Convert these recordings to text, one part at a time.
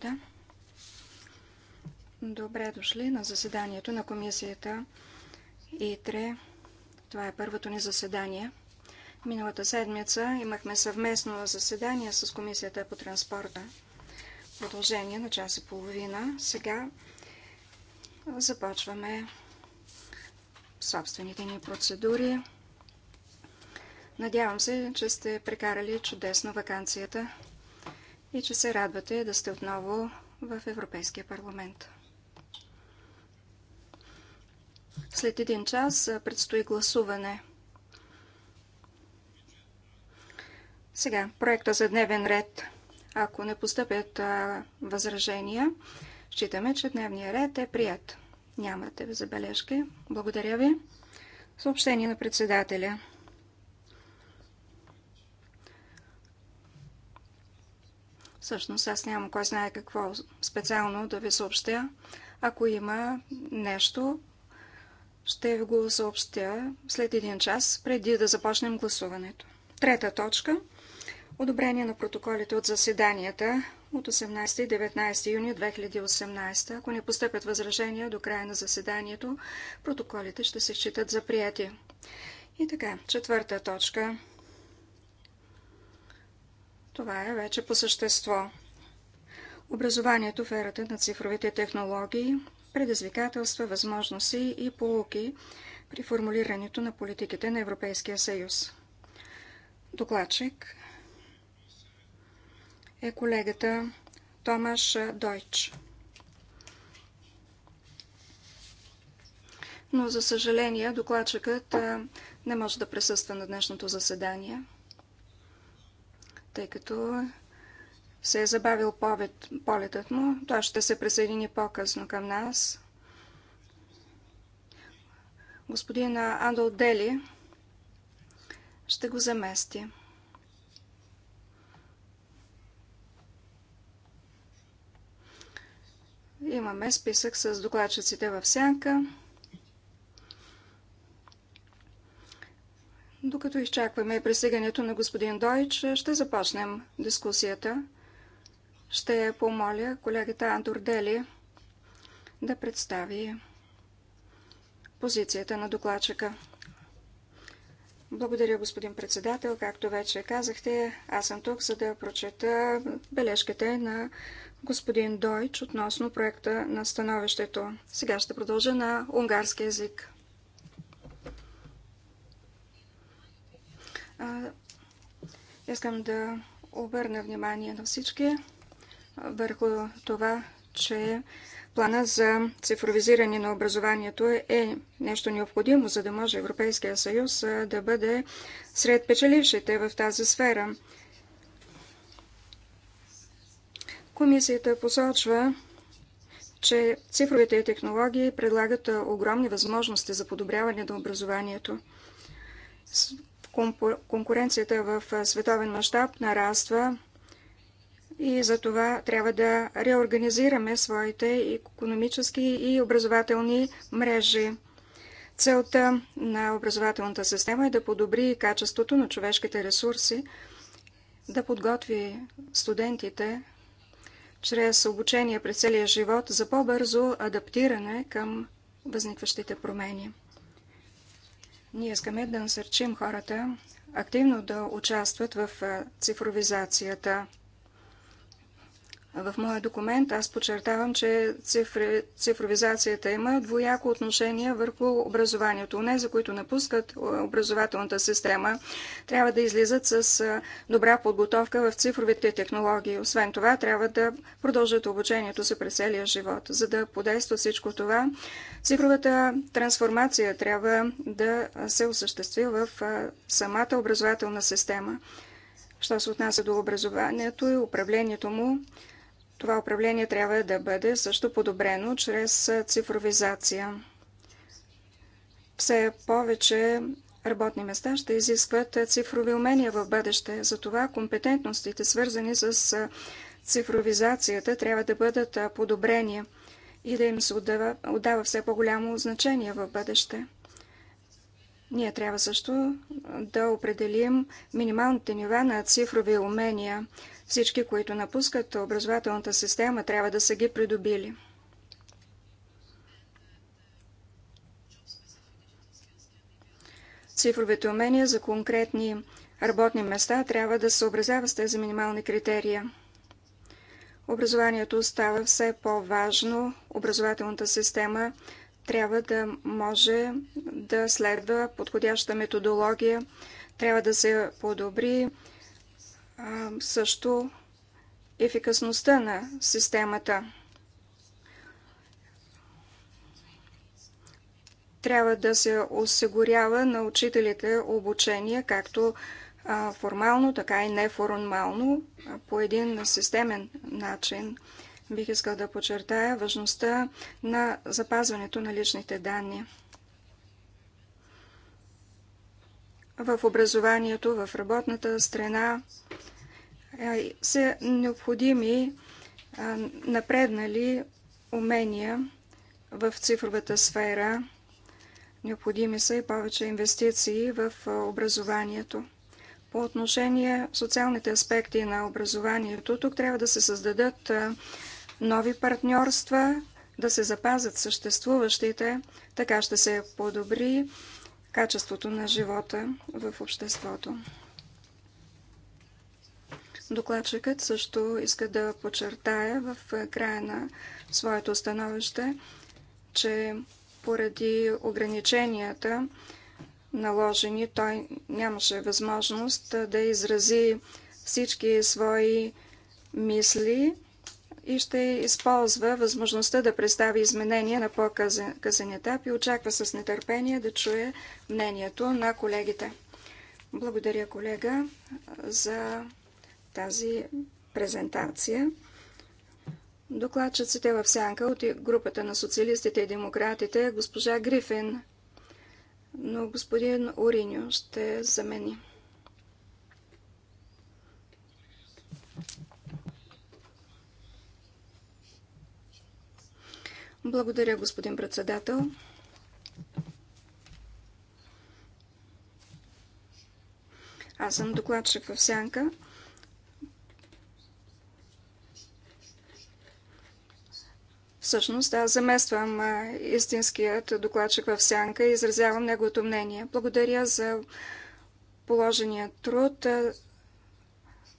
Да. Добре дошли на заседанието на комисията ИТРЕ. Това е първото ни заседание. Миналата седмица имахме съвместно заседание с комисията по транспорта. Продължение на час и половина. Сега започваме собствените ни процедури. Надявам се, че сте прекарали чудесно вакансията и че се радвате да сте отново в Европейския парламент. След един час предстои гласуване. Сега, проекта за дневен ред. Ако не поступят възражения, считаме, че дневния ред е прият. Нямате забележки. Благодаря ви. Съобщение на председателя. Всъщност аз нямам кой знае какво специално да ви съобщя. Ако има нещо, ще ви го съобщя след един час, преди да започнем гласуването. Трета точка – одобрение на протоколите от заседанията от 18 и 19 юни 2018. Ако не постъпят възражения до края на заседанието, протоколите ще се считат за прияти. И така, четвърта точка – това е вече по същество. Образованието в ерата на цифровите технологии, предизвикателства, възможности и полуки при формулирането на политиките на Европейския съюз. Докладчик е колегата Томаш Дойч. Но, за съжаление, докладчикът не може да присъства на днешното заседание – тъй като се е забавил повед, полетът му. Той ще се присъедини по-късно към нас. Господин Андол Дели ще го замести. Имаме списък с докладчиците в сянка. Докато изчакваме пристигането на господин Дойч, ще започнем дискусията. Ще помоля колегата Андор Дели да представи позицията на докладчика. Благодаря, господин председател. Както вече казахте, аз съм тук, за да прочета бележките на господин Дойч относно проекта на становището. Сега ще продължа на унгарски язик. искам да обърна внимание на всички върху това, че плана за цифровизиране на образованието е нещо необходимо, за да може Европейския съюз да бъде сред печелившите в тази сфера. Комисията посочва, че цифровите технологии предлагат огромни възможности за подобряване на образованието конкуренцията в световен мащаб нараства и за това трябва да реорганизираме своите економически и образователни мрежи. Целта на образователната система е да подобри качеството на човешките ресурси, да подготви студентите чрез обучение през целия живот за по-бързо адаптиране към възникващите промени. Ние искаме да насърчим хората активно да участват в цифровизацията. В моя документ аз подчертавам, че цифри, цифровизацията има двояко отношение върху образованието. за които напускат образователната система, трябва да излизат с добра подготовка в цифровите технологии. Освен това, трябва да продължат обучението си през целия живот. За да подейства всичко това, цифровата трансформация трябва да се осъществи в самата образователна система. Що се отнася до образованието и управлението му, това управление трябва да бъде също подобрено чрез цифровизация. Все повече работни места ще изискват цифрови умения в бъдеще. Затова компетентностите, свързани с цифровизацията, трябва да бъдат подобрени и да им се отдава, отдава все по-голямо значение в бъдеще. Ние трябва също да определим минималните нива на цифрови умения. Всички, които напускат образователната система, трябва да са ги придобили. Цифровите умения за конкретни работни места трябва да се съобразява с тези минимални критерия. Образованието става все по-важно. Образователната система трябва да може да следва подходяща методология, трябва да се подобри също ефикасността на системата. Трябва да се осигурява на учителите обучение, както формално, така и неформално, по един системен начин. Бих искал да подчертая важността на запазването на личните данни. В образованието, в работната страна са необходими напреднали умения в цифровата сфера. Необходими са и повече инвестиции в образованието. По отношение социалните аспекти на образованието, тук трябва да се създадат нови партньорства, да се запазят съществуващите, така ще се подобри качеството на живота в обществото. Докладчикът също иска да подчертая в края на своето становище, че поради ограниченията, наложени, той нямаше възможност да изрази всички свои мисли и ще използва възможността да представи изменения на по-късен етап и очаква с нетърпение да чуе мнението на колегите. Благодаря, колега, за тази презентация. Докладчиците е в сянка от групата на социалистите и демократите госпожа Грифин, но господин Ориньо ще замени. Благодаря, господин председател. Аз съм докладчик в Сянка. Всъщност, аз замествам истинският докладчик в Сянка и изразявам неговото мнение. Благодаря за положения труд.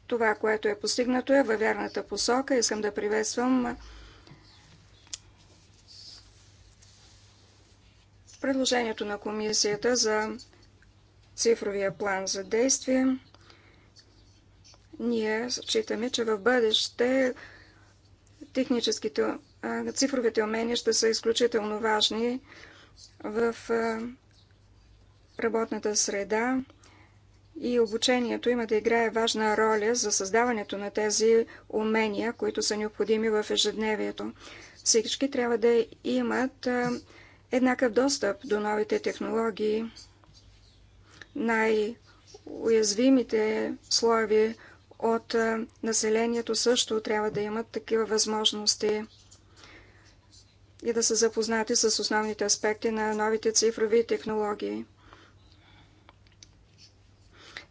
Това, което е постигнато е във вярната посока. Искам да приветствам Предложението на комисията за цифровия план за действие. Ние считаме, че в бъдеще техническите, цифровите умения ще са изключително важни в работната среда и обучението има да играе важна роля за създаването на тези умения, които са необходими в ежедневието. Всички трябва да имат еднакъв достъп до новите технологии. Най-уязвимите слоеви от населението също трябва да имат такива възможности и да са запознати с основните аспекти на новите цифрови технологии.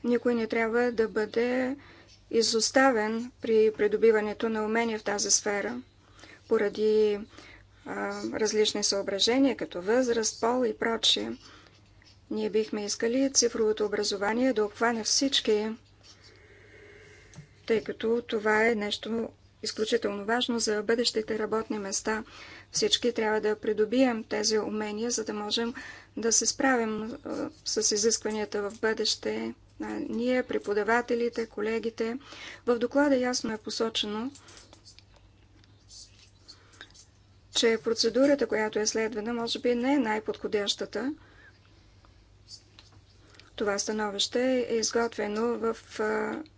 Никой не трябва да бъде изоставен при придобиването на умения в тази сфера поради различни съображения, като възраст, пол и прочие. Ние бихме искали цифровото образование да обхване всички, тъй като това е нещо изключително важно за бъдещите работни места. Всички трябва да придобием тези умения, за да можем да се справим с изискванията в бъдеще. Ние, преподавателите, колегите. В доклада ясно е посочено, че процедурата, която е следвана, може би не е най-подходящата. Това становище е изготвено в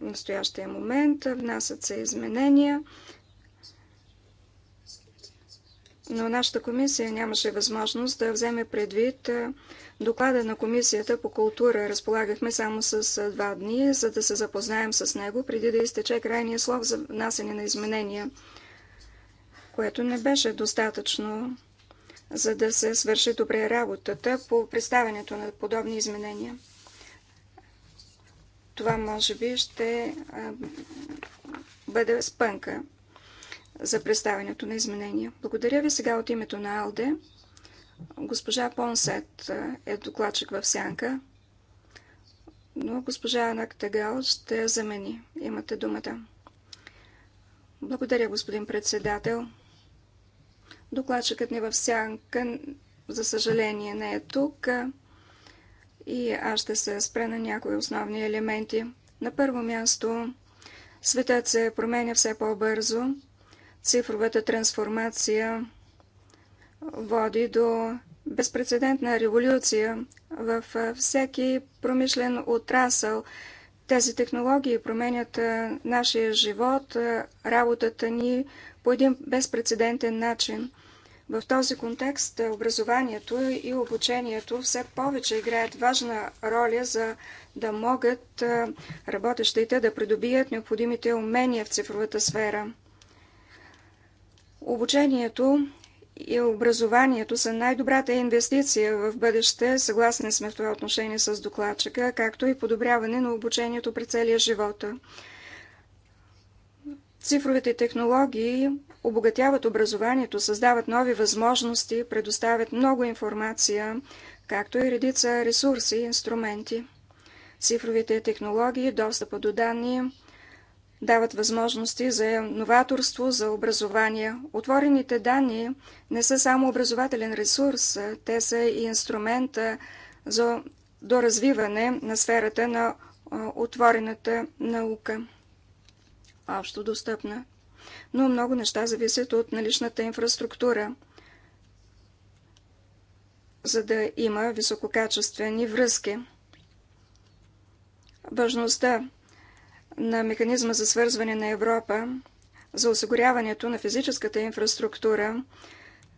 настоящия момент. Внасят се изменения. Но нашата комисия нямаше възможност да вземе предвид доклада на комисията по култура. Разполагахме само с два дни, за да се запознаем с него, преди да изтече крайния слов за внасене на изменения което не беше достатъчно, за да се свърши добре работата по представянето на подобни изменения. Това може би ще бъде спънка за представянето на изменения. Благодаря ви сега от името на Алде. Госпожа Понсет е докладчик в сянка, но госпожа Анак Тагал ще замени. Имате думата. Благодаря, господин председател. Докладчикът ни в сянка, за съжаление, не е тук и аз ще се спре на някои основни елементи. На първо място, светът се променя все по-бързо. Цифровата трансформация води до безпредседентна революция в всеки промишлен отрасъл. Тези технологии променят нашия живот, работата ни по един безпредседентен начин. В този контекст е, образованието и обучението все повече играят важна роля за да могат е, работещите да придобият необходимите умения в цифровата сфера. Обучението и образованието са най-добрата инвестиция в бъдеще, съгласни сме в това отношение с докладчика, както и подобряване на обучението при целия живота. Цифровите технологии обогатяват образованието, създават нови възможности, предоставят много информация, както и редица ресурси и инструменти. Цифровите технологии, достъпа до данни дават възможности за новаторство, за образование. Отворените данни не са само образователен ресурс, те са и инструмент за доразвиване на сферата на отворената наука. Общо достъпна но много неща зависят от наличната инфраструктура, за да има висококачествени връзки. Важността на механизма за свързване на Европа, за осигуряването на физическата инфраструктура,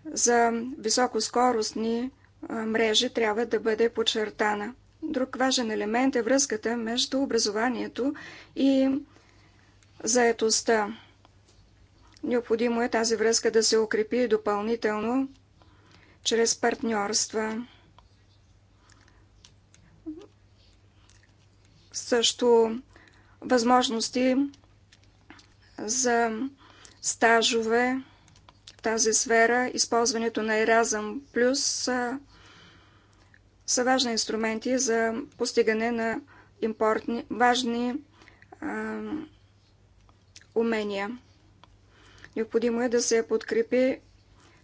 за високоскоростни мрежи трябва да бъде подчертана. Друг важен елемент е връзката между образованието и заетостта. Необходимо е тази връзка да се укрепи допълнително чрез партньорства. Също възможности за стажове в тази сфера, използването на Еразъм плюс са важни инструменти за постигане на импортни, важни а, умения. Необходимо е да се подкрепи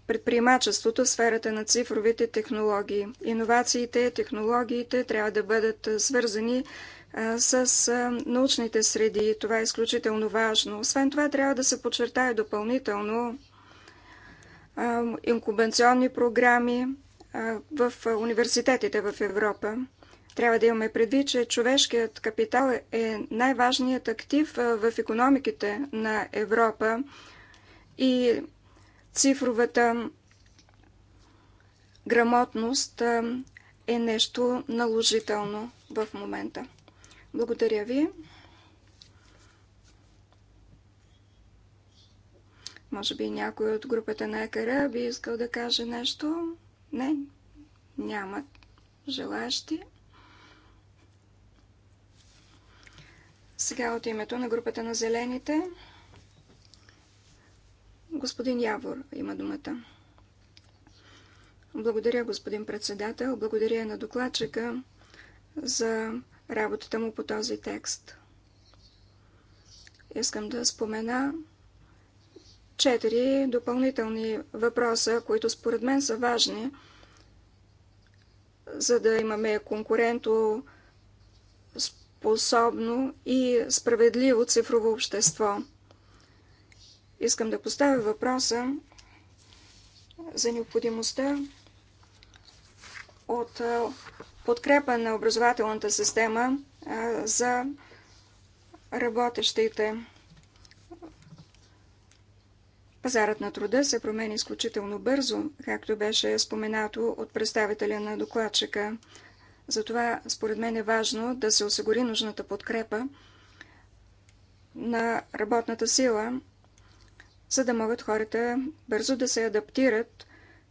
предприемачеството в сферата на цифровите технологии. Иновациите, технологиите трябва да бъдат свързани с научните среди. Това е изключително важно. Освен това, трябва да се подчертае допълнително инкубационни програми в университетите в Европа. Трябва да имаме предвид, че човешкият капитал е най-важният актив в економиките на Европа и цифровата грамотност е нещо наложително в момента. Благодаря ви. Може би някой от групата на екара би искал да каже нещо. Не, няма желащи. Сега от името на групата на зелените. Господин Явор има думата. Благодаря, господин председател. Благодаря на докладчика за работата му по този текст. Искам да спомена четири допълнителни въпроса, които според мен са важни, за да имаме конкуренто способно и справедливо цифрово общество – Искам да поставя въпроса за необходимостта от подкрепа на образователната система за работещите. Пазарът на труда се промени изключително бързо, както беше споменато от представителя на докладчика. Затова, според мен, е важно да се осигури нужната подкрепа на работната сила за да могат хората бързо да се адаптират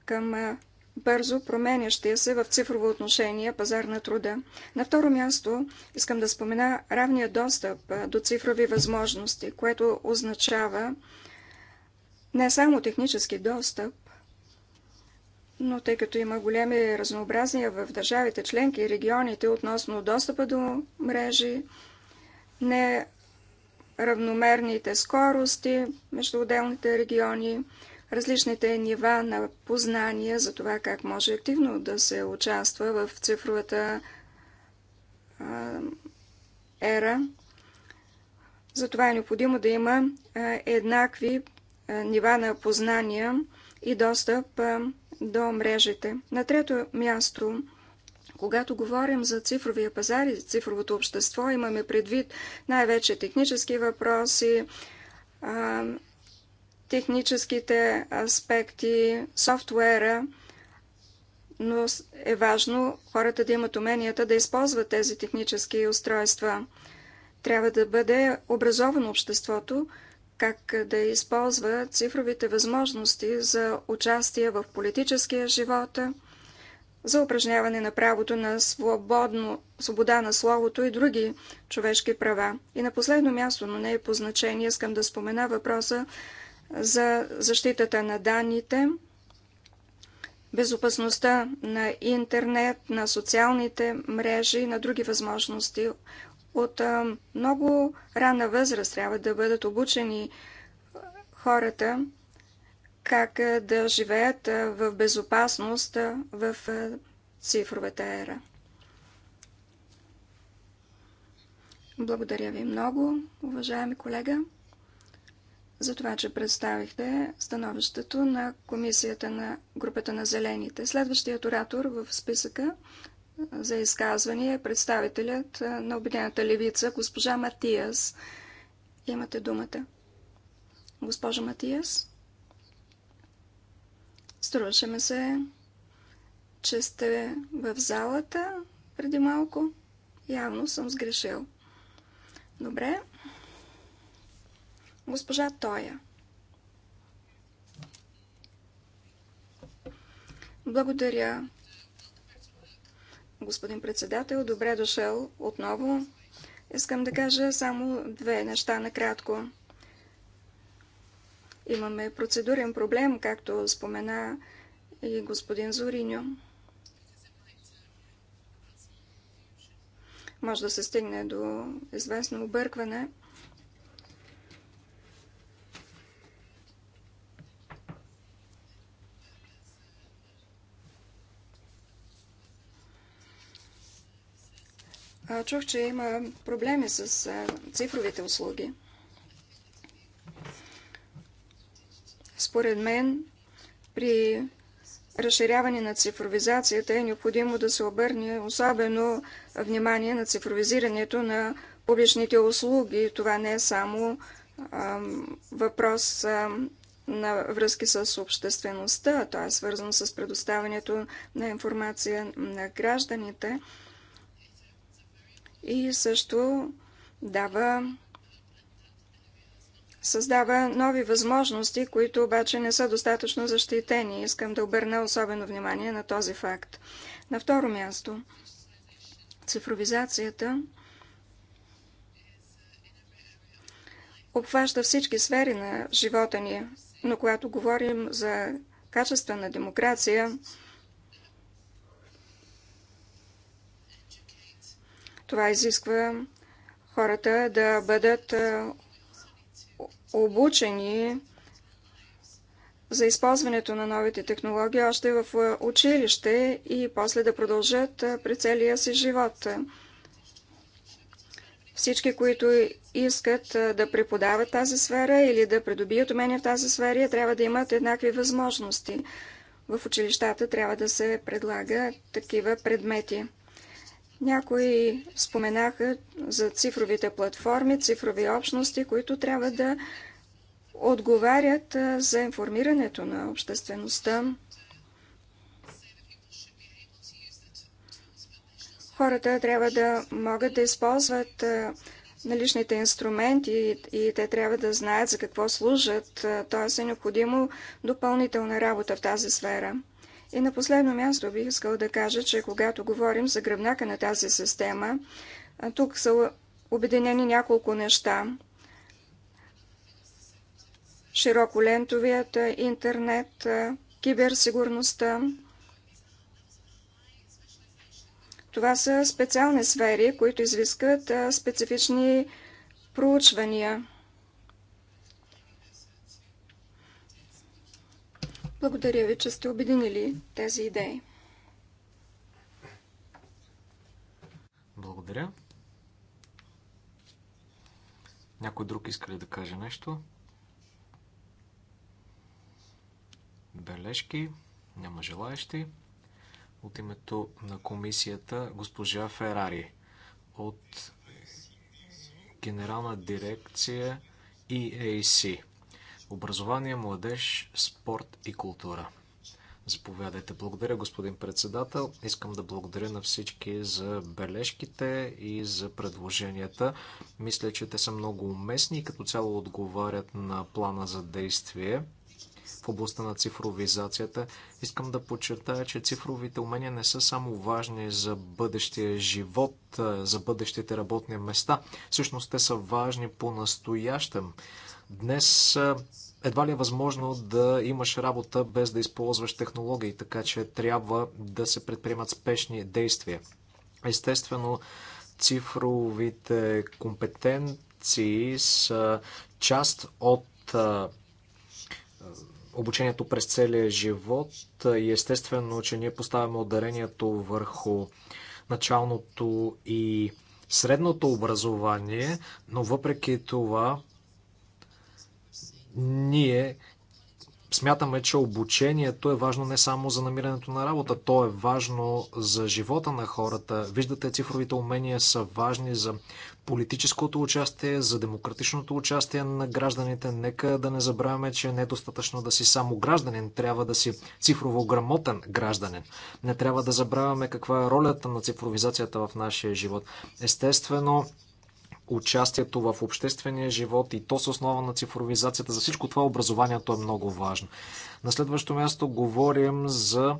към бързо променящия се в цифрово отношение пазар на труда. На второ място искам да спомена равния достъп до цифрови възможности, което означава не само технически достъп, но тъй като има големи разнообразия в държавите членки и регионите относно достъпа до мрежи, не равномерните скорости между отделните региони, различните нива на познания за това как може активно да се участва в цифровата ера. Затова е необходимо да има еднакви нива на познания и достъп до мрежите. На трето място – когато говорим за цифровия пазар и цифровото общество, имаме предвид най-вече технически въпроси, техническите аспекти, софтуера, но е важно хората да имат уменията да използват тези технически устройства. Трябва да бъде образовано обществото, как да използва цифровите възможности за участие в политическия живота за упражняване на правото на свободно, свобода на словото и други човешки права. И на последно място, но не е по значение, искам да спомена въпроса за защитата на данните, безопасността на интернет, на социалните мрежи и на други възможности. От много рана възраст трябва да бъдат обучени хората как е, да живеят е, в безопасност е, в цифровата ера. Благодаря ви много, уважаеми колега, за това, че представихте становището на комисията на групата на зелените. Следващият оратор в списъка за изказване е представителят на Обединената левица, госпожа Матиас. Имате думата. Госпожа Матиас? Струваше ми се, че сте в залата преди малко. Явно съм сгрешил. Добре. Госпожа Тоя. Благодаря, господин председател. Добре дошъл отново. Искам да кажа само две неща накратко. Имаме процедурен проблем, както спомена и господин Зориньо. Може да се стигне до известно объркване. Чух, че има проблеми с цифровите услуги. Според мен, при разширяване на цифровизацията е необходимо да се обърне особено внимание на цифровизирането на публичните услуги. Това не е само а, въпрос а, на връзки с обществеността, Това е свързано с предоставянето на информация на гражданите и също дава създава нови възможности, които обаче не са достатъчно защитени. Искам да обърна особено внимание на този факт. На второ място, цифровизацията обхваща всички сфери на живота ни, но когато говорим за качествена демокрация, това изисква хората да бъдат обучени за използването на новите технологии още в училище и после да продължат при целия си живот. Всички, които искат да преподават тази сфера или да придобият умения в тази сфера, трябва да имат еднакви възможности. В училищата трябва да се предлага такива предмети. Някои споменаха за цифровите платформи, цифрови общности, които трябва да отговарят за информирането на обществеността. Хората трябва да могат да използват наличните инструменти и те трябва да знаят за какво служат. Тоест е необходимо допълнителна работа в тази сфера. И на последно място бих искал да кажа, че когато говорим за гръбнака на тази система, тук са обединени няколко неща. Широколентовият интернет, киберсигурността. Това са специални сфери, които извискат специфични проучвания – Благодаря ви, че сте обединили тези идеи. Благодаря. Някой друг иска ли да каже нещо? Бележки? Няма желаящи. От името на комисията госпожа Ферари от Генерална дирекция EAC. Образование, младеж, спорт и култура. Заповядайте. Благодаря, господин председател. Искам да благодаря на всички за бележките и за предложенията. Мисля, че те са много уместни и като цяло отговарят на плана за действие в областта на цифровизацията. Искам да подчертая, че цифровите умения не са само важни за бъдещия живот, за бъдещите работни места. Всъщност те са важни по-настоящем Днес едва ли е възможно да имаш работа без да използваш технологии, така че трябва да се предприемат спешни действия. Естествено, цифровите компетенции са част от обучението през целия живот и естествено, че ние поставяме ударението върху началното и средното образование, но въпреки това ние смятаме, че обучението е важно не само за намирането на работа, то е важно за живота на хората. Виждате, цифровите умения са важни за политическото участие, за демократичното участие на гражданите. Нека да не забравяме, че не е достатъчно да си само гражданин, трябва да си цифрово грамотен гражданин. Не трябва да забравяме каква е ролята на цифровизацията в нашия живот. Естествено, участието в обществения живот и то с основа на цифровизацията. За всичко това образованието е много важно. На следващо място говорим за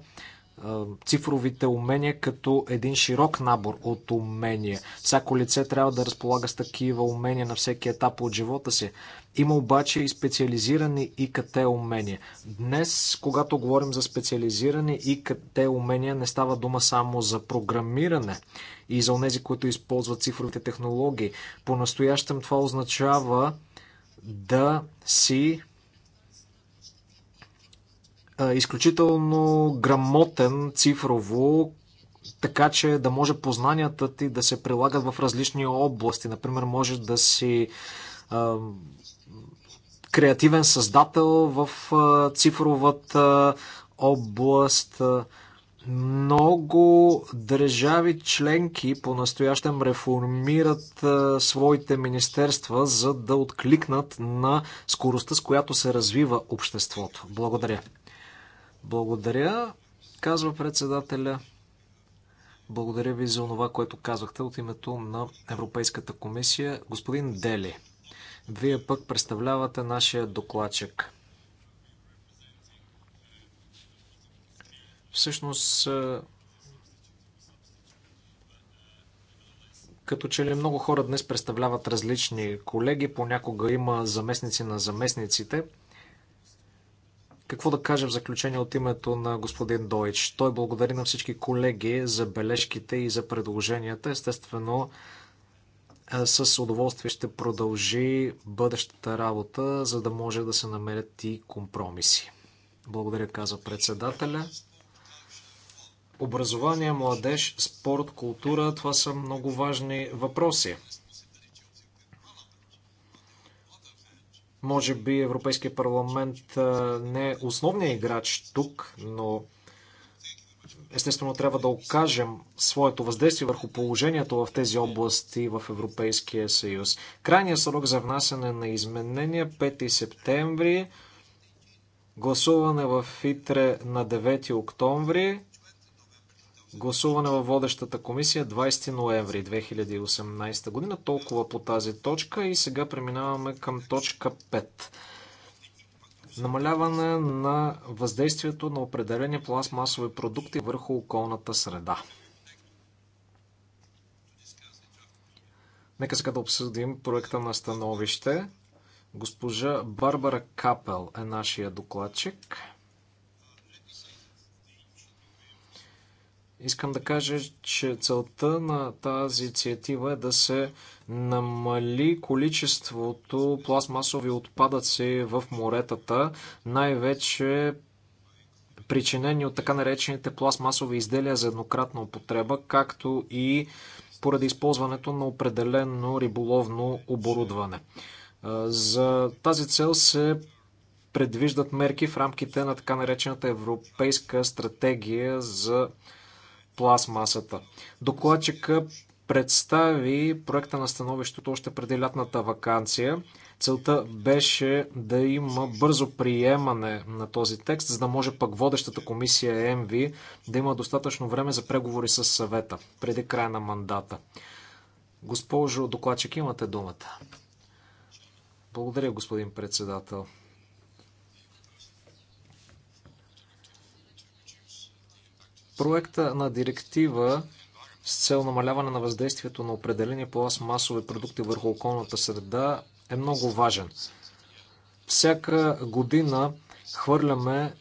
цифровите умения като един широк набор от умения. Всяко лице трябва да разполага с такива умения на всеки етап от живота си. Има обаче и специализирани ИКТ умения. Днес, когато говорим за специализирани ИКТ умения, не става дума само за програмиране и за онези, които използват цифровите технологии. По-настоящем това означава да си изключително грамотен цифрово, така че да може познанията ти да се прилагат в различни области. Например, може да си а, креативен създател в а, цифровата област. Много държави членки по-настоящем реформират а, своите министерства, за да откликнат на скоростта, с която се развива обществото. Благодаря. Благодаря, казва председателя. Благодаря ви за това, което казахте от името на Европейската комисия. Господин Дели, вие пък представлявате нашия докладчик. Всъщност, е, като че ли много хора днес представляват различни колеги, понякога има заместници на заместниците – какво да кажа в заключение от името на господин Дойч? Той благодари на всички колеги за бележките и за предложенията. Естествено, е, с удоволствие ще продължи бъдещата работа, за да може да се намерят и компромиси. Благодаря, каза председателя. Образование, младеж, спорт, култура това са много важни въпроси. Може би Европейския парламент не е основният играч тук, но естествено трябва да окажем своето въздействие върху положението в тези области в Европейския съюз. Крайният срок за внасяне на изменения 5 септември, гласуване в ИТРЕ на 9 октомври, Гласуване във водещата комисия 20 ноември 2018 година. Толкова по тази точка и сега преминаваме към точка 5. Намаляване на въздействието на определени пластмасови продукти върху околната среда. Нека сега да обсъдим проекта на становище. Госпожа Барбара Капел е нашия докладчик. Искам да кажа, че целта на тази инициатива е да се намали количеството пластмасови отпадъци в моретата, най-вече причинени от така наречените пластмасови изделия за еднократна употреба, както и поради използването на определено риболовно оборудване. За тази цел се предвиждат мерки в рамките на така наречената Европейска стратегия за пластмасата. Докладчика представи проекта на становището още преди лятната вакансия. Целта беше да има бързо приемане на този текст, за да може пък водещата комисия МВ да има достатъчно време за преговори с съвета преди края на мандата. Госпожо докладчик, имате думата. Благодаря, господин председател. проекта на директива с цел намаляване на въздействието на определени пластмасови продукти върху околната среда е много важен. Всяка година хвърляме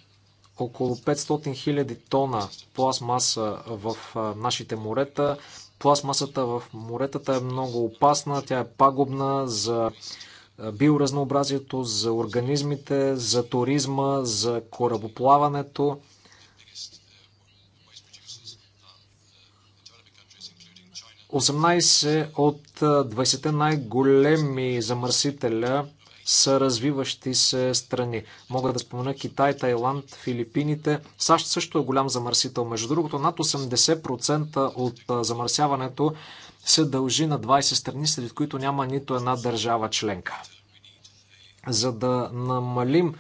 около 500 000 тона пластмаса в нашите морета. Пластмасата в моретата е много опасна, тя е пагубна за биоразнообразието, за организмите, за туризма, за корабоплаването. 18 от 20 най-големи замърсителя са развиващи се страни. Мога да спомена Китай, Тайланд, Филипините. САЩ също е голям замърсител. Между другото, над 80% от замърсяването се дължи на 20 страни, сред които няма нито една държава членка. За да намалим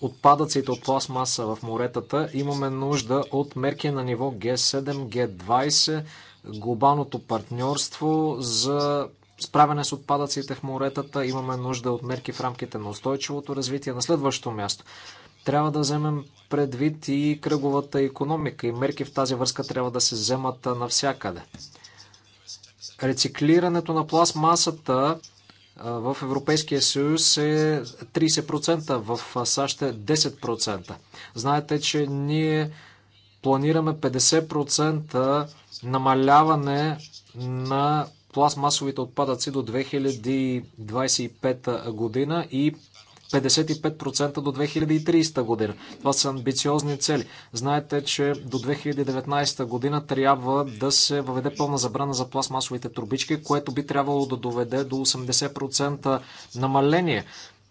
отпадъците от пластмаса в моретата, имаме нужда от мерки на ниво G7, G20, глобалното партньорство за справяне с отпадъците в моретата. Имаме нужда от мерки в рамките на устойчивото развитие. На следващото място трябва да вземем предвид и кръговата економика и мерки в тази връзка трябва да се вземат навсякъде. Рециклирането на пластмасата в Европейския съюз е 30%, в САЩ е 10%. Знаете, че ние планираме 50% намаляване на пластмасовите отпадъци до 2025 година и 55% до 2030 година. Това са амбициозни цели. Знаете, че до 2019 година трябва да се въведе пълна забрана за пластмасовите трубички, което би трябвало да доведе до 80% намаление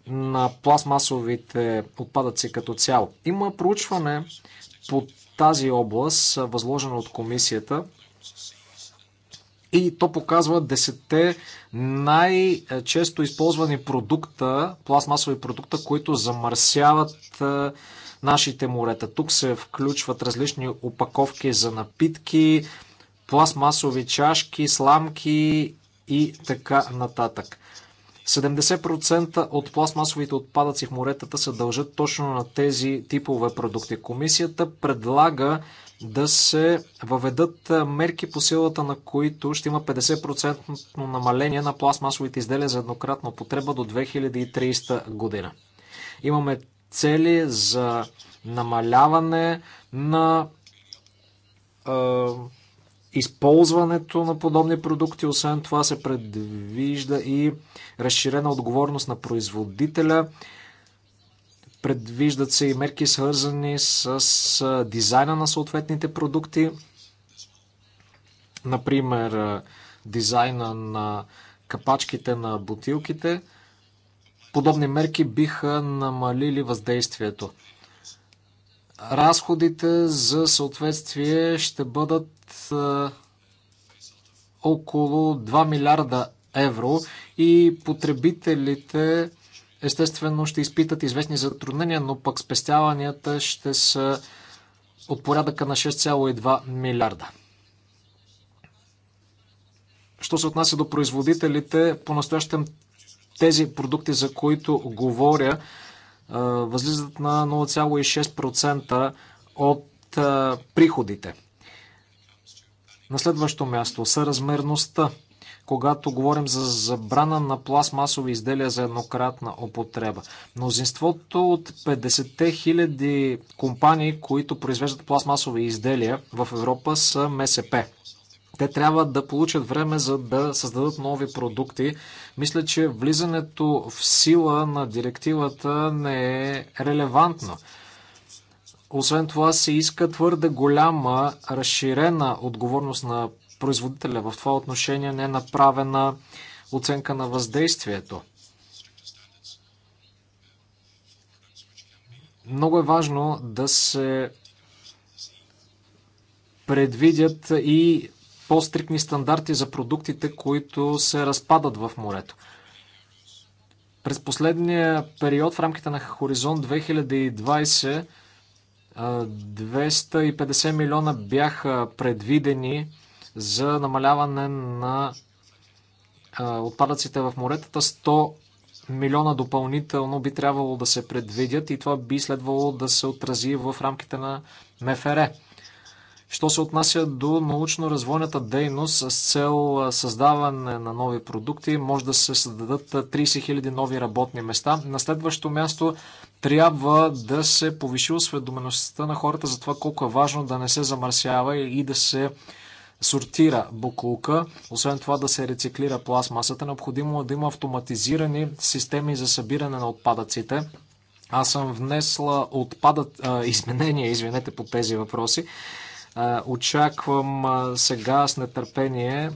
на пластмасовите отпадъци като цяло. Има проучване по тази област, възложена от комисията. И то показва 10 най-често използвани продукта, пластмасови продукта, които замърсяват нашите морета. Тук се включват различни опаковки за напитки, пластмасови чашки, сламки и така нататък. 70% от пластмасовите отпадъци в моретата се дължат точно на тези типове продукти. Комисията предлага да се въведат мерки по силата на които ще има 50% намаление на пластмасовите изделия за еднократна потреба до 2030 година. Имаме цели за намаляване на използването на подобни продукти. Освен това се предвижда и разширена отговорност на производителя. Предвиждат се и мерки свързани с дизайна на съответните продукти. Например, дизайна на капачките на бутилките. Подобни мерки биха намалили въздействието разходите за съответствие ще бъдат около 2 милиарда евро и потребителите естествено ще изпитат известни затруднения, но пък спестяванията ще са от порядъка на 6,2 милиарда. Що се отнася до производителите, по-настоящем тези продукти, за които говоря, възлизат на 0,6% от приходите на следващо място, съразмерността. Когато говорим за забрана на пластмасови изделия за еднократна употреба. Мнозинството от 50-те хиляди компании, които произвеждат пластмасови изделия в Европа са МСП. Те трябва да получат време за да създадат нови продукти. Мисля, че влизането в сила на директивата не е релевантно. Освен това се иска твърде голяма разширена отговорност на производителя. В това отношение не е направена оценка на въздействието. Много е важно да се предвидят и по-стрикни стандарти за продуктите, които се разпадат в морето. През последния период в рамките на Хоризонт 2020 250 милиона бяха предвидени за намаляване на отпадъците в моретата. 100 милиона допълнително би трябвало да се предвидят и това би следвало да се отрази в рамките на МФР. Що се отнася до научно-развойната дейност с цел създаване на нови продукти, може да се създадат 30 000 нови работни места. На следващо място трябва да се повиши осведомеността на хората за това колко е важно да не се замърсява и да се сортира буклука, освен това да се рециклира пластмасата. Необходимо е да има автоматизирани системи за събиране на отпадъците. Аз съм внесла отпадът, а, изменения, извинете по тези въпроси. А, очаквам а, сега с нетърпение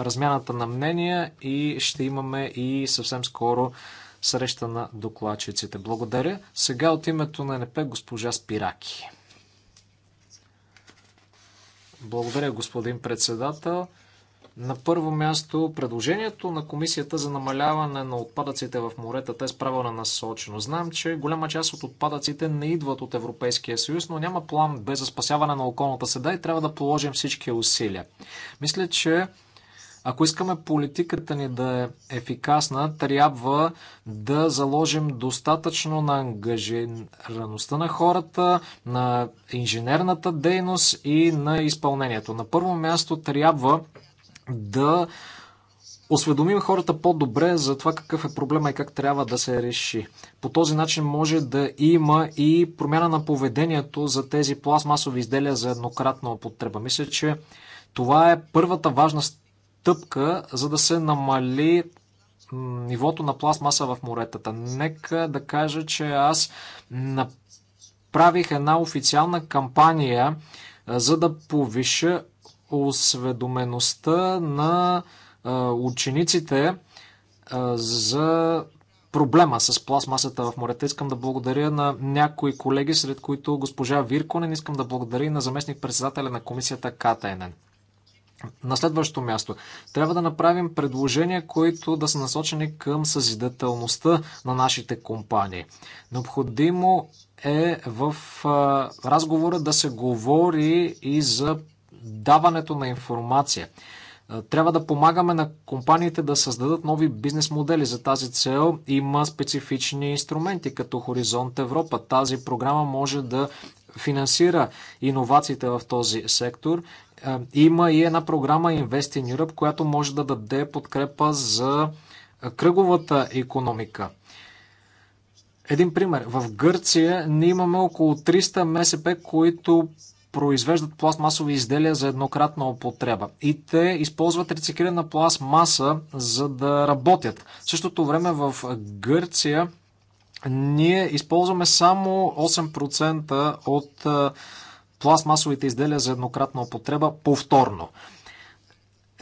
размяната на мнения и ще имаме и съвсем скоро среща на докладчиците. Благодаря. Сега от името на НП госпожа Спираки. Благодаря, господин председател. На първо място, предложението на Комисията за намаляване на отпадъците в моретата е с правилна насочено. Знам, че голяма част от отпадъците не идват от Европейския съюз, но няма план без за спасяване на околната седа и трябва да положим всички усилия. Мисля, че ако искаме политиката ни да е ефикасна, трябва да заложим достатъчно на ангажираността на хората, на инженерната дейност и на изпълнението. На първо място трябва да осведомим хората по-добре за това какъв е проблема и как трябва да се реши. По този начин може да има и промяна на поведението за тези пластмасови изделия за еднократна употреба. Мисля, че това е първата важна стъпка стъпка, за да се намали нивото на пластмаса в моретата. Нека да кажа, че аз направих една официална кампания, за да повиша осведомеността на учениците за проблема с пластмасата в морета. Искам да благодаря на някои колеги, сред които госпожа Вирконен. Искам да благодаря и на заместник председателя на комисията Катайнен. На следващо място, трябва да направим предложения, които да са насочени към съзидателността на нашите компании. Необходимо е в разговора да се говори и за даването на информация. Трябва да помагаме на компаниите да създадат нови бизнес модели. За тази цел има специфични инструменти, като Хоризонт Европа. Тази програма може да финансира иновациите в този сектор. Има и една програма Invest in Europe, която може да даде подкрепа за кръговата економика. Един пример. В Гърция ние имаме около 300 МСП, които произвеждат пластмасови изделия за еднократна употреба. И те използват рециклирана пластмаса, за да работят. В същото време в Гърция ние използваме само 8% от пластмасовите изделия за еднократна употреба повторно.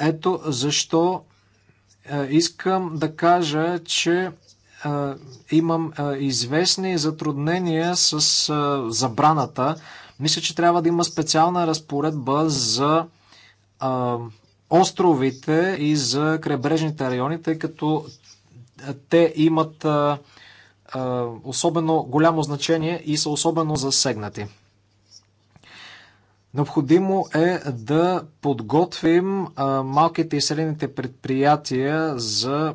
Ето защо е, искам да кажа, че е, имам е, известни затруднения с забраната. Мисля, че трябва да има специална разпоредба за островите и за крайбрежните райони, тъй като те имат особено голямо значение и са особено засегнати. Необходимо е да подготвим малките и средните предприятия за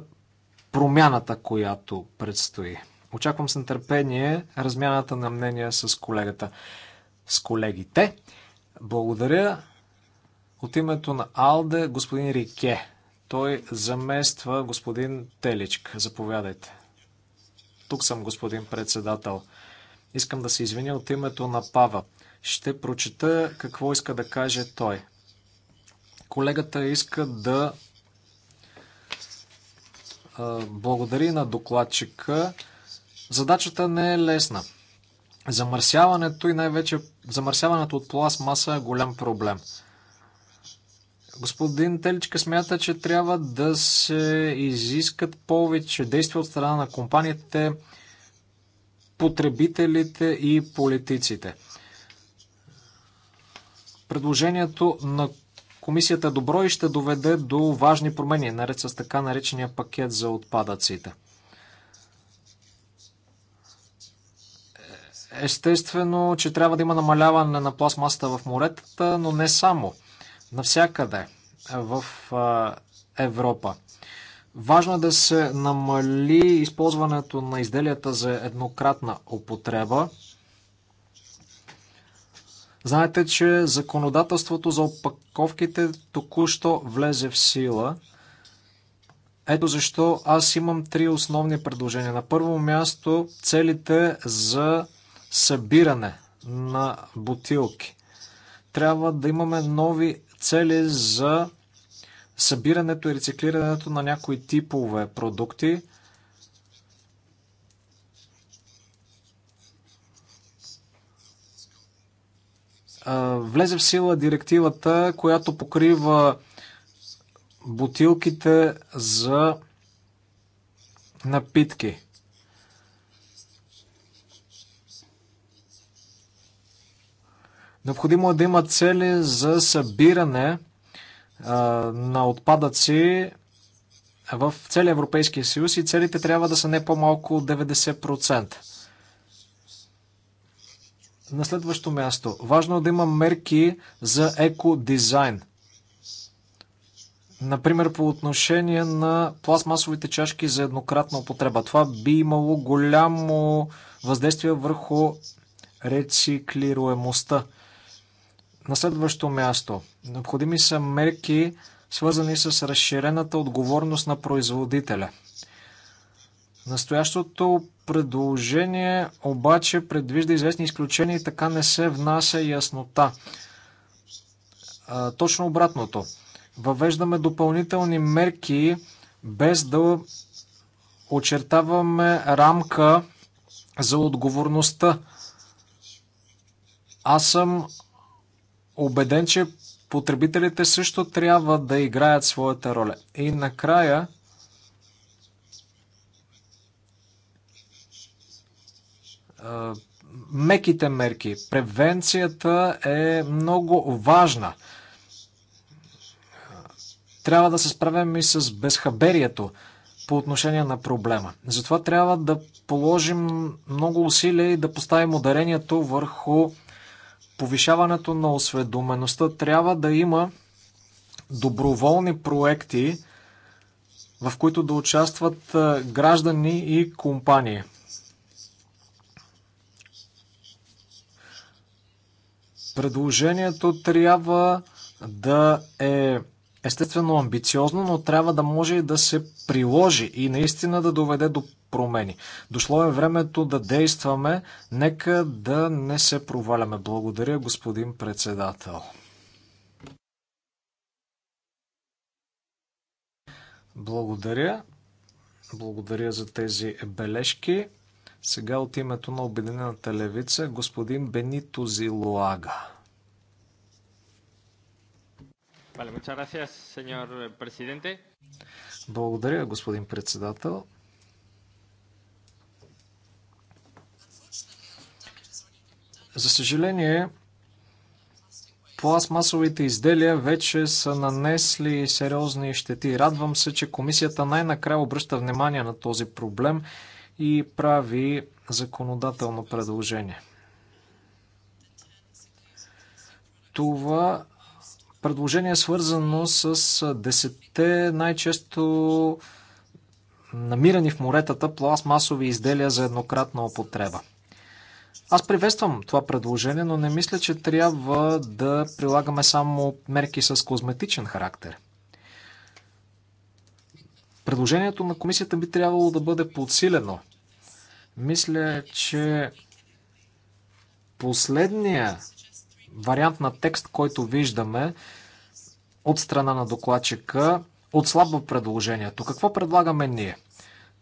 промяната, която предстои. Очаквам с нетърпение размяната на мнения с колегата. С колегите. Благодаря от името на Алде господин Рике. Той замества господин Теличк. Заповядайте. Тук съм, господин председател. Искам да се извиня от името на Пава. Ще прочета какво иска да каже той. Колегата иска да благодари на докладчика. Задачата не е лесна. Замърсяването и най-вече замърсяването от пластмаса е голям проблем. Господин Теличка смята, че трябва да се изискат повече действия от страна на компаниите, потребителите и политиците. Предложението на комисията е добро и ще доведе до важни промени, наред с така наречения пакет за отпадъците. Естествено, че трябва да има намаляване на пластмасата в моретата, но не само. Навсякъде в Европа. Важно е да се намали използването на изделията за еднократна употреба. Знаете, че законодателството за опаковките току-що влезе в сила. Ето защо аз имам три основни предложения. На първо място целите за събиране на бутилки. Трябва да имаме нови цели за събирането и рециклирането на някои типове продукти – влезе в сила директивата, която покрива бутилките за напитки. Необходимо е да има цели за събиране а, на отпадъци в целия Европейския съюз и целите трябва да са не по-малко 90%. На следващо място, важно е да има мерки за екодизайн. Например, по отношение на пластмасовите чашки за еднократна употреба. Това би имало голямо въздействие върху рециклируемостта. На следващо място, необходими са мерки, свързани с разширената отговорност на производителя – Настоящото предложение обаче предвижда известни изключения и така не се внася яснота. Точно обратното. Въвеждаме допълнителни мерки без да очертаваме рамка за отговорността. Аз съм убеден, че потребителите също трябва да играят своята роля. И накрая меките мерки. Превенцията е много важна. Трябва да се справим и с безхаберието по отношение на проблема. Затова трябва да положим много усилия и да поставим ударението върху повишаването на осведомеността. Трябва да има доброволни проекти, в които да участват граждани и компании. Предложението трябва да е естествено амбициозно, но трябва да може и да се приложи и наистина да доведе до промени. Дошло е времето да действаме, нека да не се проваляме. Благодаря, господин председател. Благодаря. Благодаря за тези бележки. Сега от името на Обединената левица господин Бенито Зилуага. Благодаря, господин председател. За съжаление, пластмасовите изделия вече са нанесли сериозни щети. Радвам се, че комисията най-накрая обръща внимание на този проблем и прави законодателно предложение. Това предложение е свързано с десетте най-често намирани в моретата пластмасови изделия за еднократна употреба. Аз приветствам това предложение, но не мисля, че трябва да прилагаме само мерки с козметичен характер. Предложението на комисията би трябвало да бъде подсилено мисля, че последния вариант на текст, който виждаме от страна на докладчика, отслабва предложението. Какво предлагаме ние?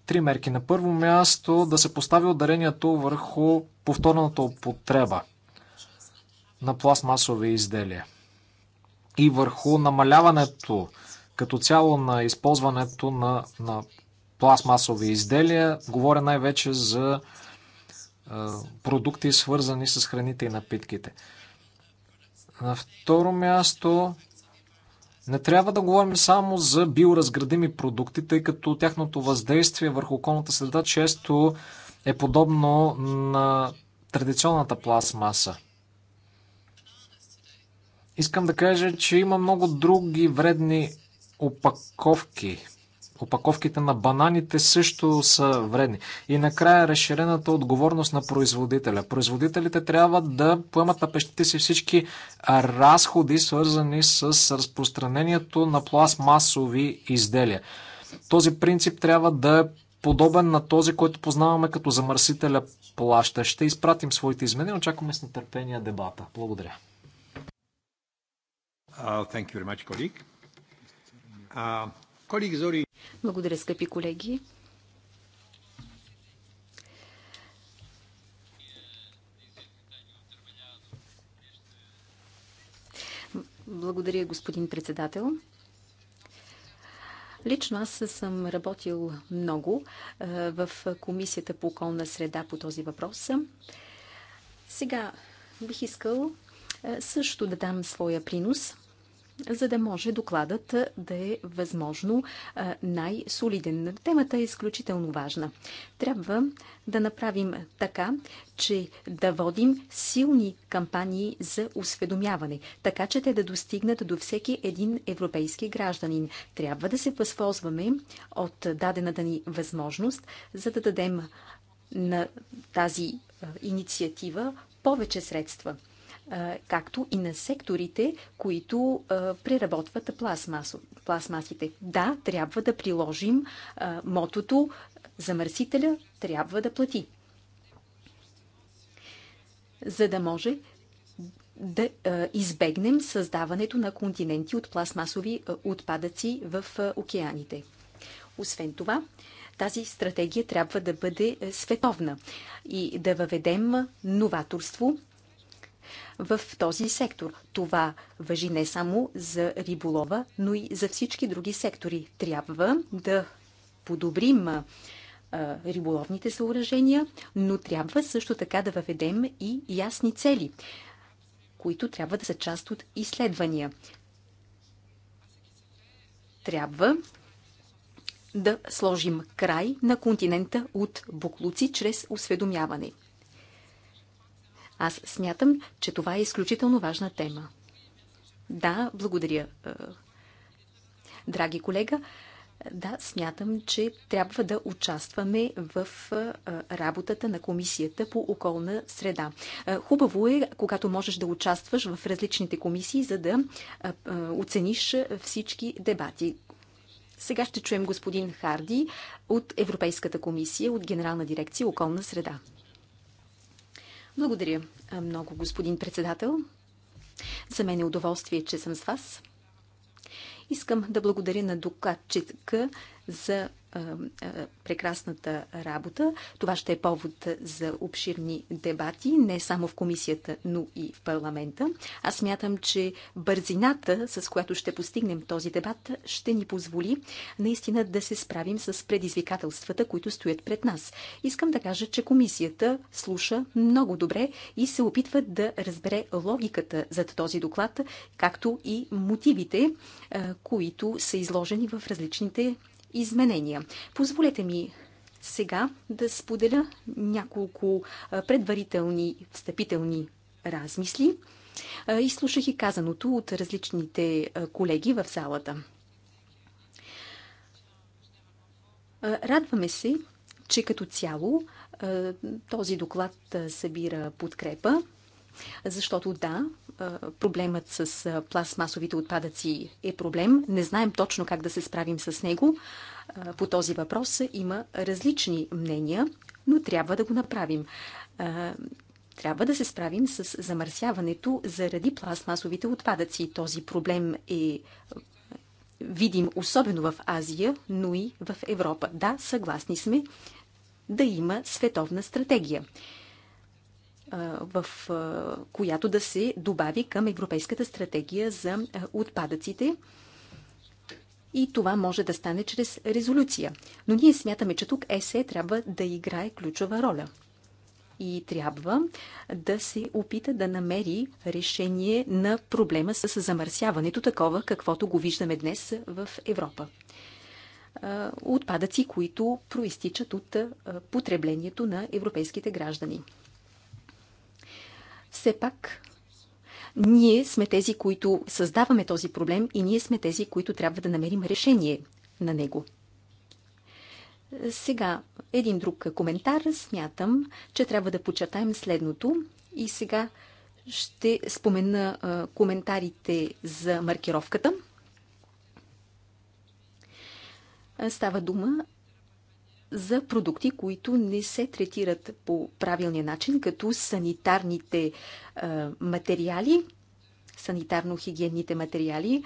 Три мерки. На първо място да се постави ударението върху повторната употреба на пластмасови изделия и върху намаляването като цяло на използването на, на пластмасови изделия. Говоря най-вече за продукти, свързани с храните и напитките. На второ място, не трябва да говорим само за биоразградими продукти, тъй като тяхното въздействие върху околната среда често е подобно на традиционната пластмаса. Искам да кажа, че има много други вредни опаковки, Опаковките на бананите също са вредни. И накрая разширената отговорност на производителя. Производителите трябва да поемат на пещите си всички разходи, свързани с разпространението на пластмасови изделия. Този принцип трябва да е подобен на този, който познаваме като замърсителя плаща. Ще изпратим своите изменения. Очакваме с нетърпение дебата. Благодаря. Uh, thank you very much, colleague. Uh... Благодаря, скъпи колеги. Благодаря, господин председател. Лично аз съм работил много е, в Комисията по околна среда по този въпрос. Сега бих искал е, също да дам своя принос – за да може докладът да е възможно най-солиден. Темата е изключително важна. Трябва да направим така, че да водим силни кампании за осведомяване, така че те да достигнат до всеки един европейски гражданин. Трябва да се възползваме от дадената ни възможност, за да дадем на тази инициатива повече средства както и на секторите, които преработват пластмасите. Да, трябва да приложим мотото замърсителя трябва да плати. За да може да избегнем създаването на континенти от пластмасови отпадъци в океаните. Освен това, тази стратегия трябва да бъде световна и да въведем новаторство в този сектор. Това въжи не само за риболова, но и за всички други сектори. Трябва да подобрим риболовните съоръжения, но трябва също така да въведем и ясни цели, които трябва да са част от изследвания. Трябва да сложим край на континента от буклуци чрез осведомяване. Аз смятам, че това е изключително важна тема. Да, благодаря. Е, драги колега, да, смятам, че трябва да участваме в е, работата на Комисията по околна среда. Е, хубаво е, когато можеш да участваш в различните комисии, за да оцениш всички дебати. Сега ще чуем господин Харди от Европейската комисия, от Генерална дирекция околна среда. Благодаря много, господин председател. За мен е удоволствие, че съм с вас. Искам да благодаря на докладчика за прекрасната работа. Това ще е повод за обширни дебати, не само в комисията, но и в парламента. Аз смятам, че бързината, с която ще постигнем този дебат, ще ни позволи наистина да се справим с предизвикателствата, които стоят пред нас. Искам да кажа, че комисията слуша много добре и се опитва да разбере логиката за този доклад, както и мотивите, които са изложени в различните изменения. Позволете ми сега да споделя няколко предварителни, встъпителни размисли. Изслушах и казаното от различните колеги в залата. Радваме се, че като цяло този доклад събира подкрепа защото да, проблемът с пластмасовите отпадъци е проблем. Не знаем точно как да се справим с него. По този въпрос има различни мнения, но трябва да го направим. Трябва да се справим с замърсяването заради пластмасовите отпадъци. Този проблем е видим особено в Азия, но и в Европа. Да, съгласни сме да има световна стратегия в която да се добави към Европейската стратегия за отпадъците. И това може да стане чрез резолюция. Но ние смятаме, че тук ЕСЕ трябва да играе ключова роля. И трябва да се опита да намери решение на проблема с замърсяването, такова каквото го виждаме днес в Европа отпадъци, които проистичат от потреблението на европейските граждани все пак ние сме тези, които създаваме този проблем и ние сме тези, които трябва да намерим решение на него. Сега, един друг коментар. Смятам, че трябва да почертаем следното. И сега ще спомена коментарите за маркировката. Става дума за продукти, които не се третират по правилния начин, като санитарните а, е, материали, санитарно-хигиенните материали.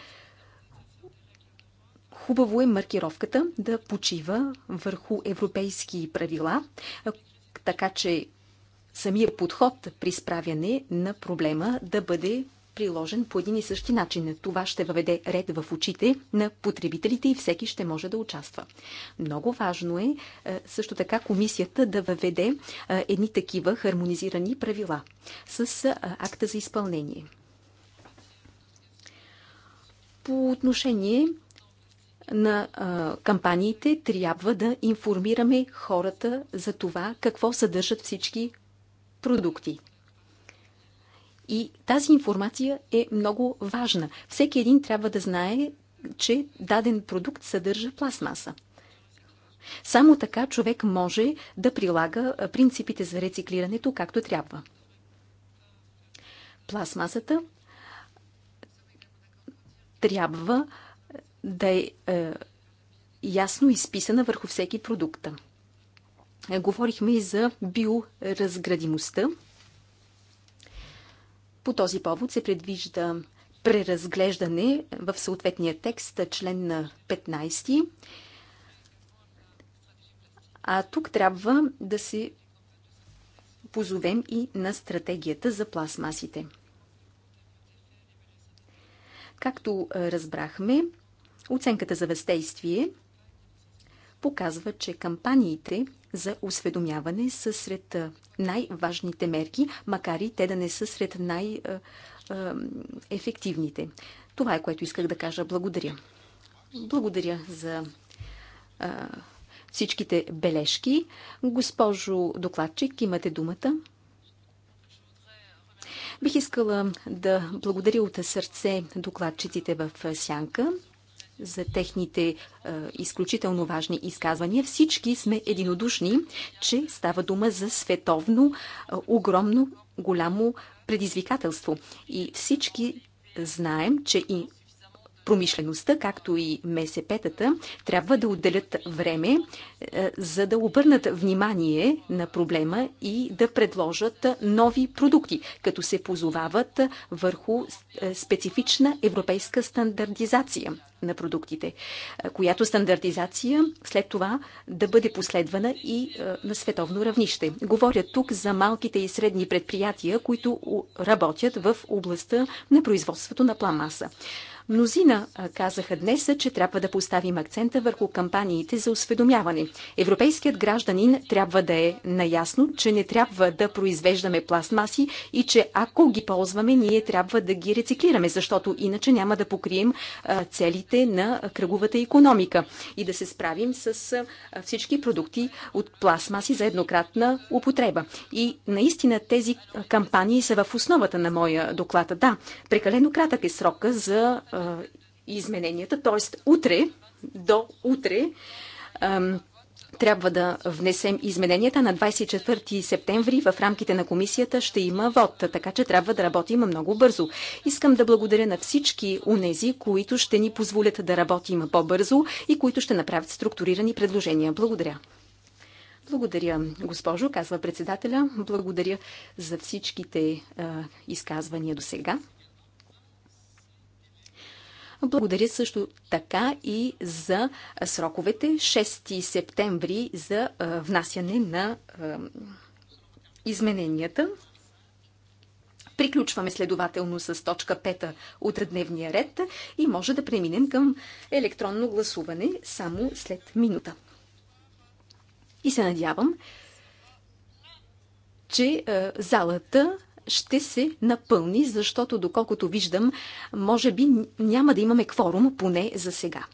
Хубаво е маркировката да почива върху европейски правила, така че самия подход при справяне на проблема да бъде приложен по един и същи начин. Това ще въведе ред в очите на потребителите и всеки ще може да участва. Много важно е, е също така комисията да въведе е, едни такива хармонизирани правила с е, акта за изпълнение. По отношение на кампаниите трябва да информираме хората за това какво съдържат всички продукти. И тази информация е много важна. Всеки един трябва да знае, че даден продукт съдържа пластмаса. Само така човек може да прилага принципите за рециклирането както трябва. Пластмасата трябва да е, е ясно изписана върху всеки продукт. Е, говорихме и за биоразградимостта. По този повод се предвижда преразглеждане в съответния текст, член на 15. А тук трябва да се позовем и на стратегията за пластмасите. Както разбрахме, оценката за въздействие – показва, че кампаниите за осведомяване са сред най-важните мерки, макар и те да не са сред най-ефективните. Това е което исках да кажа. Благодаря. Благодаря за а, всичките бележки. Госпожо докладчик, имате думата. Бих искала да благодаря от сърце докладчиците в Сянка за техните е, изключително важни изказвания. Всички сме единодушни, че става дума за световно, е, огромно, голямо предизвикателство. И всички знаем, че и промишлеността, както и МСП-тата, трябва да отделят време, е, за да обърнат внимание на проблема и да предложат нови продукти, като се позовават върху е, специфична европейска стандартизация на продуктите, е, която стандартизация след това да бъде последвана и на световно равнище. Говоря тук за малките и средни предприятия, които работят в областта на производството на пламаса. Мнозина казаха днес, че трябва да поставим акцента върху кампаниите за осведомяване. Европейският гражданин трябва да е наясно, че не трябва да произвеждаме пластмаси и че ако ги ползваме, ние трябва да ги рециклираме, защото иначе няма да покрием целите на кръговата економика и да се справим с всички продукти от пластмаси за еднократна употреба. И наистина тези кампании са в основата на моя доклад. Да, прекалено кратък е срока за измененията, т.е. утре, до утре, трябва да внесем измененията. На 24 септември в рамките на комисията ще има вод, така че трябва да работим много бързо. Искам да благодаря на всички унези, които ще ни позволят да работим по-бързо и които ще направят структурирани предложения. Благодаря. Благодаря, госпожо, казва председателя. Благодаря за всичките изказвания до сега. Благодаря също така и за сроковете 6 септември за внасяне на измененията. Приключваме следователно с точка 5 от дневния ред и може да преминем към електронно гласуване само след минута. И се надявам, че залата ще се напълни, защото доколкото виждам, може би няма да имаме кворум поне за сега.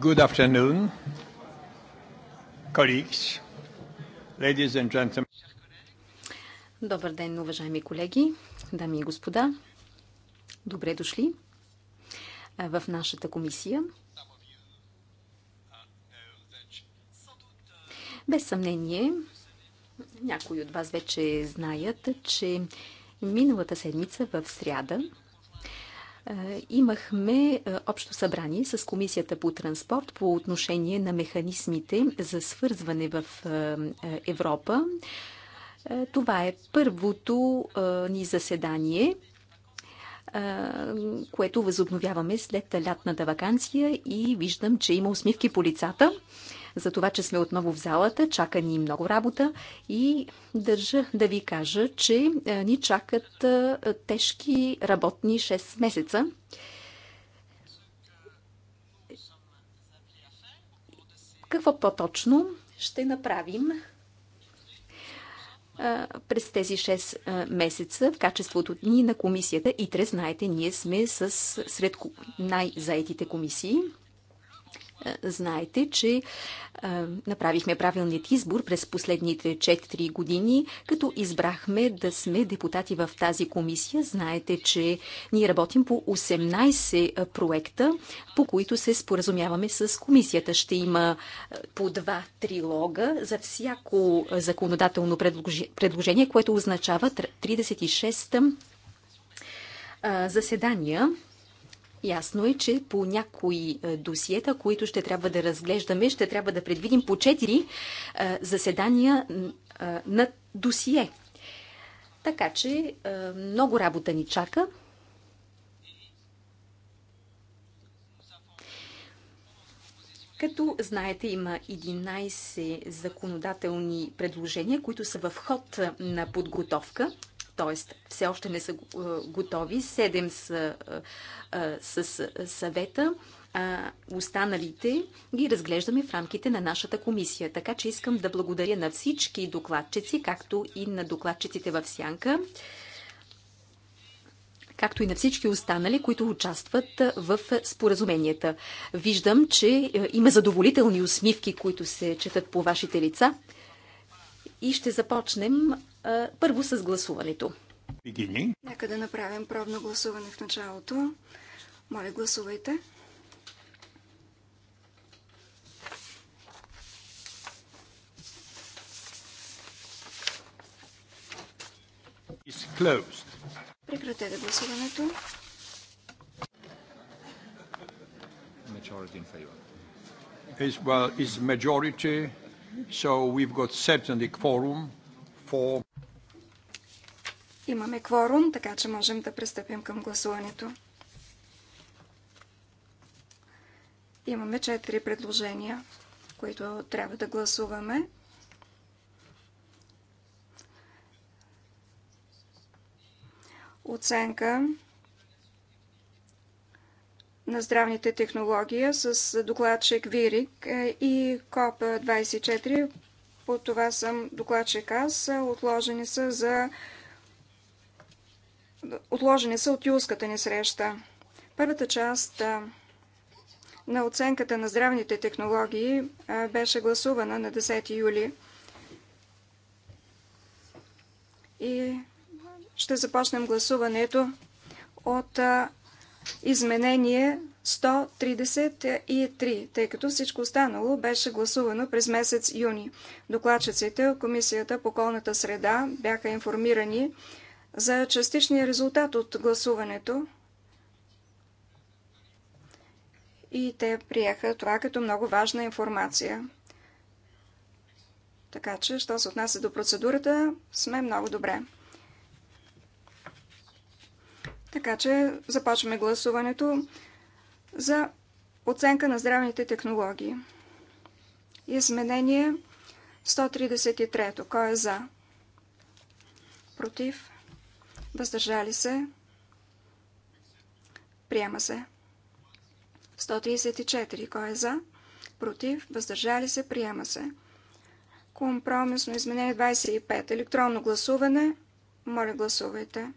Good afternoon, colleagues, ladies and gentlemen. Добър ден, уважаеми колеги, дами и господа. Добре дошли в нашата комисия. Без съмнение, някои от вас вече знаят, че миналата седмица в сряда имахме общо събрание с Комисията по транспорт по отношение на механизмите за свързване в Европа. Това е първото ни заседание, което възобновяваме след лятната вакансия и виждам, че има усмивки по лицата за това, че сме отново в залата. Чака ни много работа и държа да ви кажа, че е, ни чакат е, тежки работни 6 месеца. Какво по-точно ще направим е, през тези 6 месеца в качеството ни на комисията. ИТРЕ, знаете, ние сме с, сред най-заетите комисии знаете, че е, направихме правилният избор през последните 4 години, като избрахме да сме депутати в тази комисия. Знаете, че ние работим по 18 е, проекта, по които се споразумяваме с комисията. Ще има е, по два трилога за всяко законодателно предложение, което означава 36 заседания Ясно е, че по някои е, досиета, които ще трябва да разглеждаме, ще трябва да предвидим по 4 е, заседания е, на досие. Така че много работа ни чака. Като знаете, има 11 законодателни предложения, които са в ход на подготовка т.е. все още не са е, готови, 7 са е, е, с съвета, а останалите ги разглеждаме в рамките на нашата комисия. Така че искам да благодаря на всички докладчици, както и на докладчиците в Сянка, както и на всички останали, които участват в споразуменията. Виждам, че има задоволителни усмивки, които се четат по вашите лица и ще започнем а, първо с гласуването. Нека да направим пробно гласуване в началото. Моля, гласувайте. Прекратете гласуването. Majority in favor. Is, well, is majority So we've got certainly quorum for... Имаме кворум, така че можем да пристъпим към гласуването. Имаме четири предложения, които трябва да гласуваме. Оценка на здравните технологии с докладчик Вирик е, и КОП-24. По това съм докладчик аз. Отложени са за отложени са от юлската ни среща. Първата част е, на оценката на здравните технологии е, беше гласувана на 10 юли. И ще започнем гласуването от изменение 133, тъй като всичко останало беше гласувано през месец юни. Докладчиците от Комисията по околната среда бяха информирани за частичния резултат от гласуването и те приеха това като много важна информация. Така че, що се отнася до процедурата, сме много добре. Така че започваме гласуването за оценка на здравните технологии. Изменение 133. Кой е за? Против? Въздържали се? Приема се. 134. Кой е за? Против? Въздържали се? Приема се. Компромисно изменение 25. Електронно гласуване. Моля, гласувайте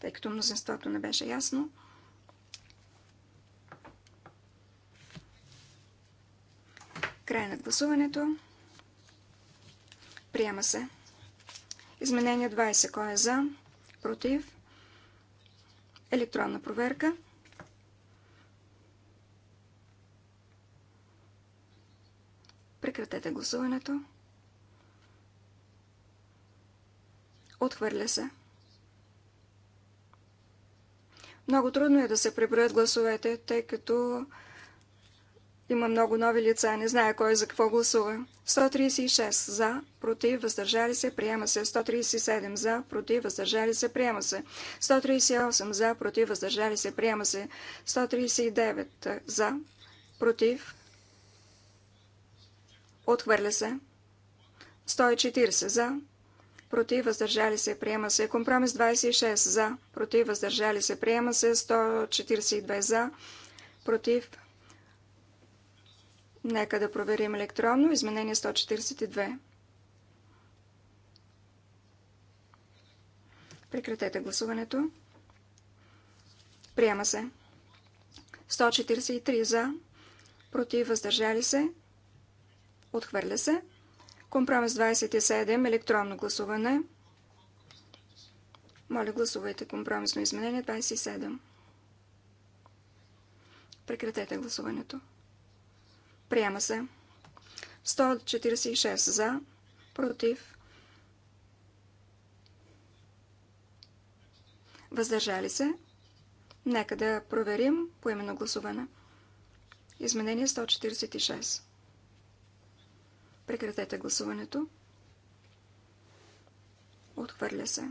тъй като мнозинството не беше ясно. Край на гласуването. Приема се. Изменение 20. Кой е за? Против? Електронна проверка. Прекратете гласуването. Отхвърля се. Много трудно е да се преброят гласовете, тъй като има много нови лица, не знае кой за какво гласува. 136 за, против, въздържали се, приема се. 137 за, против, въздържали се, приема се. 138 за, против, въздържали се, приема се. 139 за, против, отхвърля се. 140 за, против, въздържали се, приема се. Компромис 26 за, против, въздържали се, приема се. 142 за, против. Нека да проверим електронно. Изменение 142. Прекратете гласуването. Приема се. 143 за, против, въздържали се, отхвърля се. Компромис 27. Електронно гласуване. Моля, гласувайте компромисно изменение 27. Прекратете гласуването. Приема се. 146 за, против, въздържали се. Нека да проверим по именно гласуване. Изменение 146. Прекратете гласуването. Отхвърля се.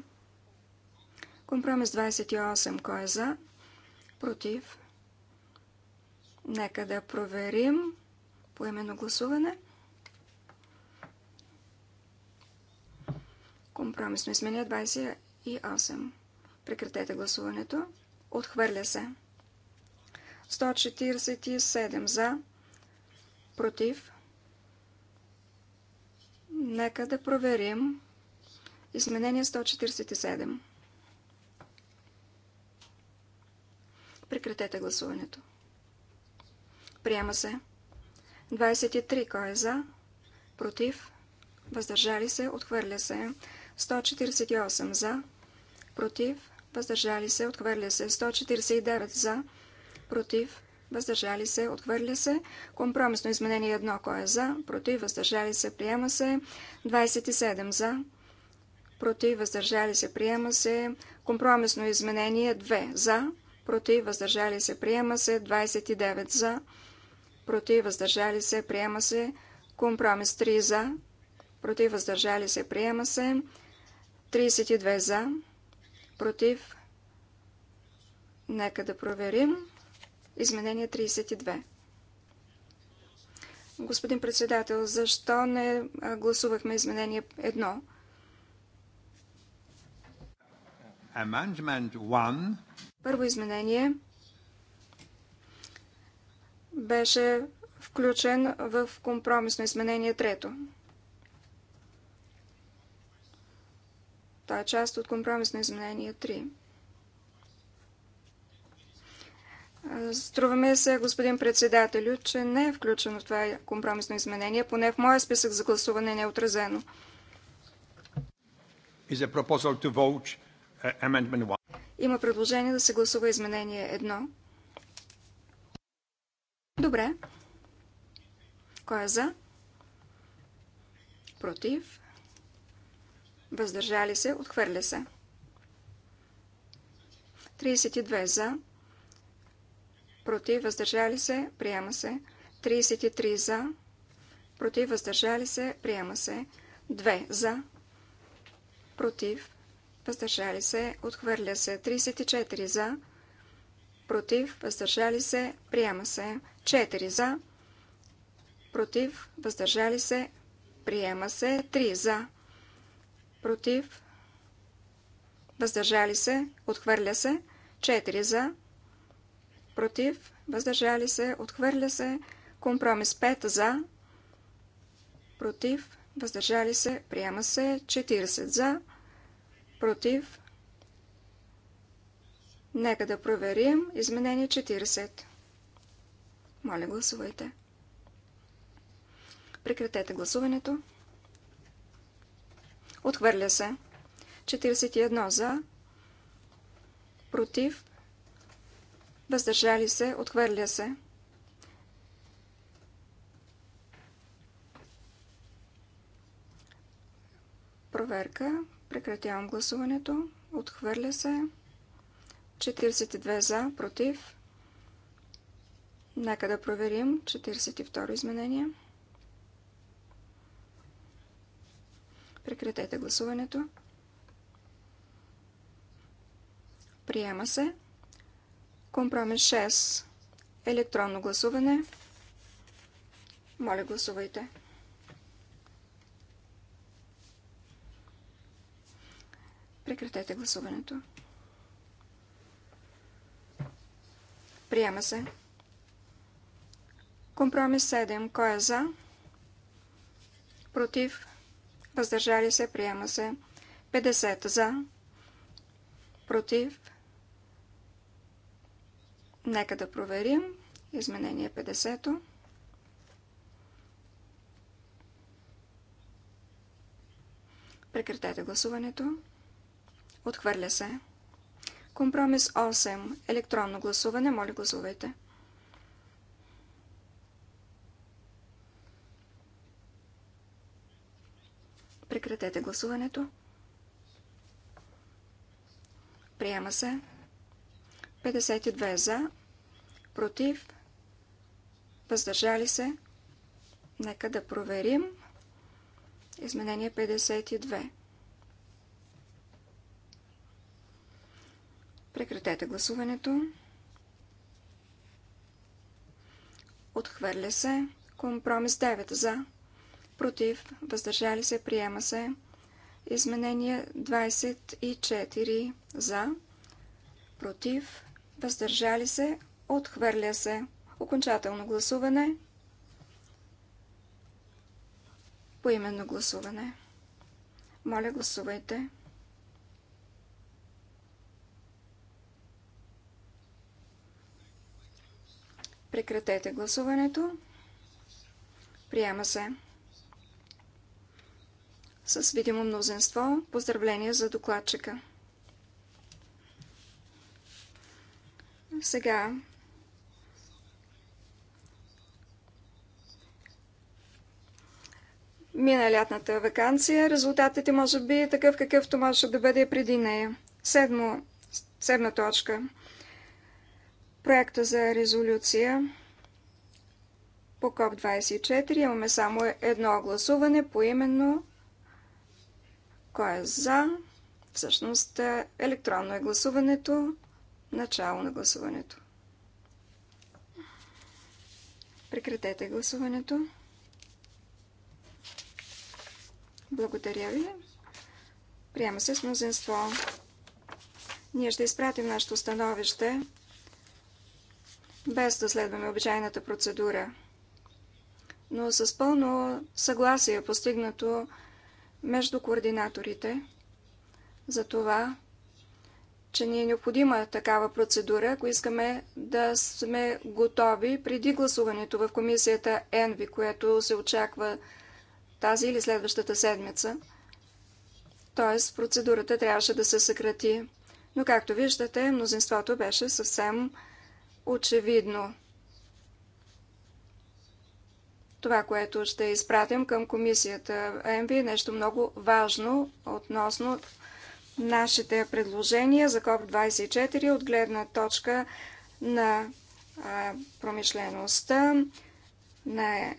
Компромис 28. Кой е за? Против. Нека да проверим поименно гласуване. Компромисно изменя 28. Прекратете гласуването. Отхвърля се. 147 за. Против. Нека да проверим изменение 147. Прекратете гласуването. Приема се. 23. Кой е за? Против? Въздържали се? Отхвърля се. 148 за. Против? Въздържали се? Отхвърля се. 149 за. Против? въздържали се, отхвърля се. Компромисно изменение 1, кой е за, против, въздържали се, приема се. 27 за, против, въздържали се, приема се. Компромисно изменение 2 за, против, въздържали се, приема се. 29 за, против, въздържали се, приема се. Компромис 3 за, против, въздържали се, приема се. 32 за, против, Нека да проверим. Изменение 32. Господин председател, защо не гласувахме изменение 1? Първо изменение беше включен в компромисно изменение трето. Та е част от компромисно изменение 3. Струваме се, господин председателю, че не е включено в това компромисно изменение, поне в моя списък за гласуване не е отразено. Uh, Има предложение да се гласува изменение едно. Добре. Кой е за? Против? Въздържали се? Отхвърля се. 32 за против, въздържали се, приема се. 33 за, против, въздържали се, приема се. 2 за, против, въздържали се, отхвърля се. 34 за, против, въздържали се, приема се. 4 за, против, въздържали се, приема се. 3 за, против, въздържали се, отхвърля се. 4 за, против, въздържали се, отхвърля се. Компромис 5 за, против, въздържали се, приема се. 40 за, против. Нека да проверим изменение 40. Моля, гласувайте. Прекратете гласуването. Отхвърля се. 41 за, против, въздържали се, отхвърля се. Проверка. Прекратявам гласуването. Отхвърля се. 42 за, против. Нека да проверим 42 изменение. Прекратете гласуването. Приема се. Компромис 6. Електронно гласуване. Моля, гласувайте. Прекратете гласуването. Приема се. Компромис 7. Кой е за? Против? Въздържали се? Приема се. 50 за. Против? Нека да проверим. Изменение 50-то. Прекратете гласуването. Отхвърля се. Компромис 8. Електронно гласуване. Моля, гласувайте. Прекратете гласуването. Приема се. 52 за, против, въздържали се. Нека да проверим. Изменение 52. Прекратете гласуването. Отхвърля се. Компромис 9 за. Против. Въздържали се. Приема се. Изменение 24 за. Против въздържали се, отхвърля се. Окончателно гласуване, поименно гласуване. Моля, гласувайте. Прекратете гласуването. Приема се. С видимо мнозинство, поздравление за докладчика. Сега мина лятната вакансия. Резултатът е може би такъв какъвто може да бъде преди нея. Седмо, седма точка. Проекта за резолюция по КОП-24. Имаме само едно гласуване по именно кой е за. Всъщност е, електронно е гласуването. Начало на гласуването. Прекратете гласуването. Благодаря ви. Приема се с мнозинство. Ние ще изпратим нашето становище, без да следваме обичайната процедура. Но с пълно съгласие е постигнато между координаторите за това, че ни е необходима такава процедура, ако искаме да сме готови преди гласуването в комисията ЕНВИ, което се очаква тази или следващата седмица. Тоест, процедурата трябваше да се съкрати. Но, както виждате, мнозинството беше съвсем очевидно. Това, което ще изпратим към комисията ЕМВИ е нещо много важно относно нашите предложения за COP24 от гледна точка на промишлеността, на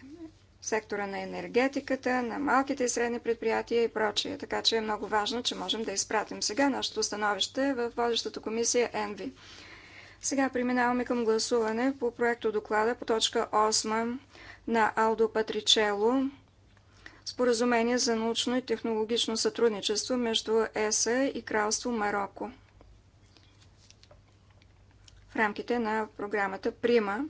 сектора на енергетиката, на малките и средни предприятия и прочие. Така че е много важно, че можем да изпратим сега нашето становище в водещата комисия ЕНВИ. Сега преминаваме към гласуване по проекто доклада по точка 8 на Алдо Патричело споразумение за научно и технологично сътрудничество между ЕСА и Кралство Марокко в рамките на програмата Прима.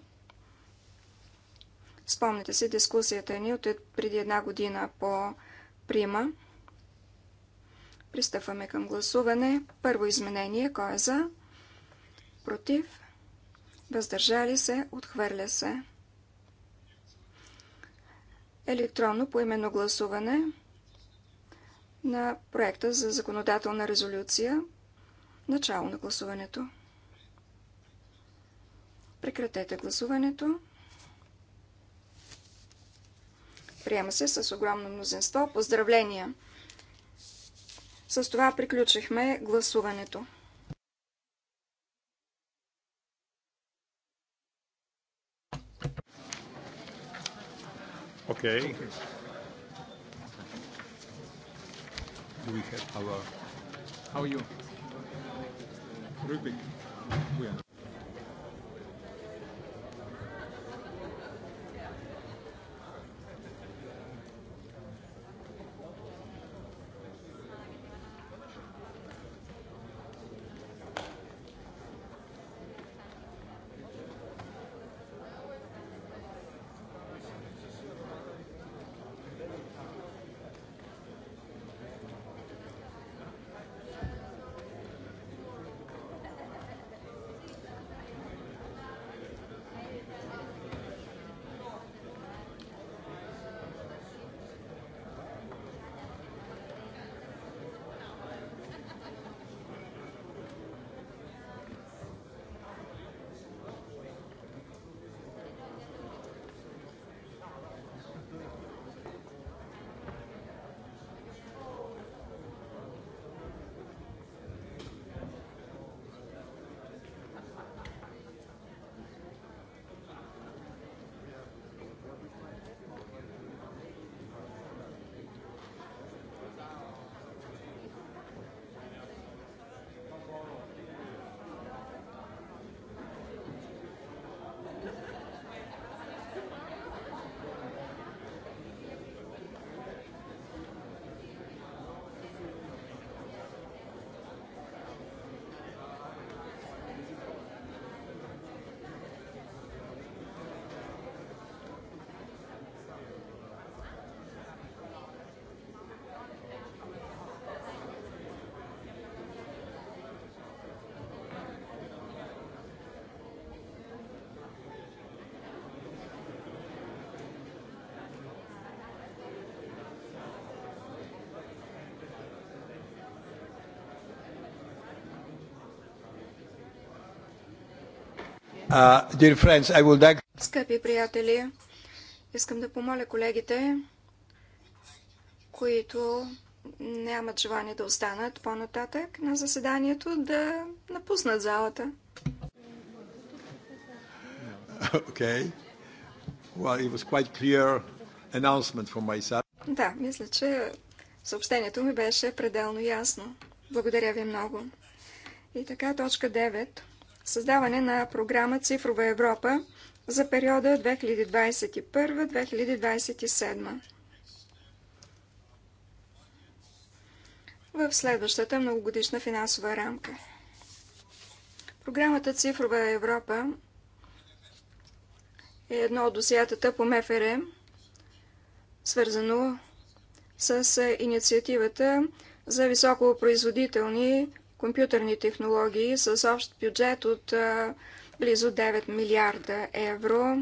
Спомните си дискусията ни от преди една година по Прима. Пристъпваме към гласуване. Първо изменение. Кой е за? Против? Въздържали се? Отхвърля се електронно поименно гласуване на проекта за законодателна резолюция. Начало на гласуването. Прекратете гласуването. Приема се с огромно мнозинство. Поздравления! С това приключихме гласуването. Okay. Do we have our... How are you? Rubik. We are. Uh, Скъпи приятели, искам да помоля колегите, които нямат желание да останат по-нататък на заседанието, да напуснат залата. Okay. Well, it was quite clear announcement myself. Да, мисля, че съобщението ми беше пределно ясно. Благодаря ви много. И така, точка 9 създаване на програма Цифрова Европа за периода 2021-2027. в следващата многогодишна финансова рамка. Програмата Цифрова Европа е едно от досиятата по МФР, свързано с инициативата за високопроизводителни компютърни технологии с общ бюджет от близо 9 милиарда евро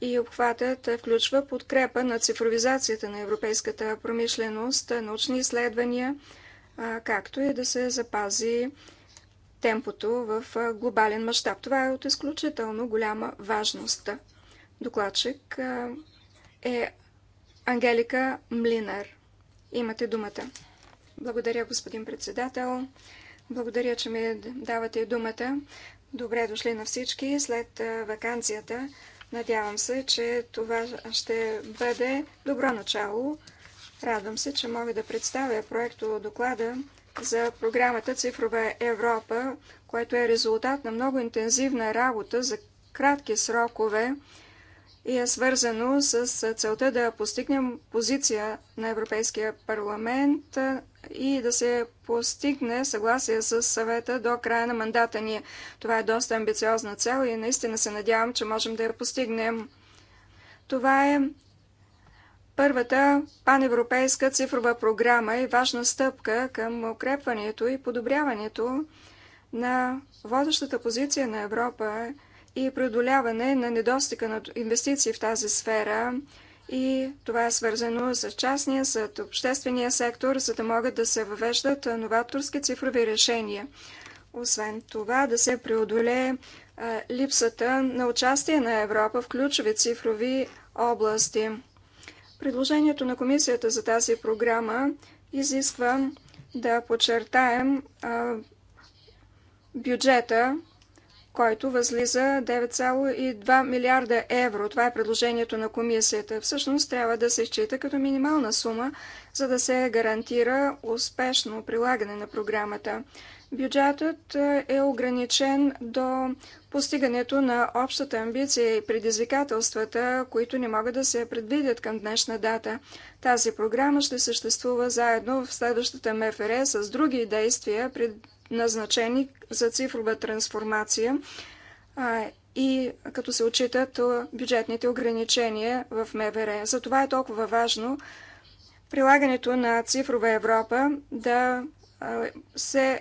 и обхватът включва подкрепа на цифровизацията на европейската промишленост, научни изследвания, както и да се запази темпото в глобален мащаб. Това е от изключително голяма важност. Докладчик е Ангелика Млинар. Имате думата. Благодаря, господин председател. Благодаря, че ми давате думата. Добре дошли на всички след вакансията. Надявам се, че това ще бъде добро начало. Радвам се, че мога да представя проекто доклада за програмата Цифрова Европа, което е резултат на много интензивна работа за кратки срокове и е свързано с целта да постигнем позиция на Европейския парламент и да се постигне съгласие с съвета до края на мандата ни. Това е доста амбициозна цел и наистина се надявам, че можем да я постигнем. Това е първата паневропейска цифрова програма и важна стъпка към укрепването и подобряването на водещата позиция на Европа и преодоляване на недостига на инвестиции в тази сфера, и това е свързано с частния, с обществения сектор, за да могат да се въвеждат новаторски цифрови решения. Освен това, да се преодолее липсата на участие на Европа в ключови цифрови области. Предложението на комисията за тази програма изисква да подчертаем бюджета който възлиза 9,2 милиарда евро. Това е предложението на комисията. Всъщност трябва да се счита като минимална сума, за да се гарантира успешно прилагане на програмата. Бюджетът е, е ограничен до постигането на общата амбиция и предизвикателствата, които не могат да се предвидят към днешна дата. Тази програма ще съществува заедно в следващата МФР с други действия, пред назначени за цифрова трансформация и като се отчитат бюджетните ограничения в МВР. Затова е толкова важно прилагането на цифрова Европа да се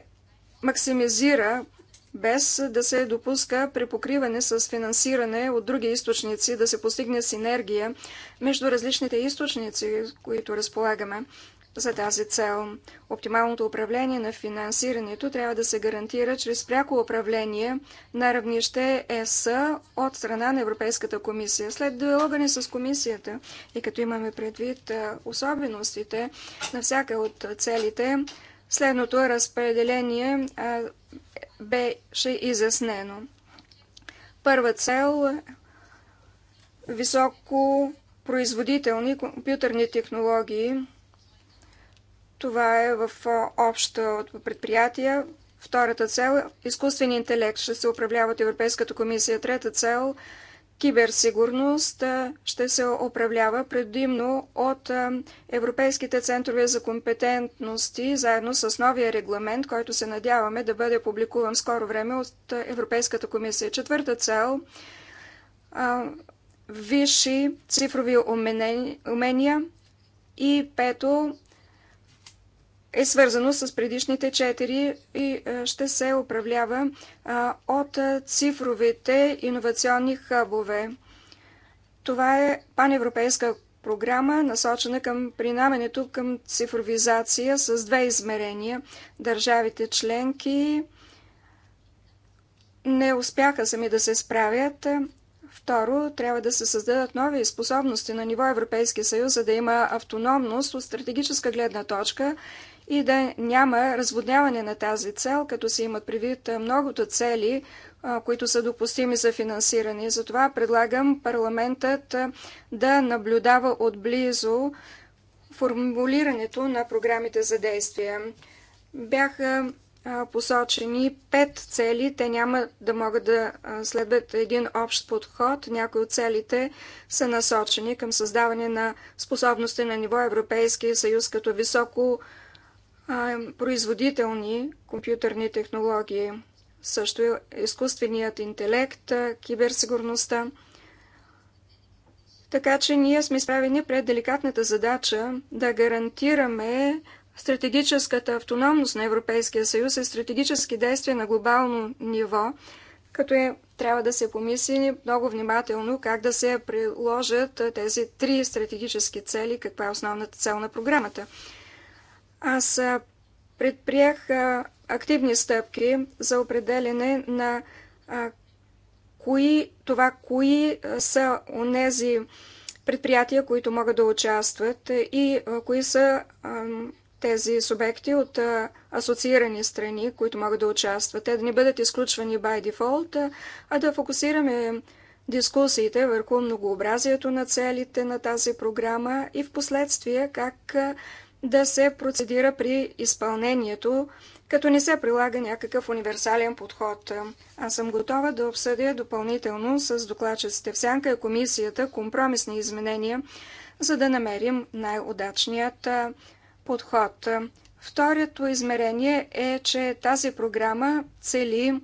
максимизира без да се допуска препокриване с финансиране от други източници, да се постигне синергия между различните източници, които разполагаме за тази цел. Оптималното управление на финансирането трябва да се гарантира чрез пряко управление на равнище ЕС от страна на Европейската комисия. След диалога ни с комисията и като имаме предвид особеностите на всяка от целите, следното разпределение беше изяснено. Първа цел високо производителни компютърни технологии това е в обща предприятия. Втората цел – изкуствен интелект ще се управлява от Европейската комисия. Трета цел – киберсигурност ще се управлява предимно от Европейските центрове за компетентности, заедно с новия регламент, който се надяваме да бъде публикуван скоро време от Европейската комисия. Четвърта цел – висши цифрови умения и пето е свързано с предишните четири и е, ще се управлява е, от е, цифровите иновационни хъбове. Това е паневропейска програма, насочена към принамянето към цифровизация с две измерения. Държавите членки не успяха сами да се справят. Второ, трябва да се създадат нови способности на ниво Европейски съюз, за да има автономност от стратегическа гледна точка и да няма разводняване на тази цел, като се имат предвид многото цели, които са допустими за финансиране. Затова предлагам парламентът да наблюдава отблизо формулирането на програмите за действие. Бяха посочени пет цели. Те няма да могат да следват един общ подход. Някои от целите са насочени към създаване на способности на ниво Европейския съюз като високо производителни компютърни технологии, също е изкуственият интелект, киберсигурността. Така че ние сме изправени пред деликатната задача да гарантираме стратегическата автономност на Европейския съюз и стратегически действия на глобално ниво, като е, трябва да се помисли много внимателно как да се приложат тези три стратегически цели, каква е основната цел на програмата. Аз предприех активни стъпки за определене на кои, това, кои са онези предприятия, които могат да участват и кои са тези субекти от асоциирани страни, които могат да участват. Те да не бъдат изключвани by default, а да фокусираме дискусиите върху многообразието на целите на тази програма и в последствие как да се процедира при изпълнението, като не се прилага някакъв универсален подход. Аз съм готова да обсъдя допълнително с докладчиците в Сянка и комисията компромисни изменения, за да намерим най-удачният подход. Второто измерение е, че тази програма цели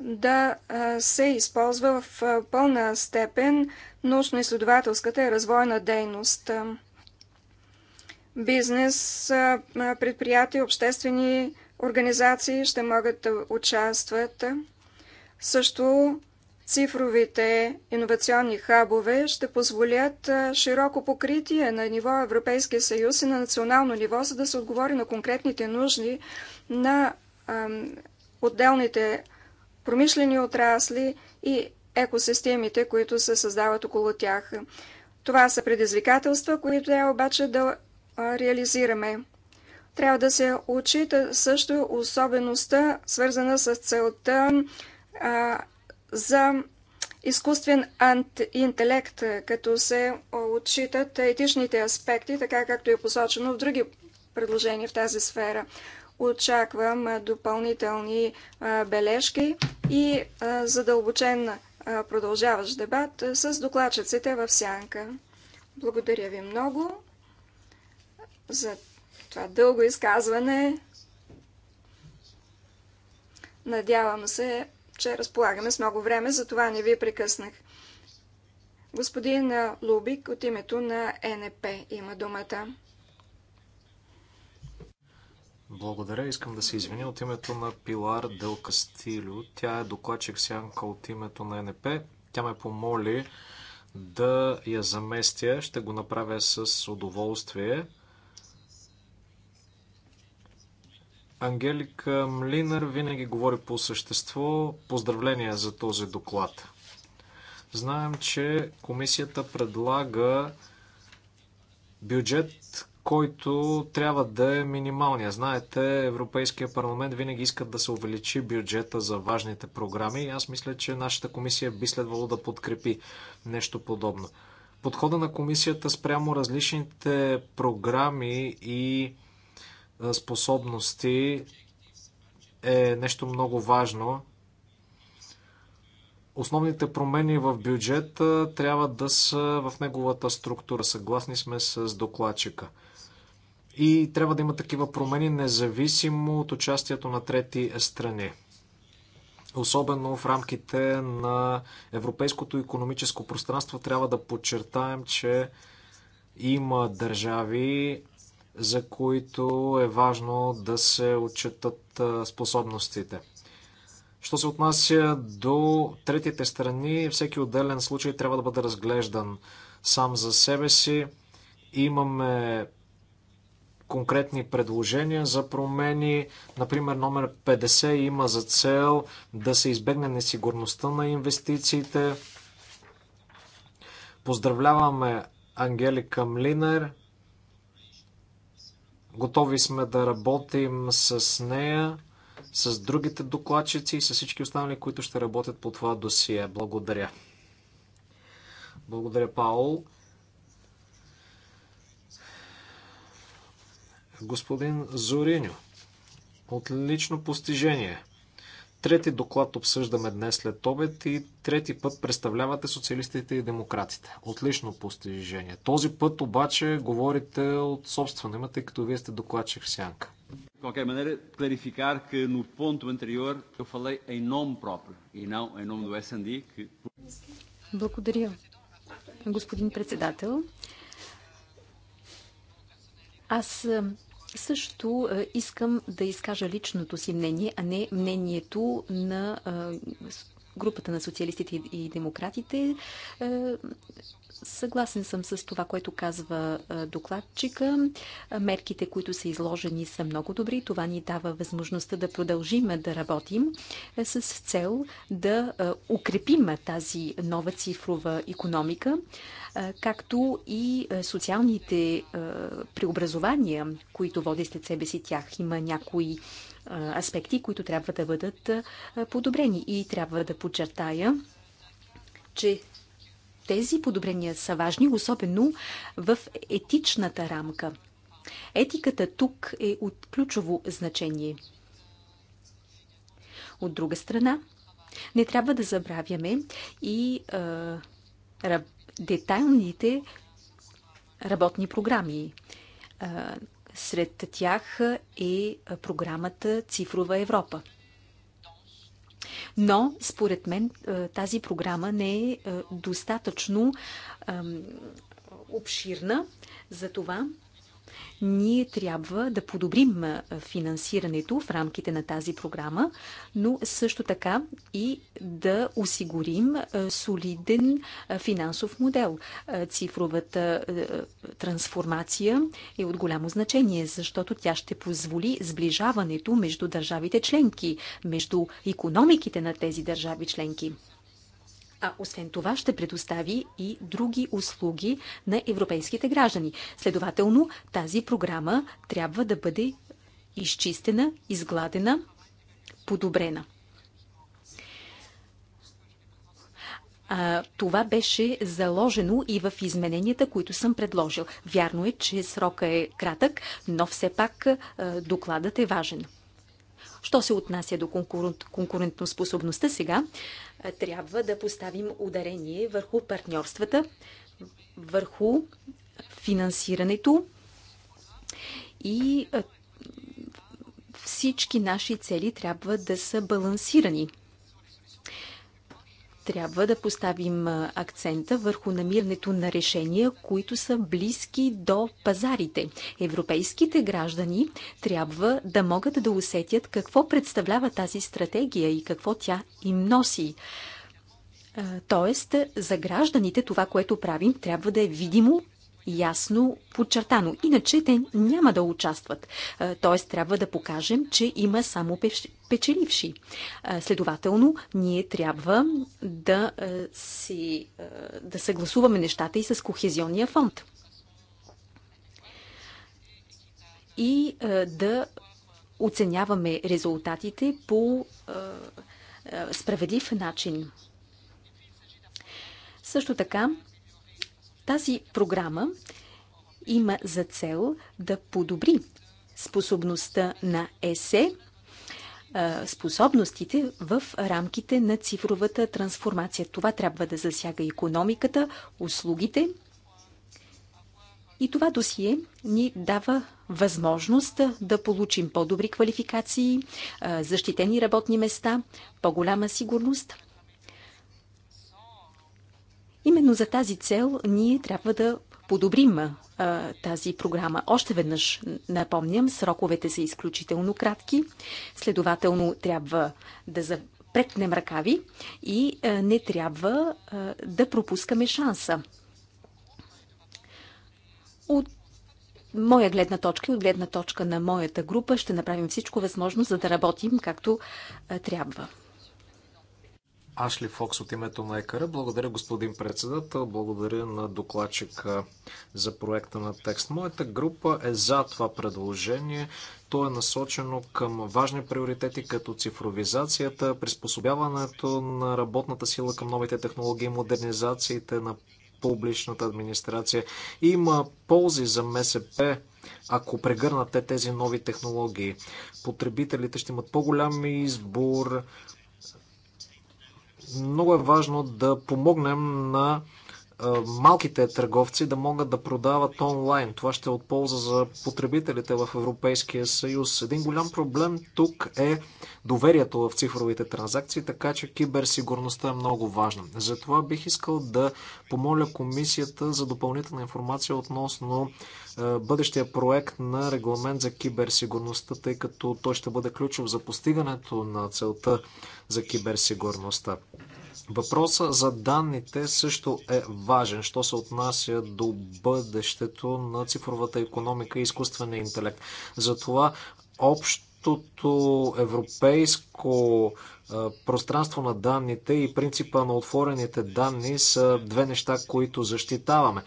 да се използва в пълна степен научно-изследователската и развойна дейност – бизнес, предприятия, обществени организации ще могат да участват. Също цифровите иновационни хабове ще позволят широко покритие на ниво Европейския съюз и на национално ниво, за да се отговори на конкретните нужди на отделните промишлени отрасли и екосистемите, които се създават около тях. Това са предизвикателства, които трябва обаче да реализираме. Трябва да се отчита също особеността, свързана с целта а, за изкуствен интелект, като се отчитат етичните аспекти, така както е посочено в други предложения в тази сфера. Очаквам допълнителни бележки и задълбочен продължаващ дебат с докладчиците в сянка. Благодаря ви много за това дълго изказване. Надявам се, че разполагаме с много време, затова не ви прекъснах. Господин Лубик от името на НП има думата. Благодаря. Искам да се извиня от името на Пилар Дел Кастилю. Тя е докладчик сянка от името на НП. Тя ме помоли да я заместя. Ще го направя с удоволствие. Ангелика Млинар винаги говори по същество. Поздравления за този доклад. Знаем, че комисията предлага бюджет, който трябва да е минималния. Знаете, Европейския парламент винаги искат да се увеличи бюджета за важните програми и аз мисля, че нашата комисия би следвало да подкрепи нещо подобно. Подхода на комисията спрямо различните програми и способности е нещо много важно. Основните промени в бюджета трябва да са в неговата структура. Съгласни сме с докладчика. И трябва да има такива промени независимо от участието на трети страни. Особено в рамките на Европейското економическо пространство трябва да подчертаем, че има държави, за които е важно да се отчитат способностите. Що се отнася до третите страни, всеки отделен случай трябва да бъде разглеждан сам за себе си. Имаме конкретни предложения за промени. Например, номер 50 има за цел да се избегне несигурността на инвестициите. Поздравляваме Ангелика Млинер Готови сме да работим с нея, с другите докладчици и с всички останали, които ще работят по това досие. Благодаря. Благодаря, Паул. Господин Зориню, Отлично постижение. Трети доклад обсъждаме днес след обед и трети път представлявате социалистите и демократите. Отлично постижение. Този път обаче говорите от собствена имате, тъй като вие сте докладчик в сянка. qualquer maneira, clarificar que no ponto anterior eu falei em nome próprio e não em nome do SND. Que... Благодаря, господин председател. Аз също е, искам да изкажа личното си мнение, а не мнението на е, групата на социалистите и демократите е, Съгласен съм с това, което казва докладчика. Мерките, които са изложени, са много добри. Това ни дава възможността да продължим да работим е, с цел да укрепим тази нова цифрова економика, както и социалните преобразования, които води след себе си тях. Има някои аспекти, които трябва да бъдат подобрени. И трябва да подчертая, че тези подобрения са важни, особено в етичната рамка. Етиката тук е от ключово значение. От друга страна, не трябва да забравяме и а, детайлните работни програми. А, сред тях е програмата Цифрова Европа. Но, според мен, тази програма не е достатъчно обширна. Затова ние трябва да подобрим финансирането в рамките на тази програма, но също така и да осигурим солиден финансов модел. Цифровата трансформация е от голямо значение, защото тя ще позволи сближаването между държавите членки, между економиките на тези държави членки а освен това ще предостави и други услуги на европейските граждани. Следователно, тази програма трябва да бъде изчистена, изгладена, подобрена. А, това беше заложено и в измененията, които съм предложил. Вярно е, че срока е кратък, но все пак а, докладът е важен. Що се отнася до конкурентоспособността сега, трябва да поставим ударение върху партньорствата, върху финансирането и всички наши цели трябва да са балансирани – трябва да поставим акцента върху намирането на решения, които са близки до пазарите. Европейските граждани трябва да могат да усетят какво представлява тази стратегия и какво тя им носи. Тоест, за гражданите това, което правим, трябва да е видимо ясно подчертано. Иначе те няма да участват. Т.е. трябва да покажем, че има само печеливши. Е, следователно, ние трябва да, е, си, е, да съгласуваме нещата и с Кохезионния фонд. И да оценяваме резултатите по справедлив начин. Също така, тази програма има за цел да подобри способността на ЕСЕ, способностите в рамките на цифровата трансформация. Това трябва да засяга економиката, услугите. И това досие ни дава възможност да получим по-добри квалификации, защитени работни места, по-голяма сигурност – Именно за тази цел ние трябва да подобрим а, тази програма. Още веднъж напомням, сроковете са изключително кратки, следователно трябва да запретнем ръкави и а, не трябва а, да пропускаме шанса. От моя гледна точка и от гледна точка на моята група ще направим всичко възможно, за да работим както а, трябва. Ашли Фокс от името на ЕКАРА. Благодаря, господин председател. Благодаря на докладчика за проекта на текст. Моята група е за това предложение. То е насочено към важни приоритети, като цифровизацията, приспособяването на работната сила към новите технологии, модернизациите на публичната администрация. Има ползи за МСП, ако прегърнат тези нови технологии. Потребителите ще имат по-голям избор, много е важно да помогнем на е, малките търговци да могат да продават онлайн. Това ще е от полза за потребителите в Европейския съюз. Един голям проблем тук е доверието в цифровите транзакции, така че киберсигурността е много важна. Затова бих искал да помоля комисията за допълнителна информация относно е, бъдещия проект на регламент за киберсигурността, тъй като той ще бъде ключов за постигането на целта за киберсигурността. Въпросът за данните също е важен, що се отнася до бъдещето на цифровата економика и изкуствения интелект. Затова общото европейско пространство на данните и принципа на отворените данни са две неща, които защитаваме.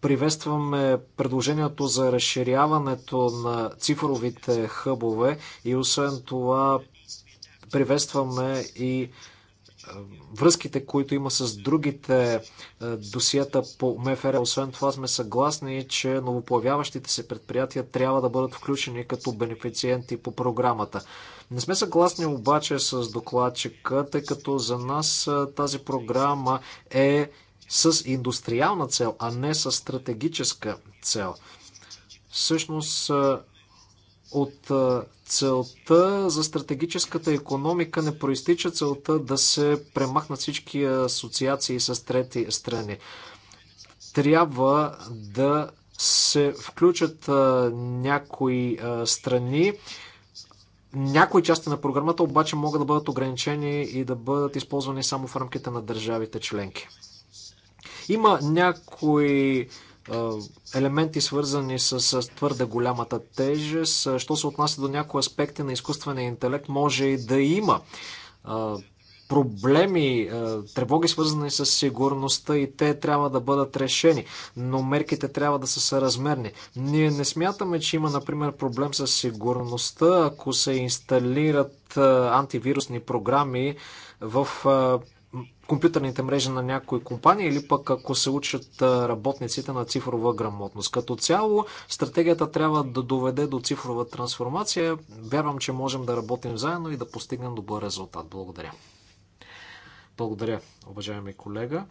Приветстваме предложението за разширяването на цифровите хъбове и освен това Приветстваме и е, връзките, които има с другите е, досиета по МФР. Освен това сме съгласни, че новоплавяващите се предприятия трябва да бъдат включени като бенефициенти по програмата. Не сме съгласни обаче с докладчика, тъй като за нас е, тази програма е с индустриална цел, а не с стратегическа цел. Всъщност от целта за стратегическата економика не проистича целта да се премахнат всички асоциации с трети страни. Трябва да се включат а, някои а, страни. Някои части на програмата обаче могат да бъдат ограничени и да бъдат използвани само в рамките на държавите членки. Има някои елементи, свързани с, с твърде голямата тежест. Що се отнася до някои аспекти на изкуствения интелект, може и да има проблеми, тревоги, свързани с сигурността и те трябва да бъдат решени, но мерките трябва да са съразмерни. Ние не смятаме, че има, например, проблем с сигурността, ако се инсталират антивирусни програми в компютърните мрежи на някои компании или пък ако се учат работниците на цифрова грамотност. Като цяло, стратегията трябва да доведе до цифрова трансформация. Вярвам, че можем да работим заедно и да постигнем добър резултат. Благодаря. Благодаря, уважаеми колега.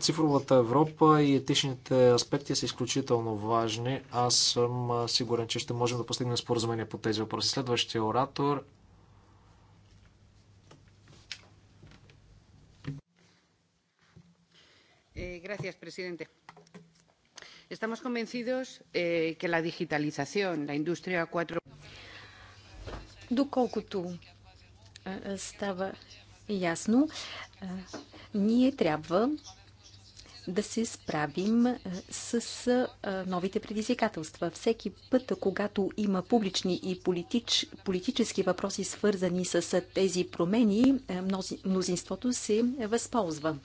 Цифровата Европа и етичните аспекти са изключително важни. Аз съм сигурен, че ще можем да постигнем споразумение по тези въпроси. Следващия оратор Eh, señor presidente estamos convencidos de eh, que la digitalización, la industria cuatro. Доколкото е, става ясно, е, ние трябва да се справим е, с новите предизвикателства. Всеки път, когато има публични и политич, политически въпроси, свързани с тези промени, мнозинството се възползва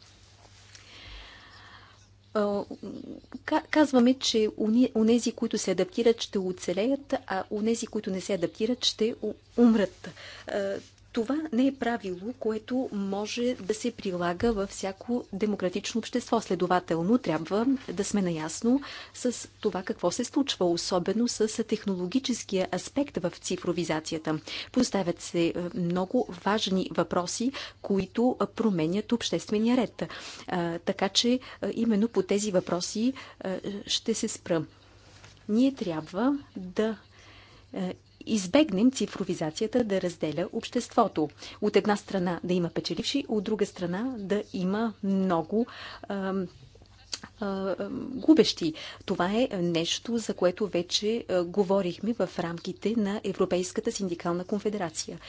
казваме, че онези, които се адаптират, ще оцелеят, а онези, които не се адаптират, ще умрат това не е правило, което може да се прилага във всяко демократично общество. Следователно, трябва да сме наясно с това какво се случва, особено с технологическия аспект в цифровизацията. Поставят се е, много важни въпроси, които променят обществения ред. Така че е, именно по тези въпроси е, ще се спра. Ние трябва да избегнем цифровизацията да разделя обществото. От една страна да има печеливши, от друга страна да има много губещи. Това е нещо, за което вече говорихме в рамките на Европейската синдикална конфедерация.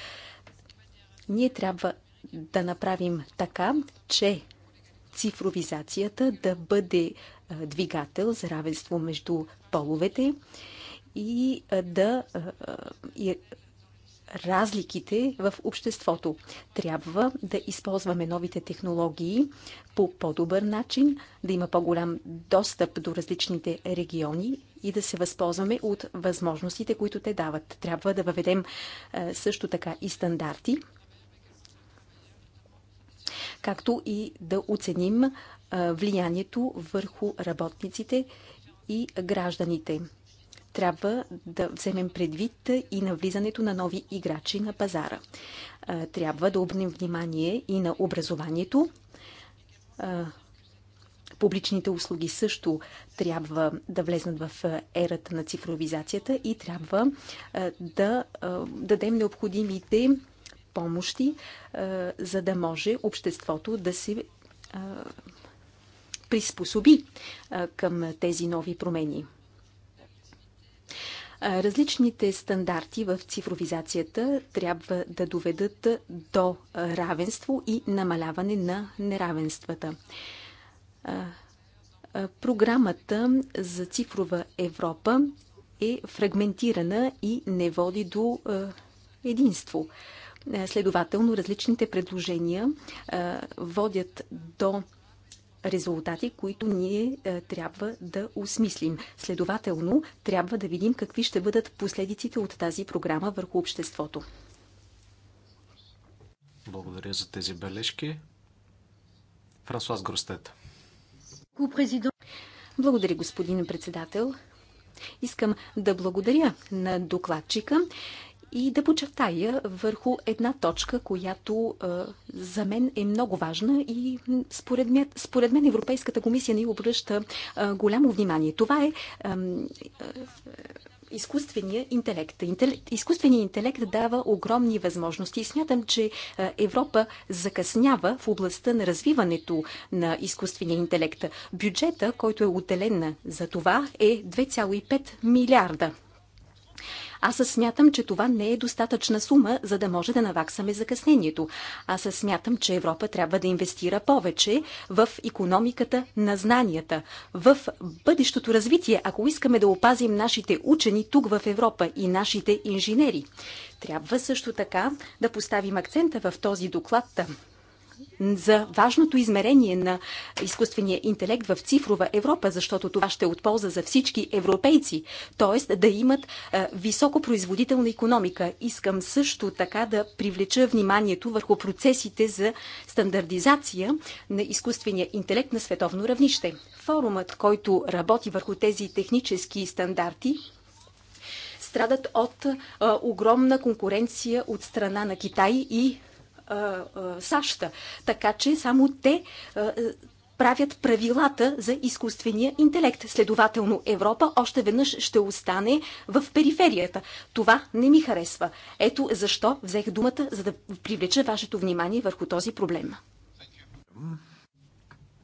Ние трябва да направим така, че цифровизацията да бъде двигател за равенство между половете и да и разликите в обществото. Трябва да използваме новите технологии по по-добър начин, да има по-голям достъп до различните региони и да се възползваме от възможностите, които те дават. Трябва да въведем също така и стандарти, както и да оценим влиянието върху работниците и гражданите трябва да вземем предвид и на влизането на нови играчи на пазара. Трябва да обнем внимание и на образованието. Публичните услуги също трябва да влезнат в ерата на цифровизацията и трябва да дадем необходимите помощи, за да може обществото да се приспособи към тези нови промени. Различните стандарти в цифровизацията трябва да доведат до равенство и намаляване на неравенствата. Програмата за цифрова Европа е фрагментирана и не води до единство. Следователно, различните предложения водят до резултати, които ние е, трябва да осмислим. Следователно, трябва да видим какви ще бъдат последиците от тази програма върху обществото. Благодаря за тези бележки. Франсуаз Гростет. Благодаря, господин председател. Искам да благодаря на докладчика и да подчертая върху една точка, която а, за мен е много важна и според мен, според мен Европейската комисия не обръща а, голямо внимание. Това е а, изкуствения интелект. интелект. Изкуственият интелект дава огромни възможности и смятам, че Европа закъснява в областта на развиването на изкуствения интелект. Бюджета, който е отделен за това, е 2,5 милиарда аз смятам, че това не е достатъчна сума, за да може да наваксаме закъснението. Аз смятам, че Европа трябва да инвестира повече в економиката на знанията, в бъдещото развитие, ако искаме да опазим нашите учени тук в Европа и нашите инженери. Трябва също така да поставим акцента в този доклад за важното измерение на изкуствения интелект в цифрова Европа, защото това ще е от полза за всички европейци, т.е. да имат високопроизводителна економика. Искам също така да привлеча вниманието върху процесите за стандартизация на изкуствения интелект на световно равнище. Форумът, който работи върху тези технически стандарти, страдат от а, огромна конкуренция от страна на Китай и САЩ. Така че само те правят правилата за изкуствения интелект. Следователно, Европа още веднъж ще остане в периферията. Това не ми харесва. Ето защо взех думата, за да привлеча вашето внимание върху този проблем.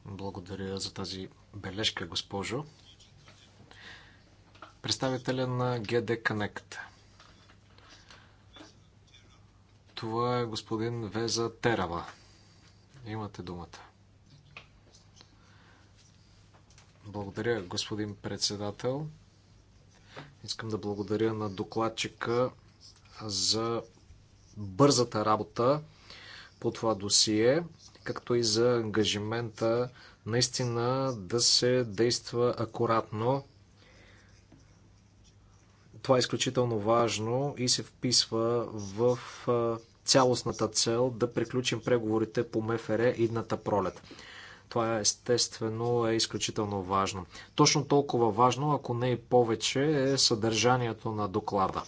Благодаря за тази бележка, госпожо. Представителя на GD Connect това е господин Веза Терава. Имате думата. Благодаря, господин председател. Искам да благодаря на докладчика за бързата работа по това досие, както и за ангажимента наистина да се действа акуратно. Това е изключително важно и се вписва в цялостната цел да приключим преговорите по МФР идната пролет. Това естествено е изключително важно. Точно толкова важно, ако не и повече, е съдържанието на доклада.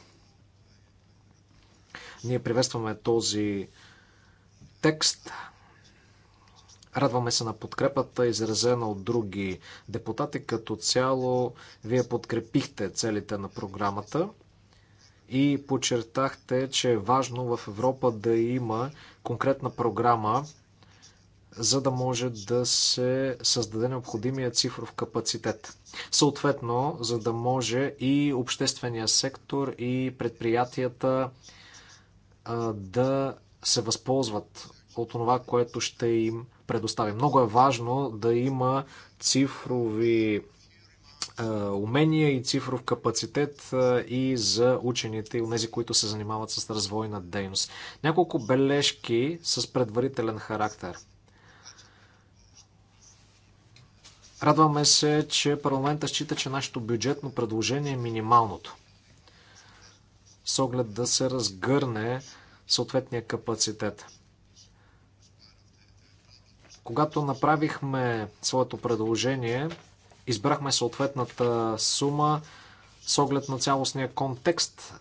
Ние приветстваме този текст. Радваме се на подкрепата, изразена от други депутати. Като цяло, вие подкрепихте целите на програмата и подчертахте, че е важно в Европа да има конкретна програма, за да може да се създаде необходимия цифров капацитет. Съответно, за да може и обществения сектор и предприятията да се възползват от това, което ще им предостави. Много е важно да има цифрови умения и цифров капацитет и за учените и тези, които се занимават с развойна дейност. Няколко бележки с предварителен характер. Радваме се, че парламента счита, че нашето бюджетно предложение е минималното. С оглед да се разгърне съответния капацитет. Когато направихме своето предложение, Избрахме съответната сума с оглед на цялостния контекст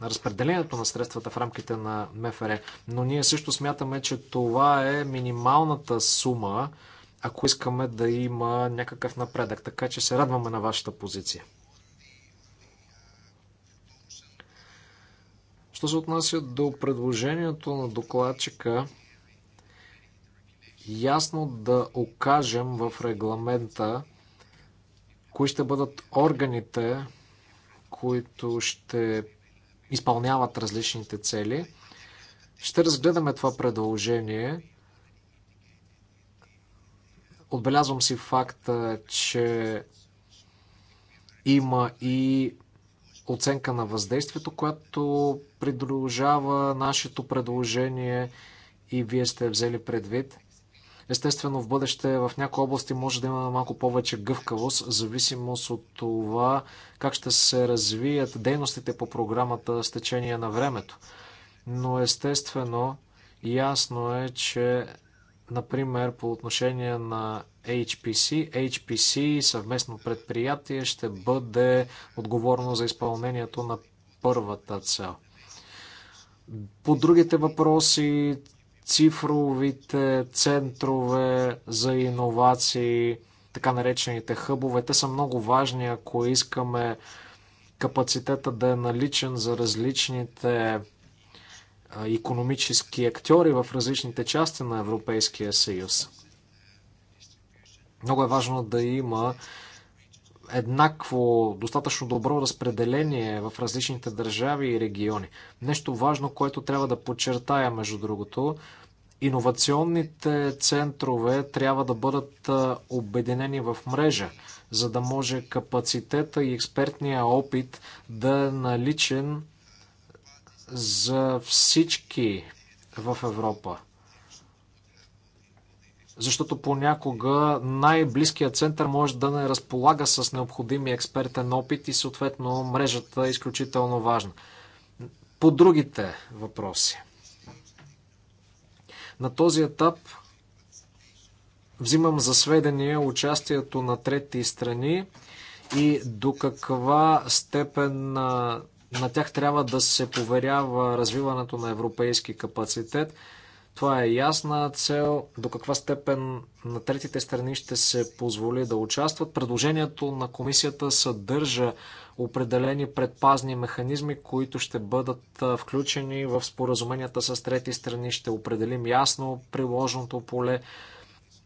на разпределението на средствата в рамките на МФР. Но ние също смятаме, че това е минималната сума, ако искаме да има някакъв напредък. Така че се радваме на вашата позиция. Що се отнася до предложението на докладчика, ясно да окажем в регламента кои ще бъдат органите, които ще изпълняват различните цели. Ще разгледаме това предложение. Отбелязвам си факта, че има и оценка на въздействието, която придружава нашето предложение и вие сте взели предвид. Естествено, в бъдеще в някои области може да има малко повече гъвкавост, в зависимост от това как ще се развият дейностите по програмата с течение на времето. Но естествено, ясно е, че например по отношение на HPC, HPC съвместно предприятие ще бъде отговорно за изпълнението на първата цел. По другите въпроси цифровите центрове за иновации, така наречените хъбове. Те са много важни, ако искаме капацитета да е наличен за различните економически актьори в различните части на Европейския съюз. Много е важно да има еднакво, достатъчно добро разпределение в различните държави и региони. Нещо важно, което трябва да подчертая, между другото, иновационните центрове трябва да бъдат обединени в мрежа, за да може капацитета и експертния опит да е наличен за всички в Европа защото понякога най-близкият център може да не разполага с необходими експертен опит и съответно мрежата е изключително важна. По другите въпроси. На този етап взимам за сведение участието на трети страни и до каква степен на, на тях трябва да се поверява развиването на европейски капацитет. Това е ясна цел, до каква степен на третите страни ще се позволи да участват. Предложението на комисията съдържа определени предпазни механизми, които ще бъдат включени в споразуменията с трети страни. Ще определим ясно приложното поле.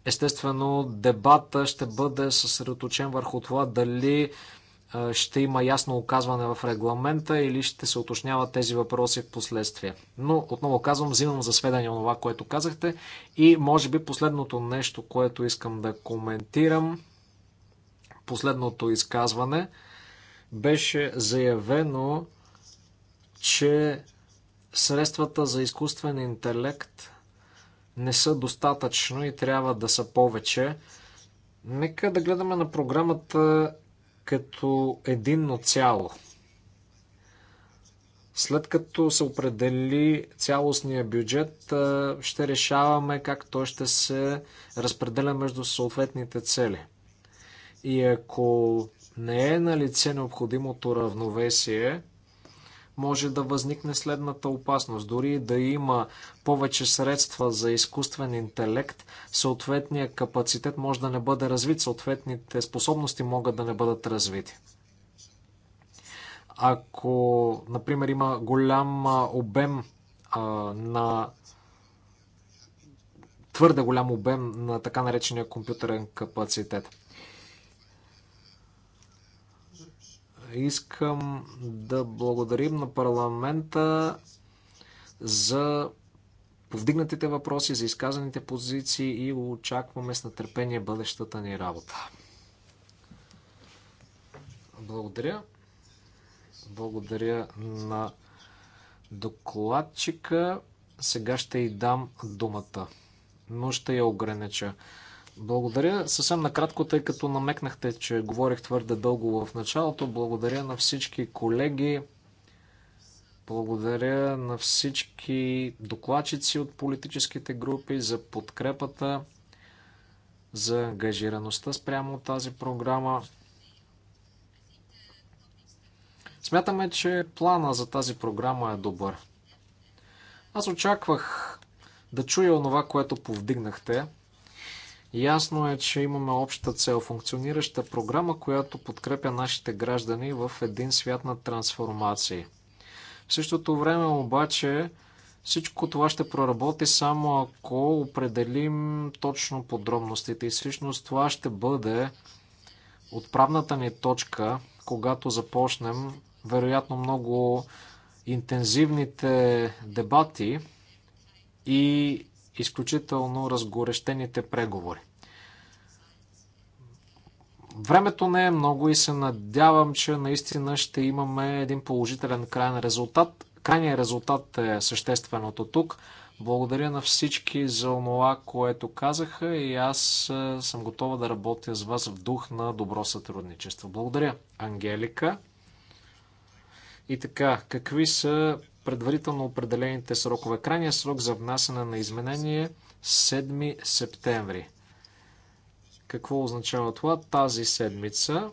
Естествено, дебата ще бъде съсредоточен върху това дали ще има ясно оказване в регламента или ще се уточняват тези въпроси в последствие. Но, отново казвам, взимам за сведение това, което казахте и може би последното нещо, което искам да коментирам, последното изказване, беше заявено, че средствата за изкуствен интелект не са достатъчно и трябва да са повече. Нека да гледаме на програмата като единно цяло. След като се определи цялостния бюджет, ще решаваме как той ще се разпределя между съответните цели. И ако не е на лице необходимото равновесие, може да възникне следната опасност. Дори да има повече средства за изкуствен интелект, съответният капацитет може да не бъде развит, съответните способности могат да не бъдат развити. Ако, например, има голям обем а, на твърде голям обем на така наречения компютърен капацитет. Искам да благодарим на парламента за повдигнатите въпроси, за изказаните позиции и очакваме с нетърпение бъдещата ни работа. Благодаря. Благодаря на докладчика. Сега ще й дам думата, но ще я огранича. Благодаря. Съвсем накратко, тъй като намекнахте, че говорих твърде дълго в началото. Благодаря на всички колеги. Благодаря на всички докладчици от политическите групи за подкрепата, за ангажираността спрямо тази програма. Смятаме, че плана за тази програма е добър. Аз очаквах да чуя онова, което повдигнахте – Ясно е, че имаме обща цел, функционираща програма, която подкрепя нашите граждани в един свят на трансформации. В същото време обаче всичко това ще проработи само ако определим точно подробностите и всъщност това ще бъде отправната ни точка, когато започнем вероятно много интензивните дебати и изключително разгорещените преговори. Времето не е много и се надявам, че наистина ще имаме един положителен крайен резултат. Крайният резултат е същественото тук. Благодаря на всички за това, което казаха и аз е, съм готова да работя с вас в дух на добро сътрудничество. Благодаря, Ангелика. И така, какви са предварително определените срокове? Крайният срок за внасяне на изменение 7 е септември. Какво означава това? Тази седмица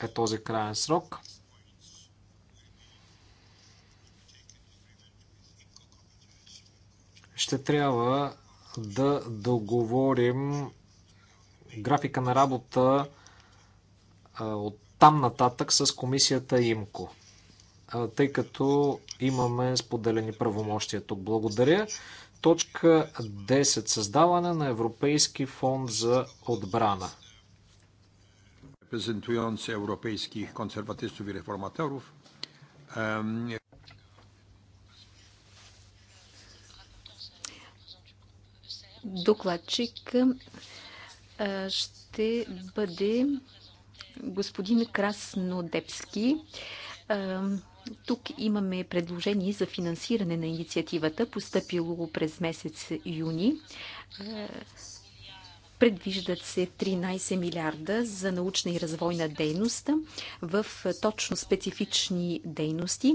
е този крайен срок. Ще трябва да договорим графика на работа от там нататък с комисията ИМКО, тъй като имаме споделени правомощия тук. Благодаря. Точка 10. Създаване на Европейски фонд за отбрана. Reprezentujący европейски консерватистов и реформаторов. Докладчик е, ще бъде господин Краснодепски. Депски тук имаме предложение за финансиране на инициативата, постъпило през месец юни. Е, предвиждат се 13 милиарда за научна и развойна дейност в точно специфични дейности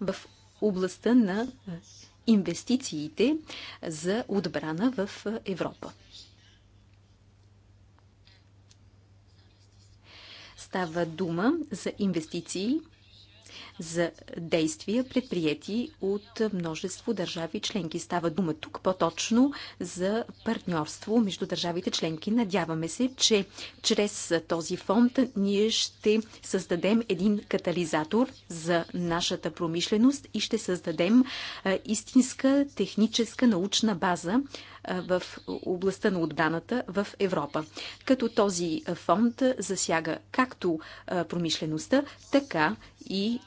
в областта на е, инвестициите за отбрана в Европа. Става дума за инвестиции, за действия, предприяти от множество държави членки. Става дума тук по-точно за партньорство между държавите членки. Надяваме се, че чрез този фонд ние ще създадем един катализатор за нашата промишленост и ще създадем истинска техническа научна база, в областта на отбраната в Европа. Като този фонд засяга както промишлеността, така и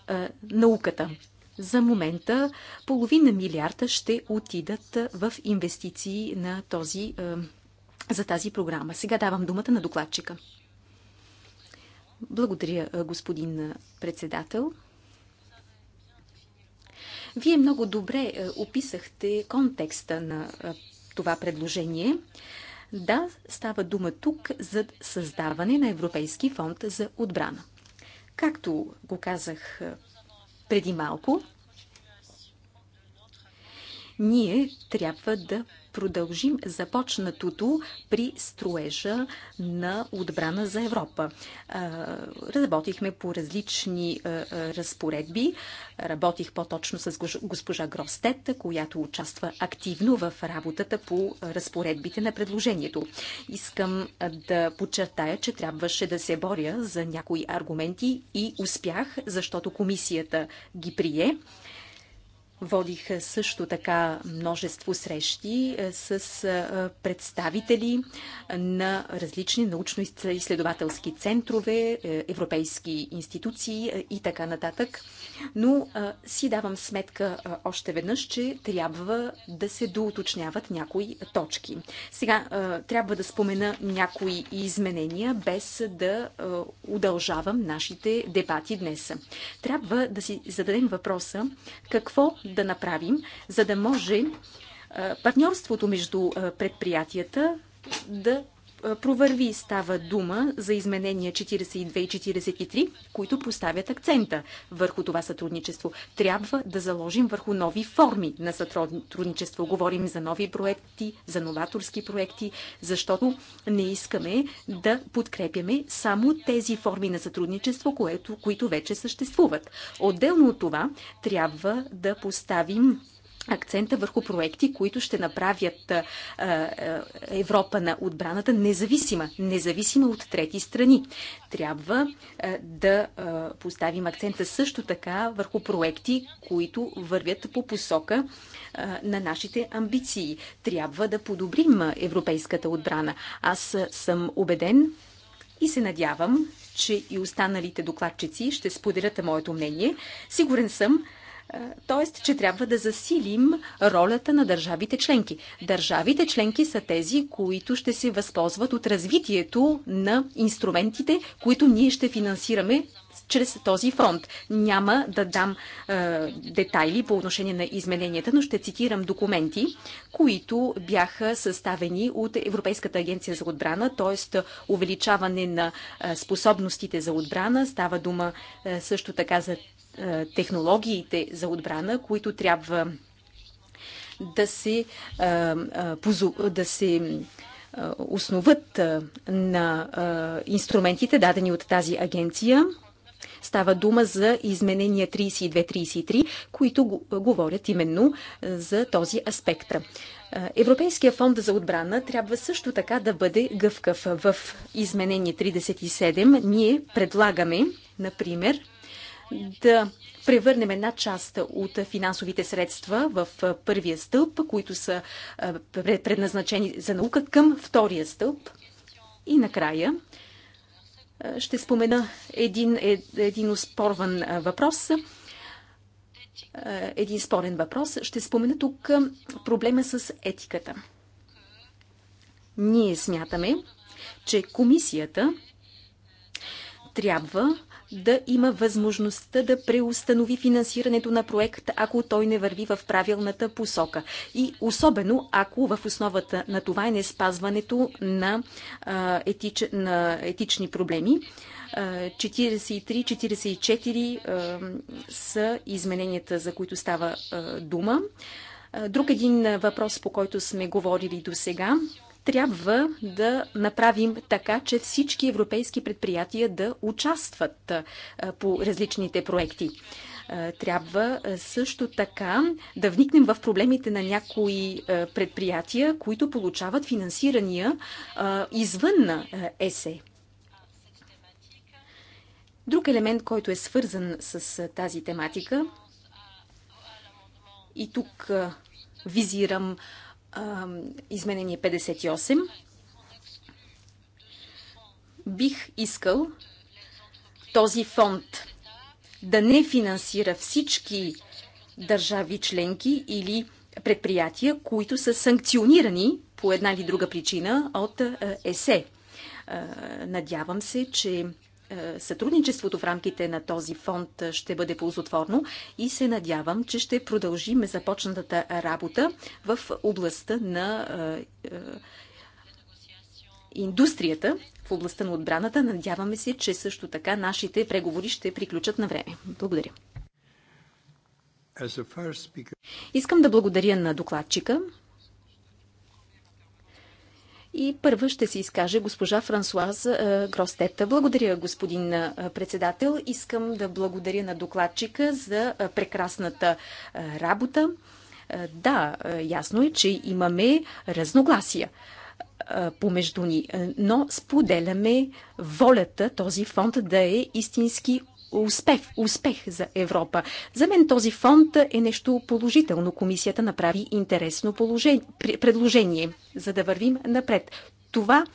науката. За момента половина милиарда ще отидат в инвестиции на този, за тази програма. Сега давам думата на докладчика. Благодаря, господин председател. Вие много добре описахте контекста на това предложение. Да, става дума тук за създаване на Европейски фонд за отбрана. Както го казах преди малко, ние трябва да продължим започнатото при строежа на отбрана за Европа. Разработихме по различни разпоредби. Работих по-точно с госпожа Гростет, която участва активно в работата по разпоредбите на предложението. Искам да подчертая, че трябваше да се боря за някои аргументи и успях, защото комисията ги прие. Водих също така множество срещи с представители на различни научно-изследователски центрове, европейски институции и така нататък. Но си давам сметка още веднъж, че трябва да се доуточняват някои точки. Сега трябва да спомена някои изменения, без да удължавам нашите дебати днес. Трябва да си зададем въпроса какво да направим, за да може партньорството между предприятията да провърви. Става дума за изменения 42 и 43, които поставят акцента върху това сътрудничество. Трябва да заложим върху нови форми на сътрудничество. Говорим за нови проекти, за новаторски проекти, защото не искаме да подкрепяме само тези форми на сътрудничество, което, които вече съществуват. Отделно от това, трябва да поставим акцента върху проекти, които ще направят Европа на отбраната независима, независима от трети страни. Трябва да поставим акцента също така върху проекти, които вървят по посока на нашите амбиции. Трябва да подобрим европейската отбрана. Аз съм убеден и се надявам, че и останалите докладчици ще споделят моето мнение. Сигурен съм, т.е. че трябва да засилим ролята на държавите членки. Държавите членки са тези, които ще се възползват от развитието на инструментите, които ние ще финансираме чрез този фонд. Няма да дам е, детайли по отношение на измененията, но ще цитирам документи, които бяха съставени от Европейската агенция за отбрана, т.е. увеличаване на е, способностите за отбрана. Става дума е, също така за е, технологиите за отбрана, които трябва да се, е, е, да се основат на инструментите, дадени от тази агенция. Става дума за изменения 32-33, които говорят именно за този аспект. Европейския фонд за отбрана трябва също така да бъде гъвкав. В изменение 37 ние предлагаме, например, да превърнем една част от финансовите средства в първия стълб, които са предназначени за наука към втория стълб. И накрая ще спомена един, е, един спорван въпрос. Един спорен въпрос. Ще спомена тук проблема с етиката. Ние смятаме, че комисията трябва да има възможността да преустанови финансирането на проект, ако той не върви в правилната посока. И особено ако в основата на това е не спазването на, етич, на етични проблеми. 43-44 са измененията, за които става дума. Друг един въпрос, по който сме говорили до сега, трябва да направим така, че всички европейски предприятия да участват по различните проекти. Трябва също така да вникнем в проблемите на някои предприятия, които получават финансирания извън ЕСЕ. Друг елемент, който е свързан с тази тематика, и тук визирам изменение 58 бих искал този фонд да не финансира всички държави членки или предприятия, които са санкционирани по една или друга причина от ЕСЕ. Надявам се, че е, сътрудничеството в рамките на този фонд е, ще бъде ползотворно и се надявам, че ще продължим започнатата работа в областта на е, индустрията, в областта на отбраната. Надяваме се, че също така нашите преговори ще приключат на време. Благодаря. Искам да благодаря на докладчика, и първа ще се изкаже госпожа Франсуаз е, Гростета. Благодаря, господин е, председател. Искам да благодаря на докладчика за е, прекрасната работа. Да, ясно е, че имаме разногласия помежду ни, но споделяме волята този фонд да е истински успех, успех за Европа. За мен този фонд е нещо положително. Комисията направи интересно предложение, за да вървим напред. Това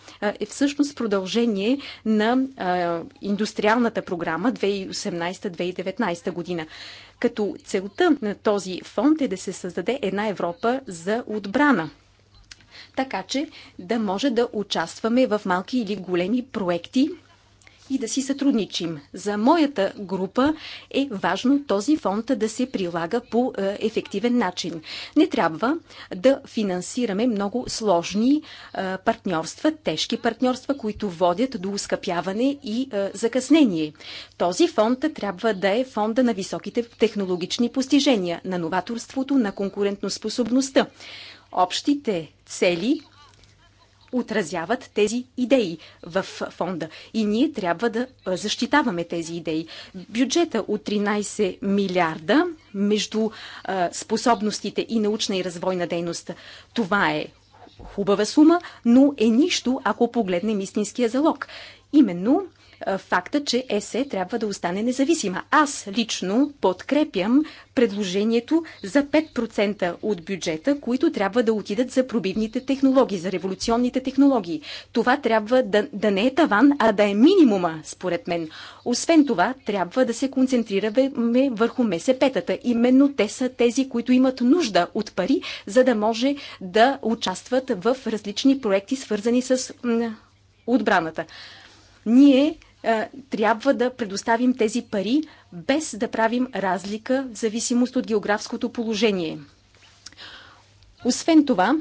е всъщност продължение на индустриалната програма 2018-2019 година. Като целта на този фонд е да се създаде една Европа за отбрана така че да може да участваме в малки или големи проекти и да си сътрудничим. За моята група е важно този фонд да се прилага по е, ефективен начин. Не трябва да финансираме много сложни е, партньорства, тежки партньорства, които водят до ускъпяване и е, закъснение. Този фонд трябва да е фонда на високите технологични постижения, на новаторството, на конкурентоспособността. Общите цели отразяват тези идеи в фонда. И ние трябва да защитаваме тези идеи. Бюджета от 13 милиарда между способностите и научна и развойна дейност. Това е хубава сума, но е нищо, ако погледнем истинския залог. Именно е, факта, че ЕСЕ трябва да остане независима. Аз лично подкрепям предложението за 5% от бюджета, които трябва да отидат за пробивните технологии, за революционните технологии. Това трябва да, да не е таван, а да е минимума, според мен. Освен това, трябва да се концентрираме върху МСП-тата. Именно те са тези, които имат нужда от пари, за да може да участват в различни проекти, свързани с отбраната. Ние е, трябва да предоставим тези пари, без да правим разлика в зависимост от географското положение. Освен това,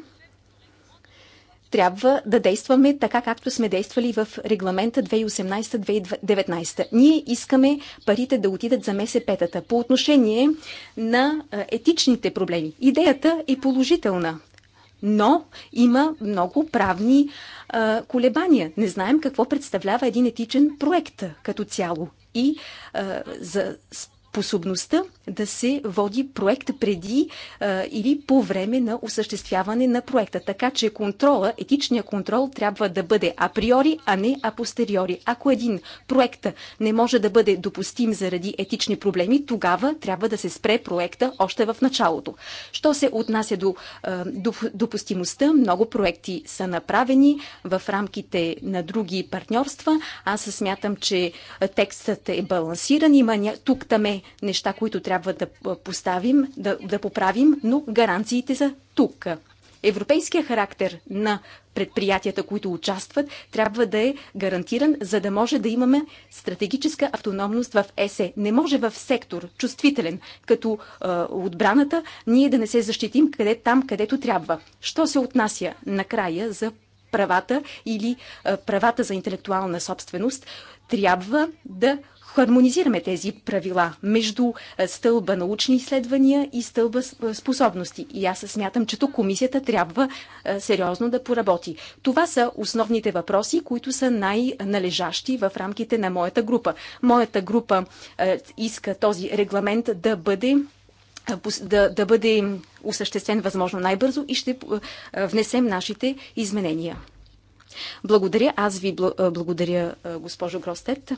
трябва да действаме така, както сме действали в регламента 2018-2019. Ние искаме парите да отидат за МСП-тата по отношение на е, етичните проблеми. Идеята е положителна но има много правни а, колебания. Не знаем какво представлява един етичен проект като цяло. И а, за способността да се води проект преди а, или по време на осъществяване на проекта. Така че контрола, етичният контрол трябва да бъде априори, а не апостериори. Ако един проект не може да бъде допустим заради етични проблеми, тогава трябва да се спре проекта още в началото. Що се отнася до а, допустимостта, много проекти са направени в рамките на други партньорства. Аз смятам, че текстът е балансиран. Има тук-таме неща, които трябва да поставим, да, да поправим, но гаранциите са тук. Европейския характер на предприятията, които участват, трябва да е гарантиран, за да може да имаме стратегическа автономност в ЕСЕ. Не може в сектор, чувствителен, като е, отбраната, ние да не се защитим къде там, където трябва. Що се отнася накрая за правата или е, правата за интелектуална собственост, трябва да хармонизираме тези правила между е, стълба научни изследвания и стълба е, способности. И аз смятам, че тук комисията трябва е, сериозно да поработи. Това са основните въпроси, които са най-належащи в рамките на моята група. Моята група иска този регламент да бъде да, да бъде осъществен възможно най-бързо и ще внесем нашите изменения. Благодаря. Аз ви благодаря, госпожо Гростет.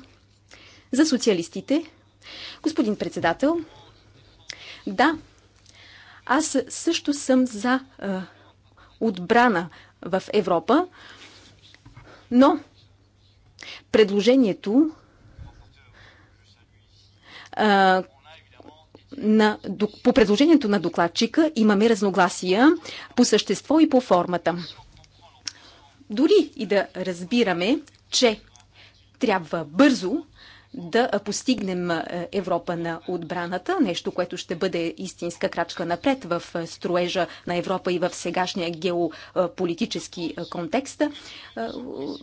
За социалистите, господин председател, да, аз също съм за е, отбрана в Европа, но предложението е, на, по предложението на докладчика имаме разногласия по същество и по формата. Дори и да разбираме, че трябва бързо да постигнем Европа на отбраната, нещо, което ще бъде истинска крачка напред в строежа на Европа и в сегашния геополитически контекст,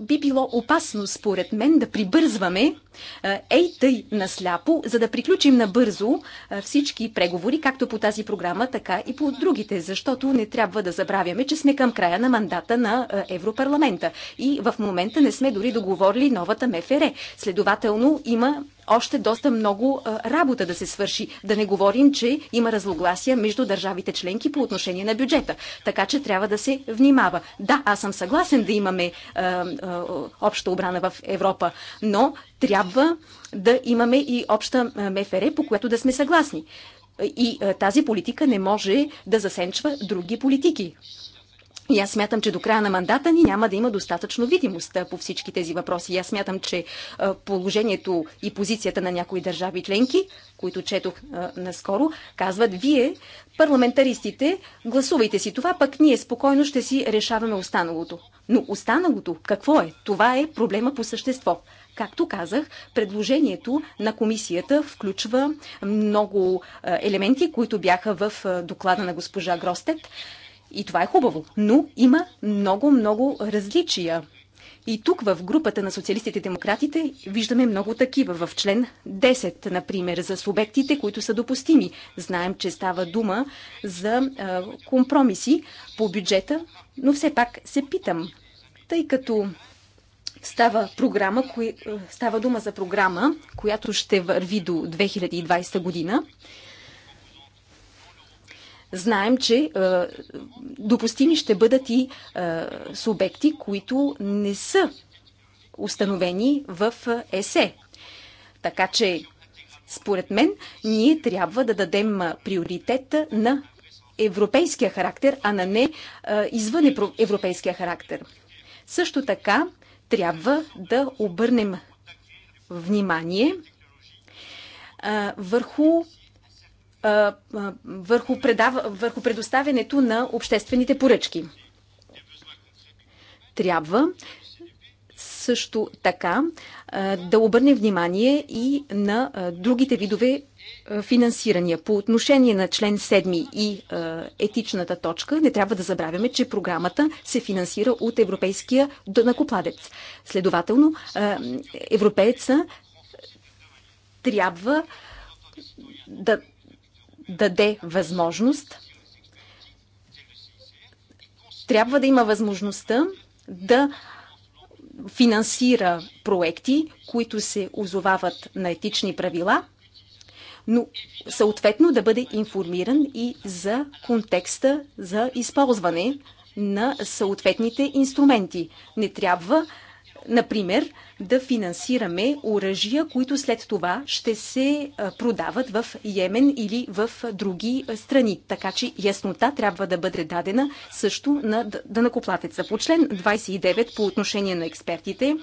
би било опасно, според мен, да прибързваме ей тъй насляпо, за да приключим набързо всички преговори, както по тази програма, така и по другите, защото не трябва да забравяме, че сме към края на мандата на Европарламента и в момента не сме дори договорили новата МФР. Следователно, им има още доста много а, работа да се свърши. Да не говорим, че има разногласия между държавите членки по отношение на бюджета. Така че трябва да се внимава. Да, аз съм съгласен да имаме а, а, обща обрана в Европа, но трябва да имаме и обща МФР, по която да сме съгласни. И а, тази политика не може да засенчва други политики. И аз смятам, че до края на мандата ни няма да има достатъчно видимост по всички тези въпроси. И аз смятам, че положението и позицията на някои държави членки, които четох наскоро, казват, вие, парламентаристите, гласувайте си това, пък ние спокойно ще си решаваме останалото. Но останалото какво е? Това е проблема по същество. Както казах, предложението на комисията включва много елементи, които бяха в доклада на госпожа Гростет. И това е хубаво. Но има много-много различия. И тук в групата на социалистите и демократите виждаме много такива. В член 10, например, за субектите, които са допустими. Знаем, че става дума за а, компромиси по бюджета, но все пак се питам, тъй като става, програма, кои, става дума за програма, която ще върви до 2020 година, Знаем, че е, допустими ще бъдат и е, субекти, които не са установени в е, ЕСЕ. Така че, според мен, ние трябва да дадем е, приоритет на европейския характер, а на не е, извън европейския характер. Също така, трябва да обърнем внимание е, върху върху, предава, върху предоставянето на обществените поръчки. Трябва също така да обърне внимание и на другите видове финансирания. По отношение на член 7 и етичната точка, не трябва да забравяме, че програмата се финансира от европейския накопладец. Следователно, европейца трябва да даде възможност. Трябва да има възможността да финансира проекти, които се озовават на етични правила, но съответно да бъде информиран и за контекста за използване на съответните инструменти. Не трябва например, да финансираме оръжия, които след това ще се продават в Йемен или в други страни. Така че яснота трябва да бъде дадена също на данакоплатеца. По член 29 по отношение на експертите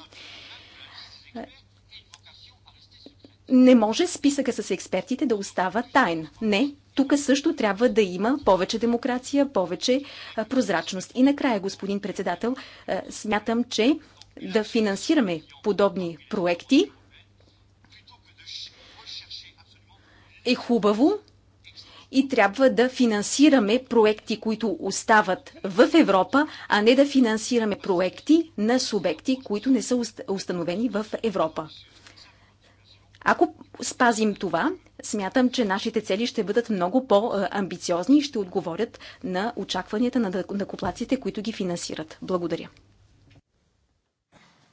не може списъка с експертите да остава тайн. Не, тук също трябва да има повече демокрация, повече прозрачност. И накрая, господин председател, смятам, че да финансираме подобни проекти, е хубаво и трябва да финансираме проекти, които остават в Европа, а не да финансираме проекти на субекти, които не са установени в Европа. Ако спазим това, смятам, че нашите цели ще бъдат много по-амбициозни и ще отговорят на очакванията на накоплаците, които ги финансират. Благодаря.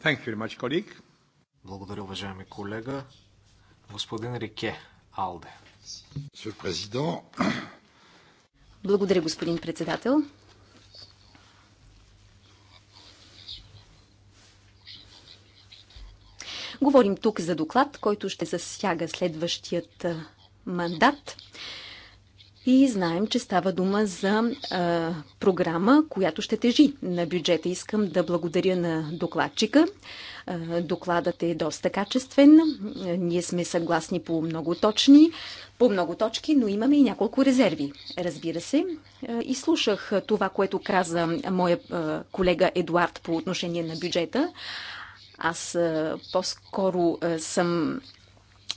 Thank you very much, colleague. Благодаря, уважаеми колега. Господин Рике, Алде. Благодаря, господин председател. Говорим тук за доклад, който ще засяга следващият мандат. И знаем, че става дума за а, програма, която ще тежи на бюджета. Искам да благодаря на докладчика. А, докладът е доста качествен. А, ние сме съгласни по много точни, по много точки, но имаме и няколко резерви, разбира се. А, и слушах това, което каза моя а, колега Едуард по отношение на бюджета. Аз по-скоро съм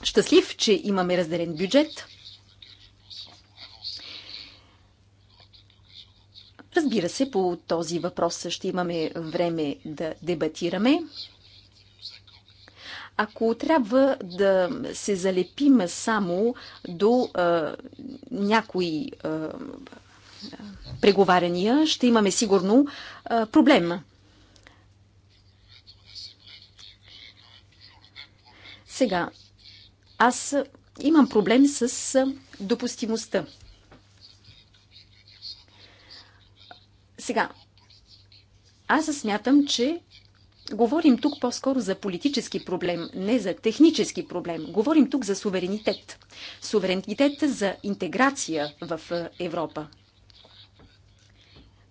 щастлив, че имаме разделен бюджет Разбира се, по този въпрос ще имаме време да дебатираме. Ако трябва да се залепим само до а, някои а, преговаряния, ще имаме сигурно а, проблем. Сега, аз имам проблем с допустимостта. Сега, аз смятам, че говорим тук по-скоро за политически проблем, не за технически проблем. Говорим тук за суверенитет. Суверенитет за интеграция в е, Европа.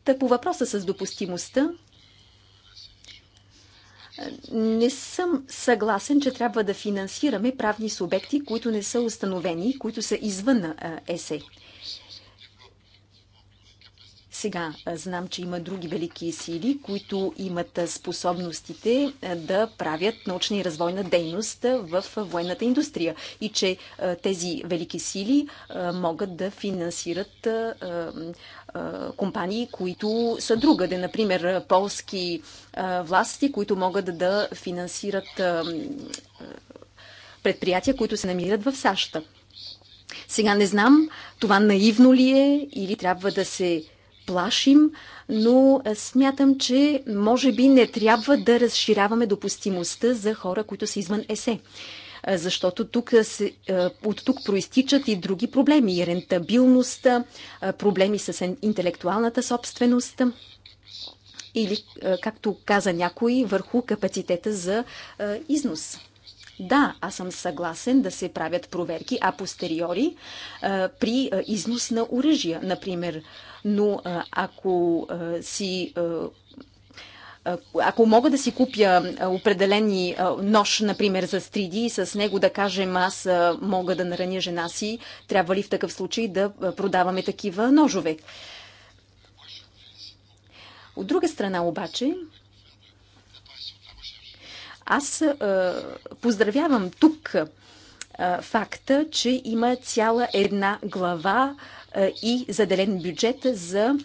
Та по въпроса с допустимостта, не съм съгласен, че трябва да финансираме правни субекти, които не са установени, които са извън ЕСЕ. Сега знам, че има други велики сили, които имат способностите да правят научна и развойна дейност в военната индустрия и че тези велики сили могат да финансират компании, които са другаде. Например, полски власти, които могат да финансират предприятия, които се намират в САЩ. Сега не знам това наивно ли е или трябва да се плашим, но е, смятам, че може би не трябва да разширяваме допустимостта за хора, които са извън ЕСЕ е, защото тук се, е, от тук проистичат и други проблеми. И рентабилността, проблеми с интелектуалната собственост или, както каза някой, върху капацитета за износ. Да, аз съм съгласен да се правят проверки апостериори при износ на оръжия, например. Но ако си ако мога да си купя определени нож, например, за стриди и с него да кажем аз мога да нараня жена си, трябва ли в такъв случай да продаваме такива ножове? От друга страна обаче, аз поздравявам тук факта, че има цяла една глава и заделен бюджет за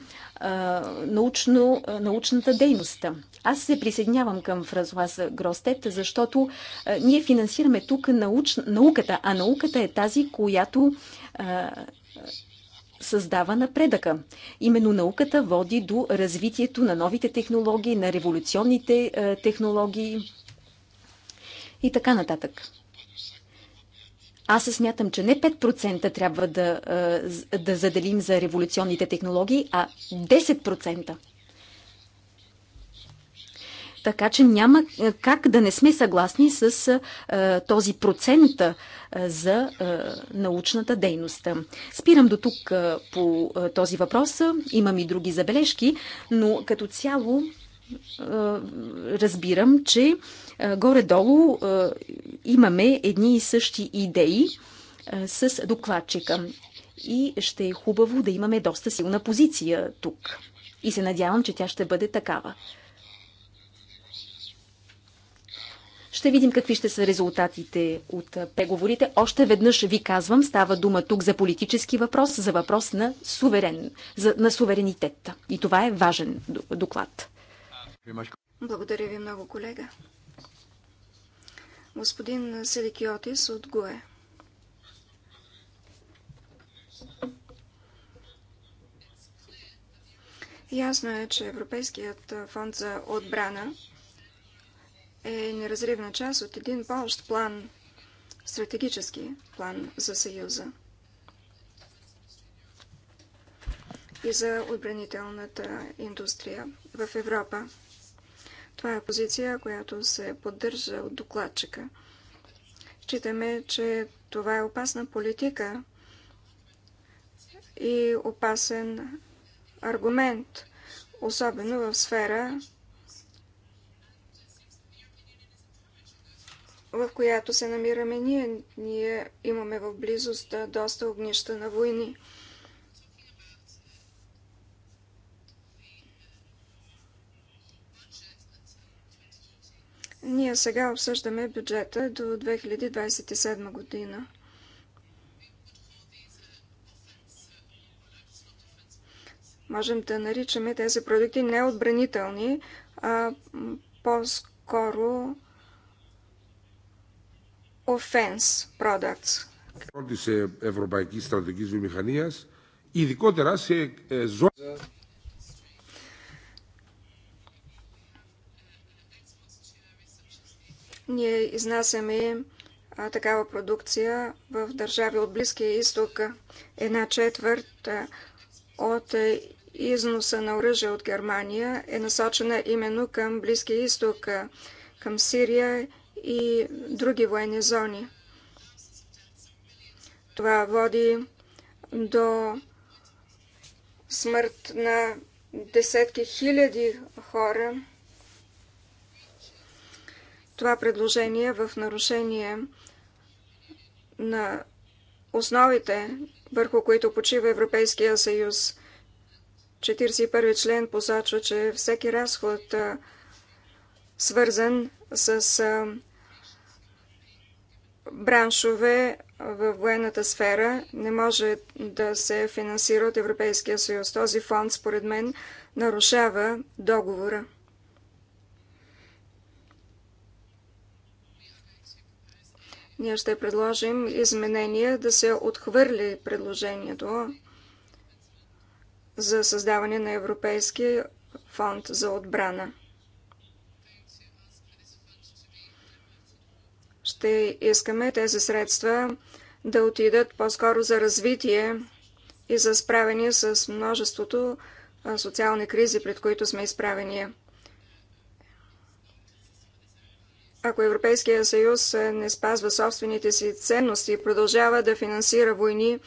научно, научната дейност. Аз се присъединявам към Фразуаз Гростет, защото ние финансираме тук науч, науката, а науката е тази, която а, създава напредъка. Именно науката води до развитието на новите технологии, на революционните а, технологии и така нататък. Аз смятам, че не 5% трябва да, да заделим за революционните технологии, а 10%. Така че няма как да не сме съгласни с а, този процент а, за а, научната дейност. Спирам до тук а, по а, този въпрос. Имам и други забележки, но като цяло е, разбирам, че е, горе-долу е, имаме едни и същи идеи с докладчика. И ще е хубаво да имаме доста силна позиция тук. И се надявам, че тя ще бъде такава. Ще видим какви ще са резултатите от преговорите. Още веднъж ви казвам, става дума тук за политически въпрос, за въпрос на, суверен, за, на суверенитет. И това е важен доклад. Благодаря ви много, колега. Господин Селикиотис от ГОЕ. Ясно е, че Европейският фонд за отбрана е неразривна част от един по-общ план, стратегически план за Съюза и за отбранителната индустрия в Европа. Това е позиция, която се поддържа от докладчика. Считаме, че това е опасна политика и опасен аргумент, особено в сфера, в която се намираме ние. Ние имаме в близост доста огнища на войни. Ние сега обсъждаме бюджета до 2027 година. Можем да наричаме тези продукти не отбранителни, а по-скоро offense products. Πρώτη Ευρωπαϊκή Στρατηγική Βιομηχανία, ειδικότερα σε зона. Ние изнасяме а, такава продукция в държави от Близкия изток. Една четвърт а, от а, износа на оръжие от Германия е насочена именно към Близкия изток, а, към Сирия и други военни зони. Това води до смърт на десетки хиляди хора това предложение в нарушение на основите, върху които почива Европейския съюз. 41 член посочва, че всеки разход, свързан с браншове в военната сфера, не може да се финансира от Европейския съюз. Този фонд, според мен, нарушава договора. Ние ще предложим изменение да се отхвърли предложението за създаване на Европейския фонд за отбрана. Ще искаме тези средства да отидат по-скоро за развитие и за справяне с множеството социални кризи, пред които сме изправени. Ако Европейския съюз е, не спазва собствените си ценности и продължава да финансира войни,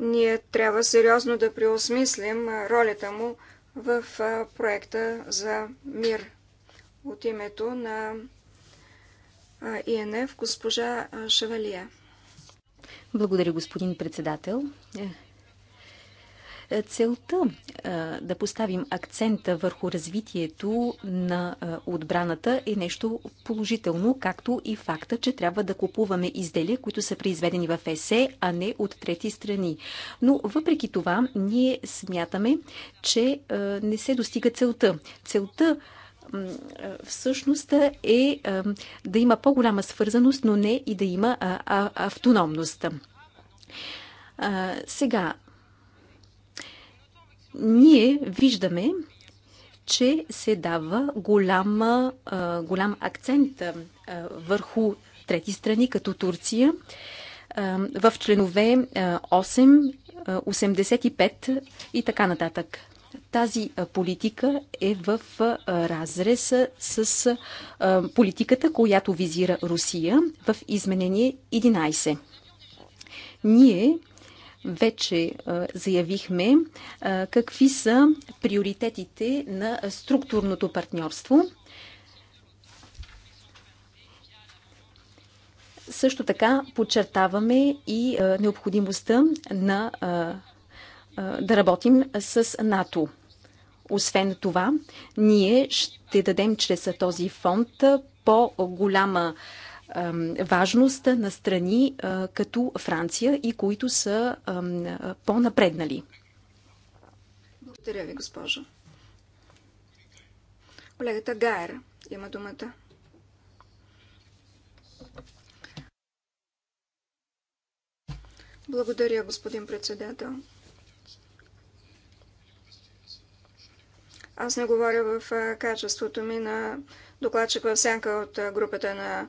ние трябва сериозно да преосмислим е, ролята му в е, проекта за мир. От името на ИНФ госпожа Шавалия. Благодаря, господин председател. Целта да поставим акцента върху развитието на отбраната е нещо положително, както и факта, че трябва да купуваме изделия, които са произведени в ЕСЕ, а не от трети страни. Но въпреки това, ние смятаме, че не се достига целта. Целта всъщност е да има по-голяма свързаност, но не и да има автономност. Сега, ние виждаме, че се дава голям, голям акцент върху трети страни, като Турция, в членове 8, 85 и така нататък. Тази политика е в разрез с политиката, която визира Русия в изменение 11. Ние вече е, заявихме е, какви са приоритетите на структурното партньорство. Също така подчертаваме и е, необходимостта на, да работим с НАТО. Освен това, ние ще дадем чрез този фонд по-голяма важността на страни като Франция и които са по-напреднали. Благодаря ви, госпожо. Колегата Гайер има думата. Благодаря, господин председател. Аз не говоря в качеството ми на докладчик в сянка от групата на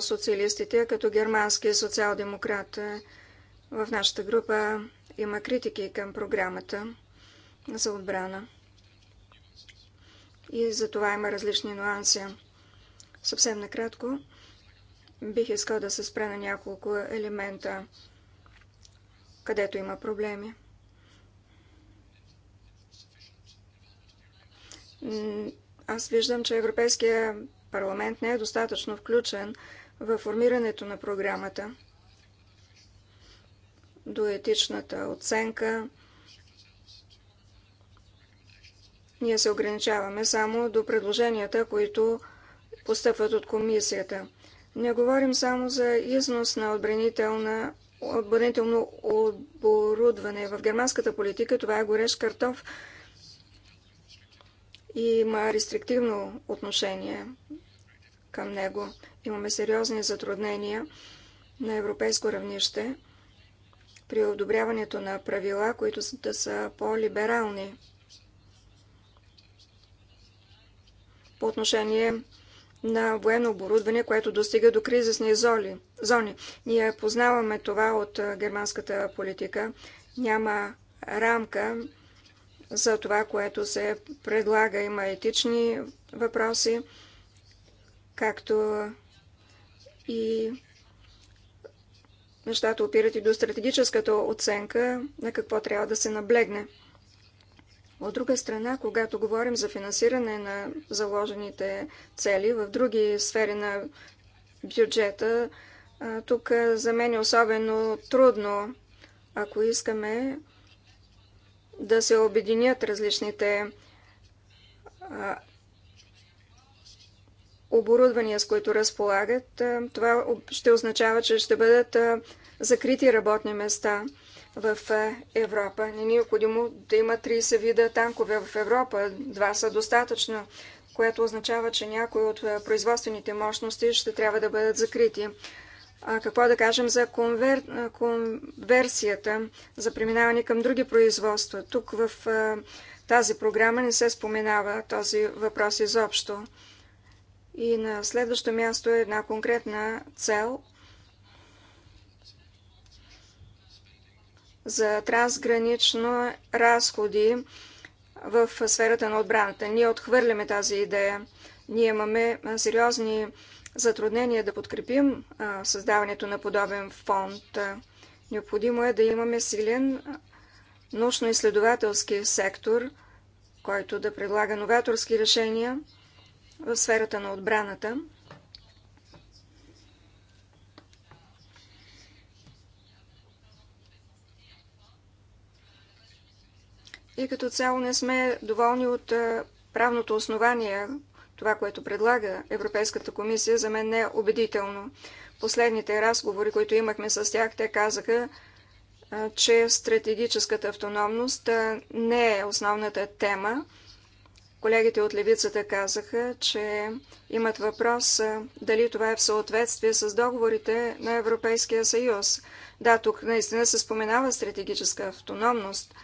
социалистите като германски социал-демократ. Е, в нашата група има критики към програмата за отбрана. И за това има различни нюанси. Съвсем накратко бих искал да се спре на няколко елемента, където има проблеми. Аз виждам, че Европейския парламент не е достатъчно включен в формирането на програмата до етичната оценка. Ние се ограничаваме само до предложенията, които постъпват от комисията. Не говорим само за износ на отбранителна отбранително оборудване. В германската политика това е горещ картоф и има рестриктивно отношение към него. Имаме сериозни затруднения на европейско равнище при одобряването на правила, които да са по-либерални по отношение на военно оборудване, което достига до кризисни золи, зони. Ние познаваме това от германската политика. Няма рамка за това, което се предлага. Има етични въпроси както и нещата опират и до стратегическата оценка на какво трябва да се наблегне. От друга страна, когато говорим за финансиране на заложените цели в други сфери на бюджета, тук за мен е особено трудно, ако искаме да се обединят различните оборудвания, с които разполагат. Е, това ще означава, че ще бъдат е, закрити работни места в е, Европа. Не ни е необходимо да има 30 вида танкове в Европа. Два са достатъчно, което означава, че някои от производствените мощности ще трябва да бъдат закрити. А какво да кажем за конвер... конверсията, за преминаване към други производства? Тук в тази програма не се споменава този въпрос изобщо. И на следващо място е една конкретна цел за трансгранично разходи в сферата на отбраната. Ние отхвърляме тази идея. Ние имаме сериозни затруднения да подкрепим създаването на подобен фонд. Необходимо е да имаме силен научно-изследователски сектор, който да предлага новаторски решения – в сферата на отбраната. И като цяло не сме доволни от правното основание, това, което предлага Европейската комисия, за мен не е убедително. Последните разговори, които имахме с тях, те казаха, че стратегическата автономност не е основната тема Колегите от левицата казаха, че имат въпрос дали това е в съответствие с договорите на Европейския съюз. Да, тук наистина се споменава стратегическа автономност.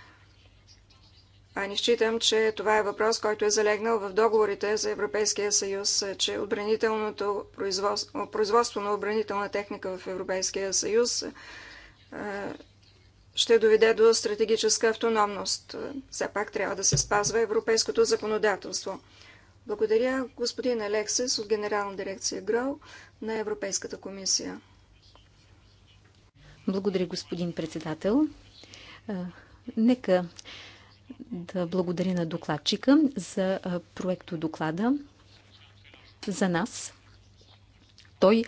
А не считам, че това е въпрос, който е залегнал в договорите за Европейския съюз, че отбранителното производство, производство на отбранителна техника в Европейския съюз ще доведе до стратегическа автономност. Все пак трябва да се спазва европейското законодателство. Благодаря господин Алексис от Генерална дирекция ГРОУ на Европейската комисия. Благодаря, господин председател. Нека да благодаря на докладчика за проекто доклада за нас. Той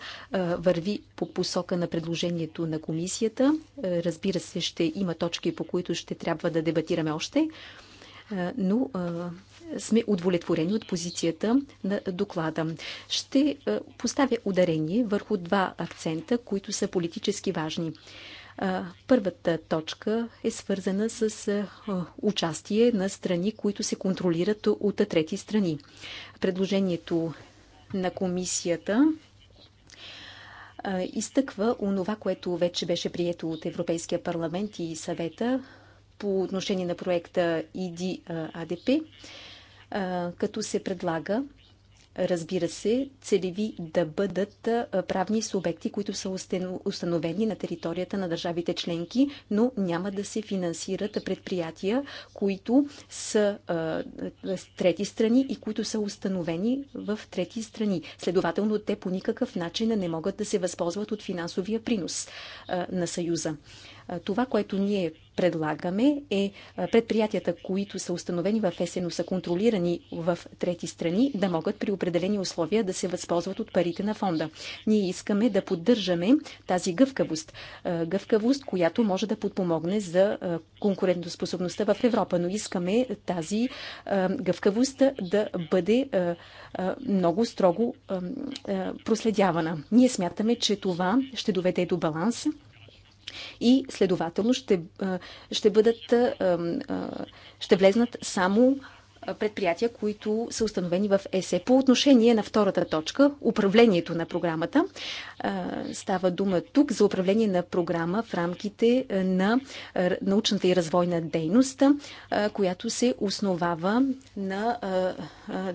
върви по посока на предложението на комисията. Разбира се, ще има точки, по които ще трябва да дебатираме още, но сме удовлетворени от позицията на доклада. Ще поставя ударение върху два акцента, които са политически важни. Първата точка е свързана с участие на страни, които се контролират от трети страни. Предложението на комисията изтъква онова, което вече беше прието от Европейския парламент и съвета по отношение на проекта ИДИ-АДП, като се предлага разбира се, целеви да бъдат правни субекти, които са установени на територията на държавите членки, но няма да се финансират предприятия, които са с трети страни и които са установени в трети страни. Следователно, те по никакъв начин не могат да се възползват от финансовия принос на Съюза. Това, което ние предлагаме е предприятията, които са установени в ЕСЕНО, са контролирани в трети страни, да могат при определени условия да се възползват от парите на фонда. Ние искаме да поддържаме тази гъвкавост. Гъвкавост, която може да подпомогне за конкурентоспособността в Европа, но искаме тази гъвкавост да бъде много строго проследявана. Ние смятаме, че това ще доведе до баланс и следователно ще, ще бъдат, ще влезнат само предприятия, които са установени в ЕСЕ. По отношение на втората точка, управлението на програмата, става дума тук за управление на програма в рамките на научната и развойна дейност, която се основава на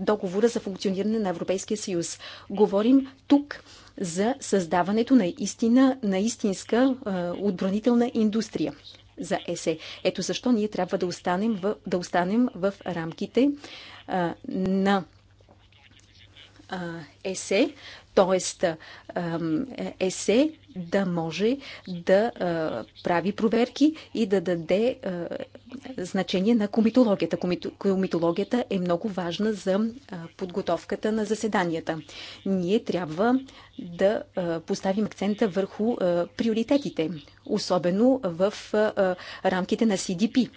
договора за функциониране на Европейския съюз. Говорим тук за създаването на истина, на истинска отбранителна индустрия за ЕСЕ. Ето защо ние трябва да останем в, да останем в рамките е, на е, ЕСЕ, т.е. ЕСЕ да може да е, прави проверки и да даде Е, значение на комитологията. Комитологията е много важна за подготовката на заседанията. Ние трябва да поставим акцента върху приоритетите, особено в рамките на CDP.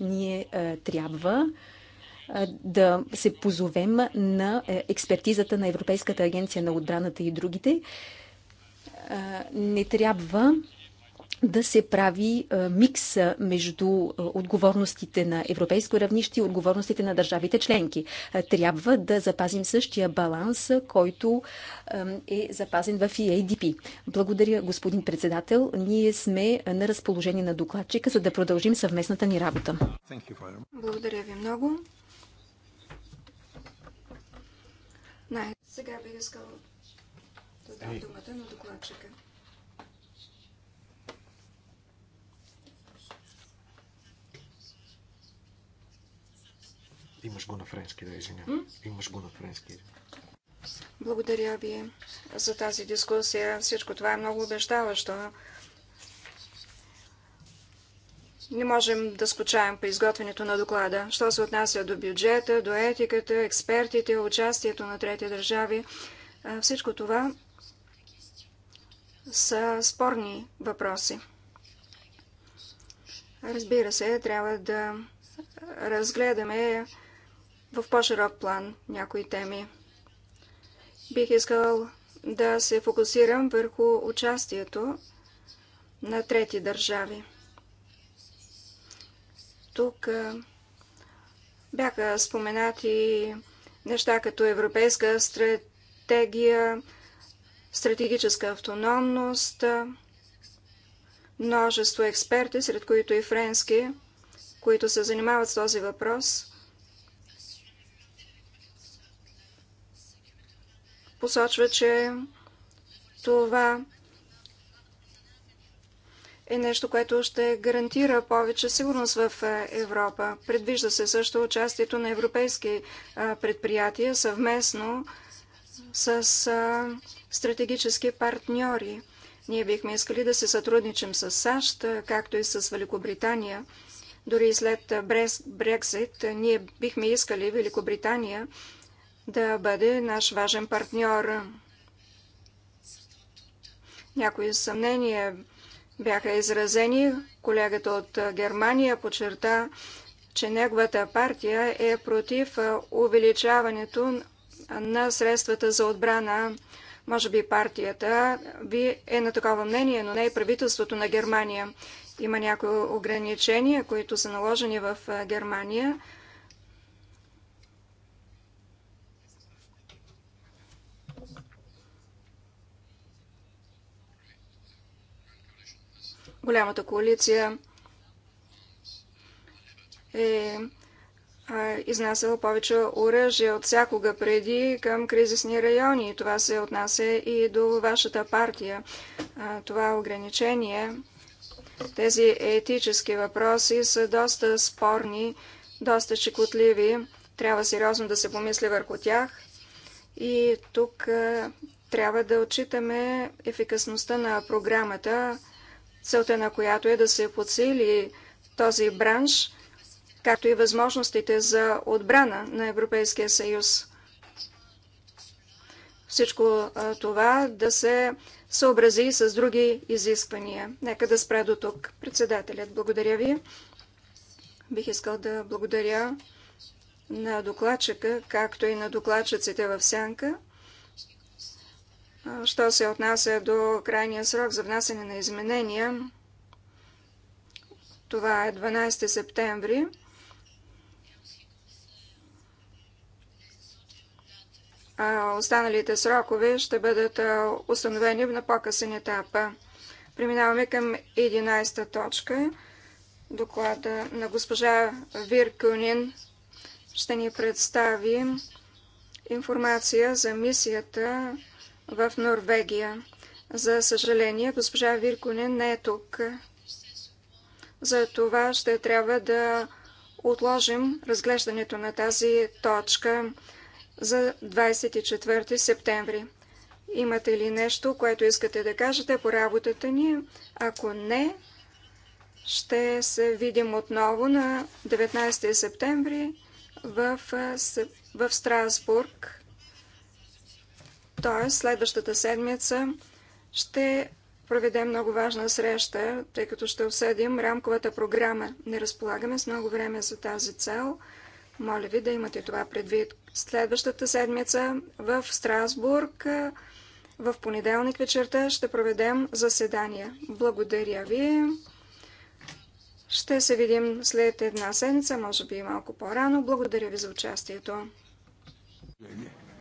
Ние трябва да се позовем на е, експертизата на Европейската агенция на отбраната и другите. Не трябва да се прави микс между отговорностите на европейско равнище и отговорностите на държавите членки. Трябва да запазим същия баланс, който е запазен в EADP. Благодаря, господин председател. Ние сме на разположение на докладчика, за да продължим съвместната ни работа. Благодаря ви много. Най- сега бих искал да дам думата на докладчика. Имаш го на френски, да извинявам. Имаш го на френски. Благодаря ви за тази дискусия. Всичко това е много обещаващо. Не можем да скучаем по изготвянето на доклада. Що се отнася до бюджета, до етиката, експертите, участието на трети държави, всичко това са спорни въпроси. Разбира се, трябва да разгледаме в по-широк план някои теми. Бих искал да се фокусирам върху участието на трети държави. Тук бяха споменати неща като европейска стратегия, стратегическа автономност, множество експерти, сред които и френски, които се занимават с този въпрос. посочва, че това е нещо, което ще гарантира повече сигурност в Европа. Предвижда се също участието на европейски предприятия съвместно с стратегически партньори. Ние бихме искали да се сътрудничим с САЩ, както и с Великобритания. Дори и след Брекзит, ние бихме искали Великобритания да бъде наш важен партньор. Някои съмнения бяха изразени. Колегата от Германия подчерта, че неговата партия е против увеличаването на средствата за отбрана. Може би партията ви е на такова мнение, но не и правителството на Германия. Има някои ограничения, които са наложени в Германия голямата коалиция е изнасяла повече оръжие от всякога преди към кризисни райони. това се отнася и до вашата партия. Това ограничение, тези етически въпроси са доста спорни, доста чекотливи. Трябва сериозно да се помисли върху тях. И тук трябва да отчитаме ефикасността на програмата, целта на която е да се подсили този бранш, както и възможностите за отбрана на Европейския съюз. Всичко това да се съобрази с други изисквания. Нека да спре до тук. Председателят, благодаря ви. Бих искал да благодаря на докладчика, както и на докладчиците в Сянка. Що се отнася до крайния срок за внасяне на изменения, това е 12 септември. А останалите срокове ще бъдат установени на по-късен етап. Преминаваме към 11-та точка. Доклада на госпожа Кюнин ще ни представи информация за мисията в Норвегия. За съжаление, госпожа Вирконен не е тук. За това ще трябва да отложим разглеждането на тази точка за 24 септември. Имате ли нещо, което искате да кажете по работата ни? Ако не, ще се видим отново на 19 септември в, в Страсбург Тоест, следващата седмица ще проведем много важна среща, тъй като ще обсъдим рамковата програма. Не разполагаме с много време за тази цел. Моля ви да имате това предвид. Следващата седмица в Страсбург в понеделник вечерта ще проведем заседания. Благодаря ви. Ще се видим след една седмица, може би и малко по-рано. Благодаря ви за участието.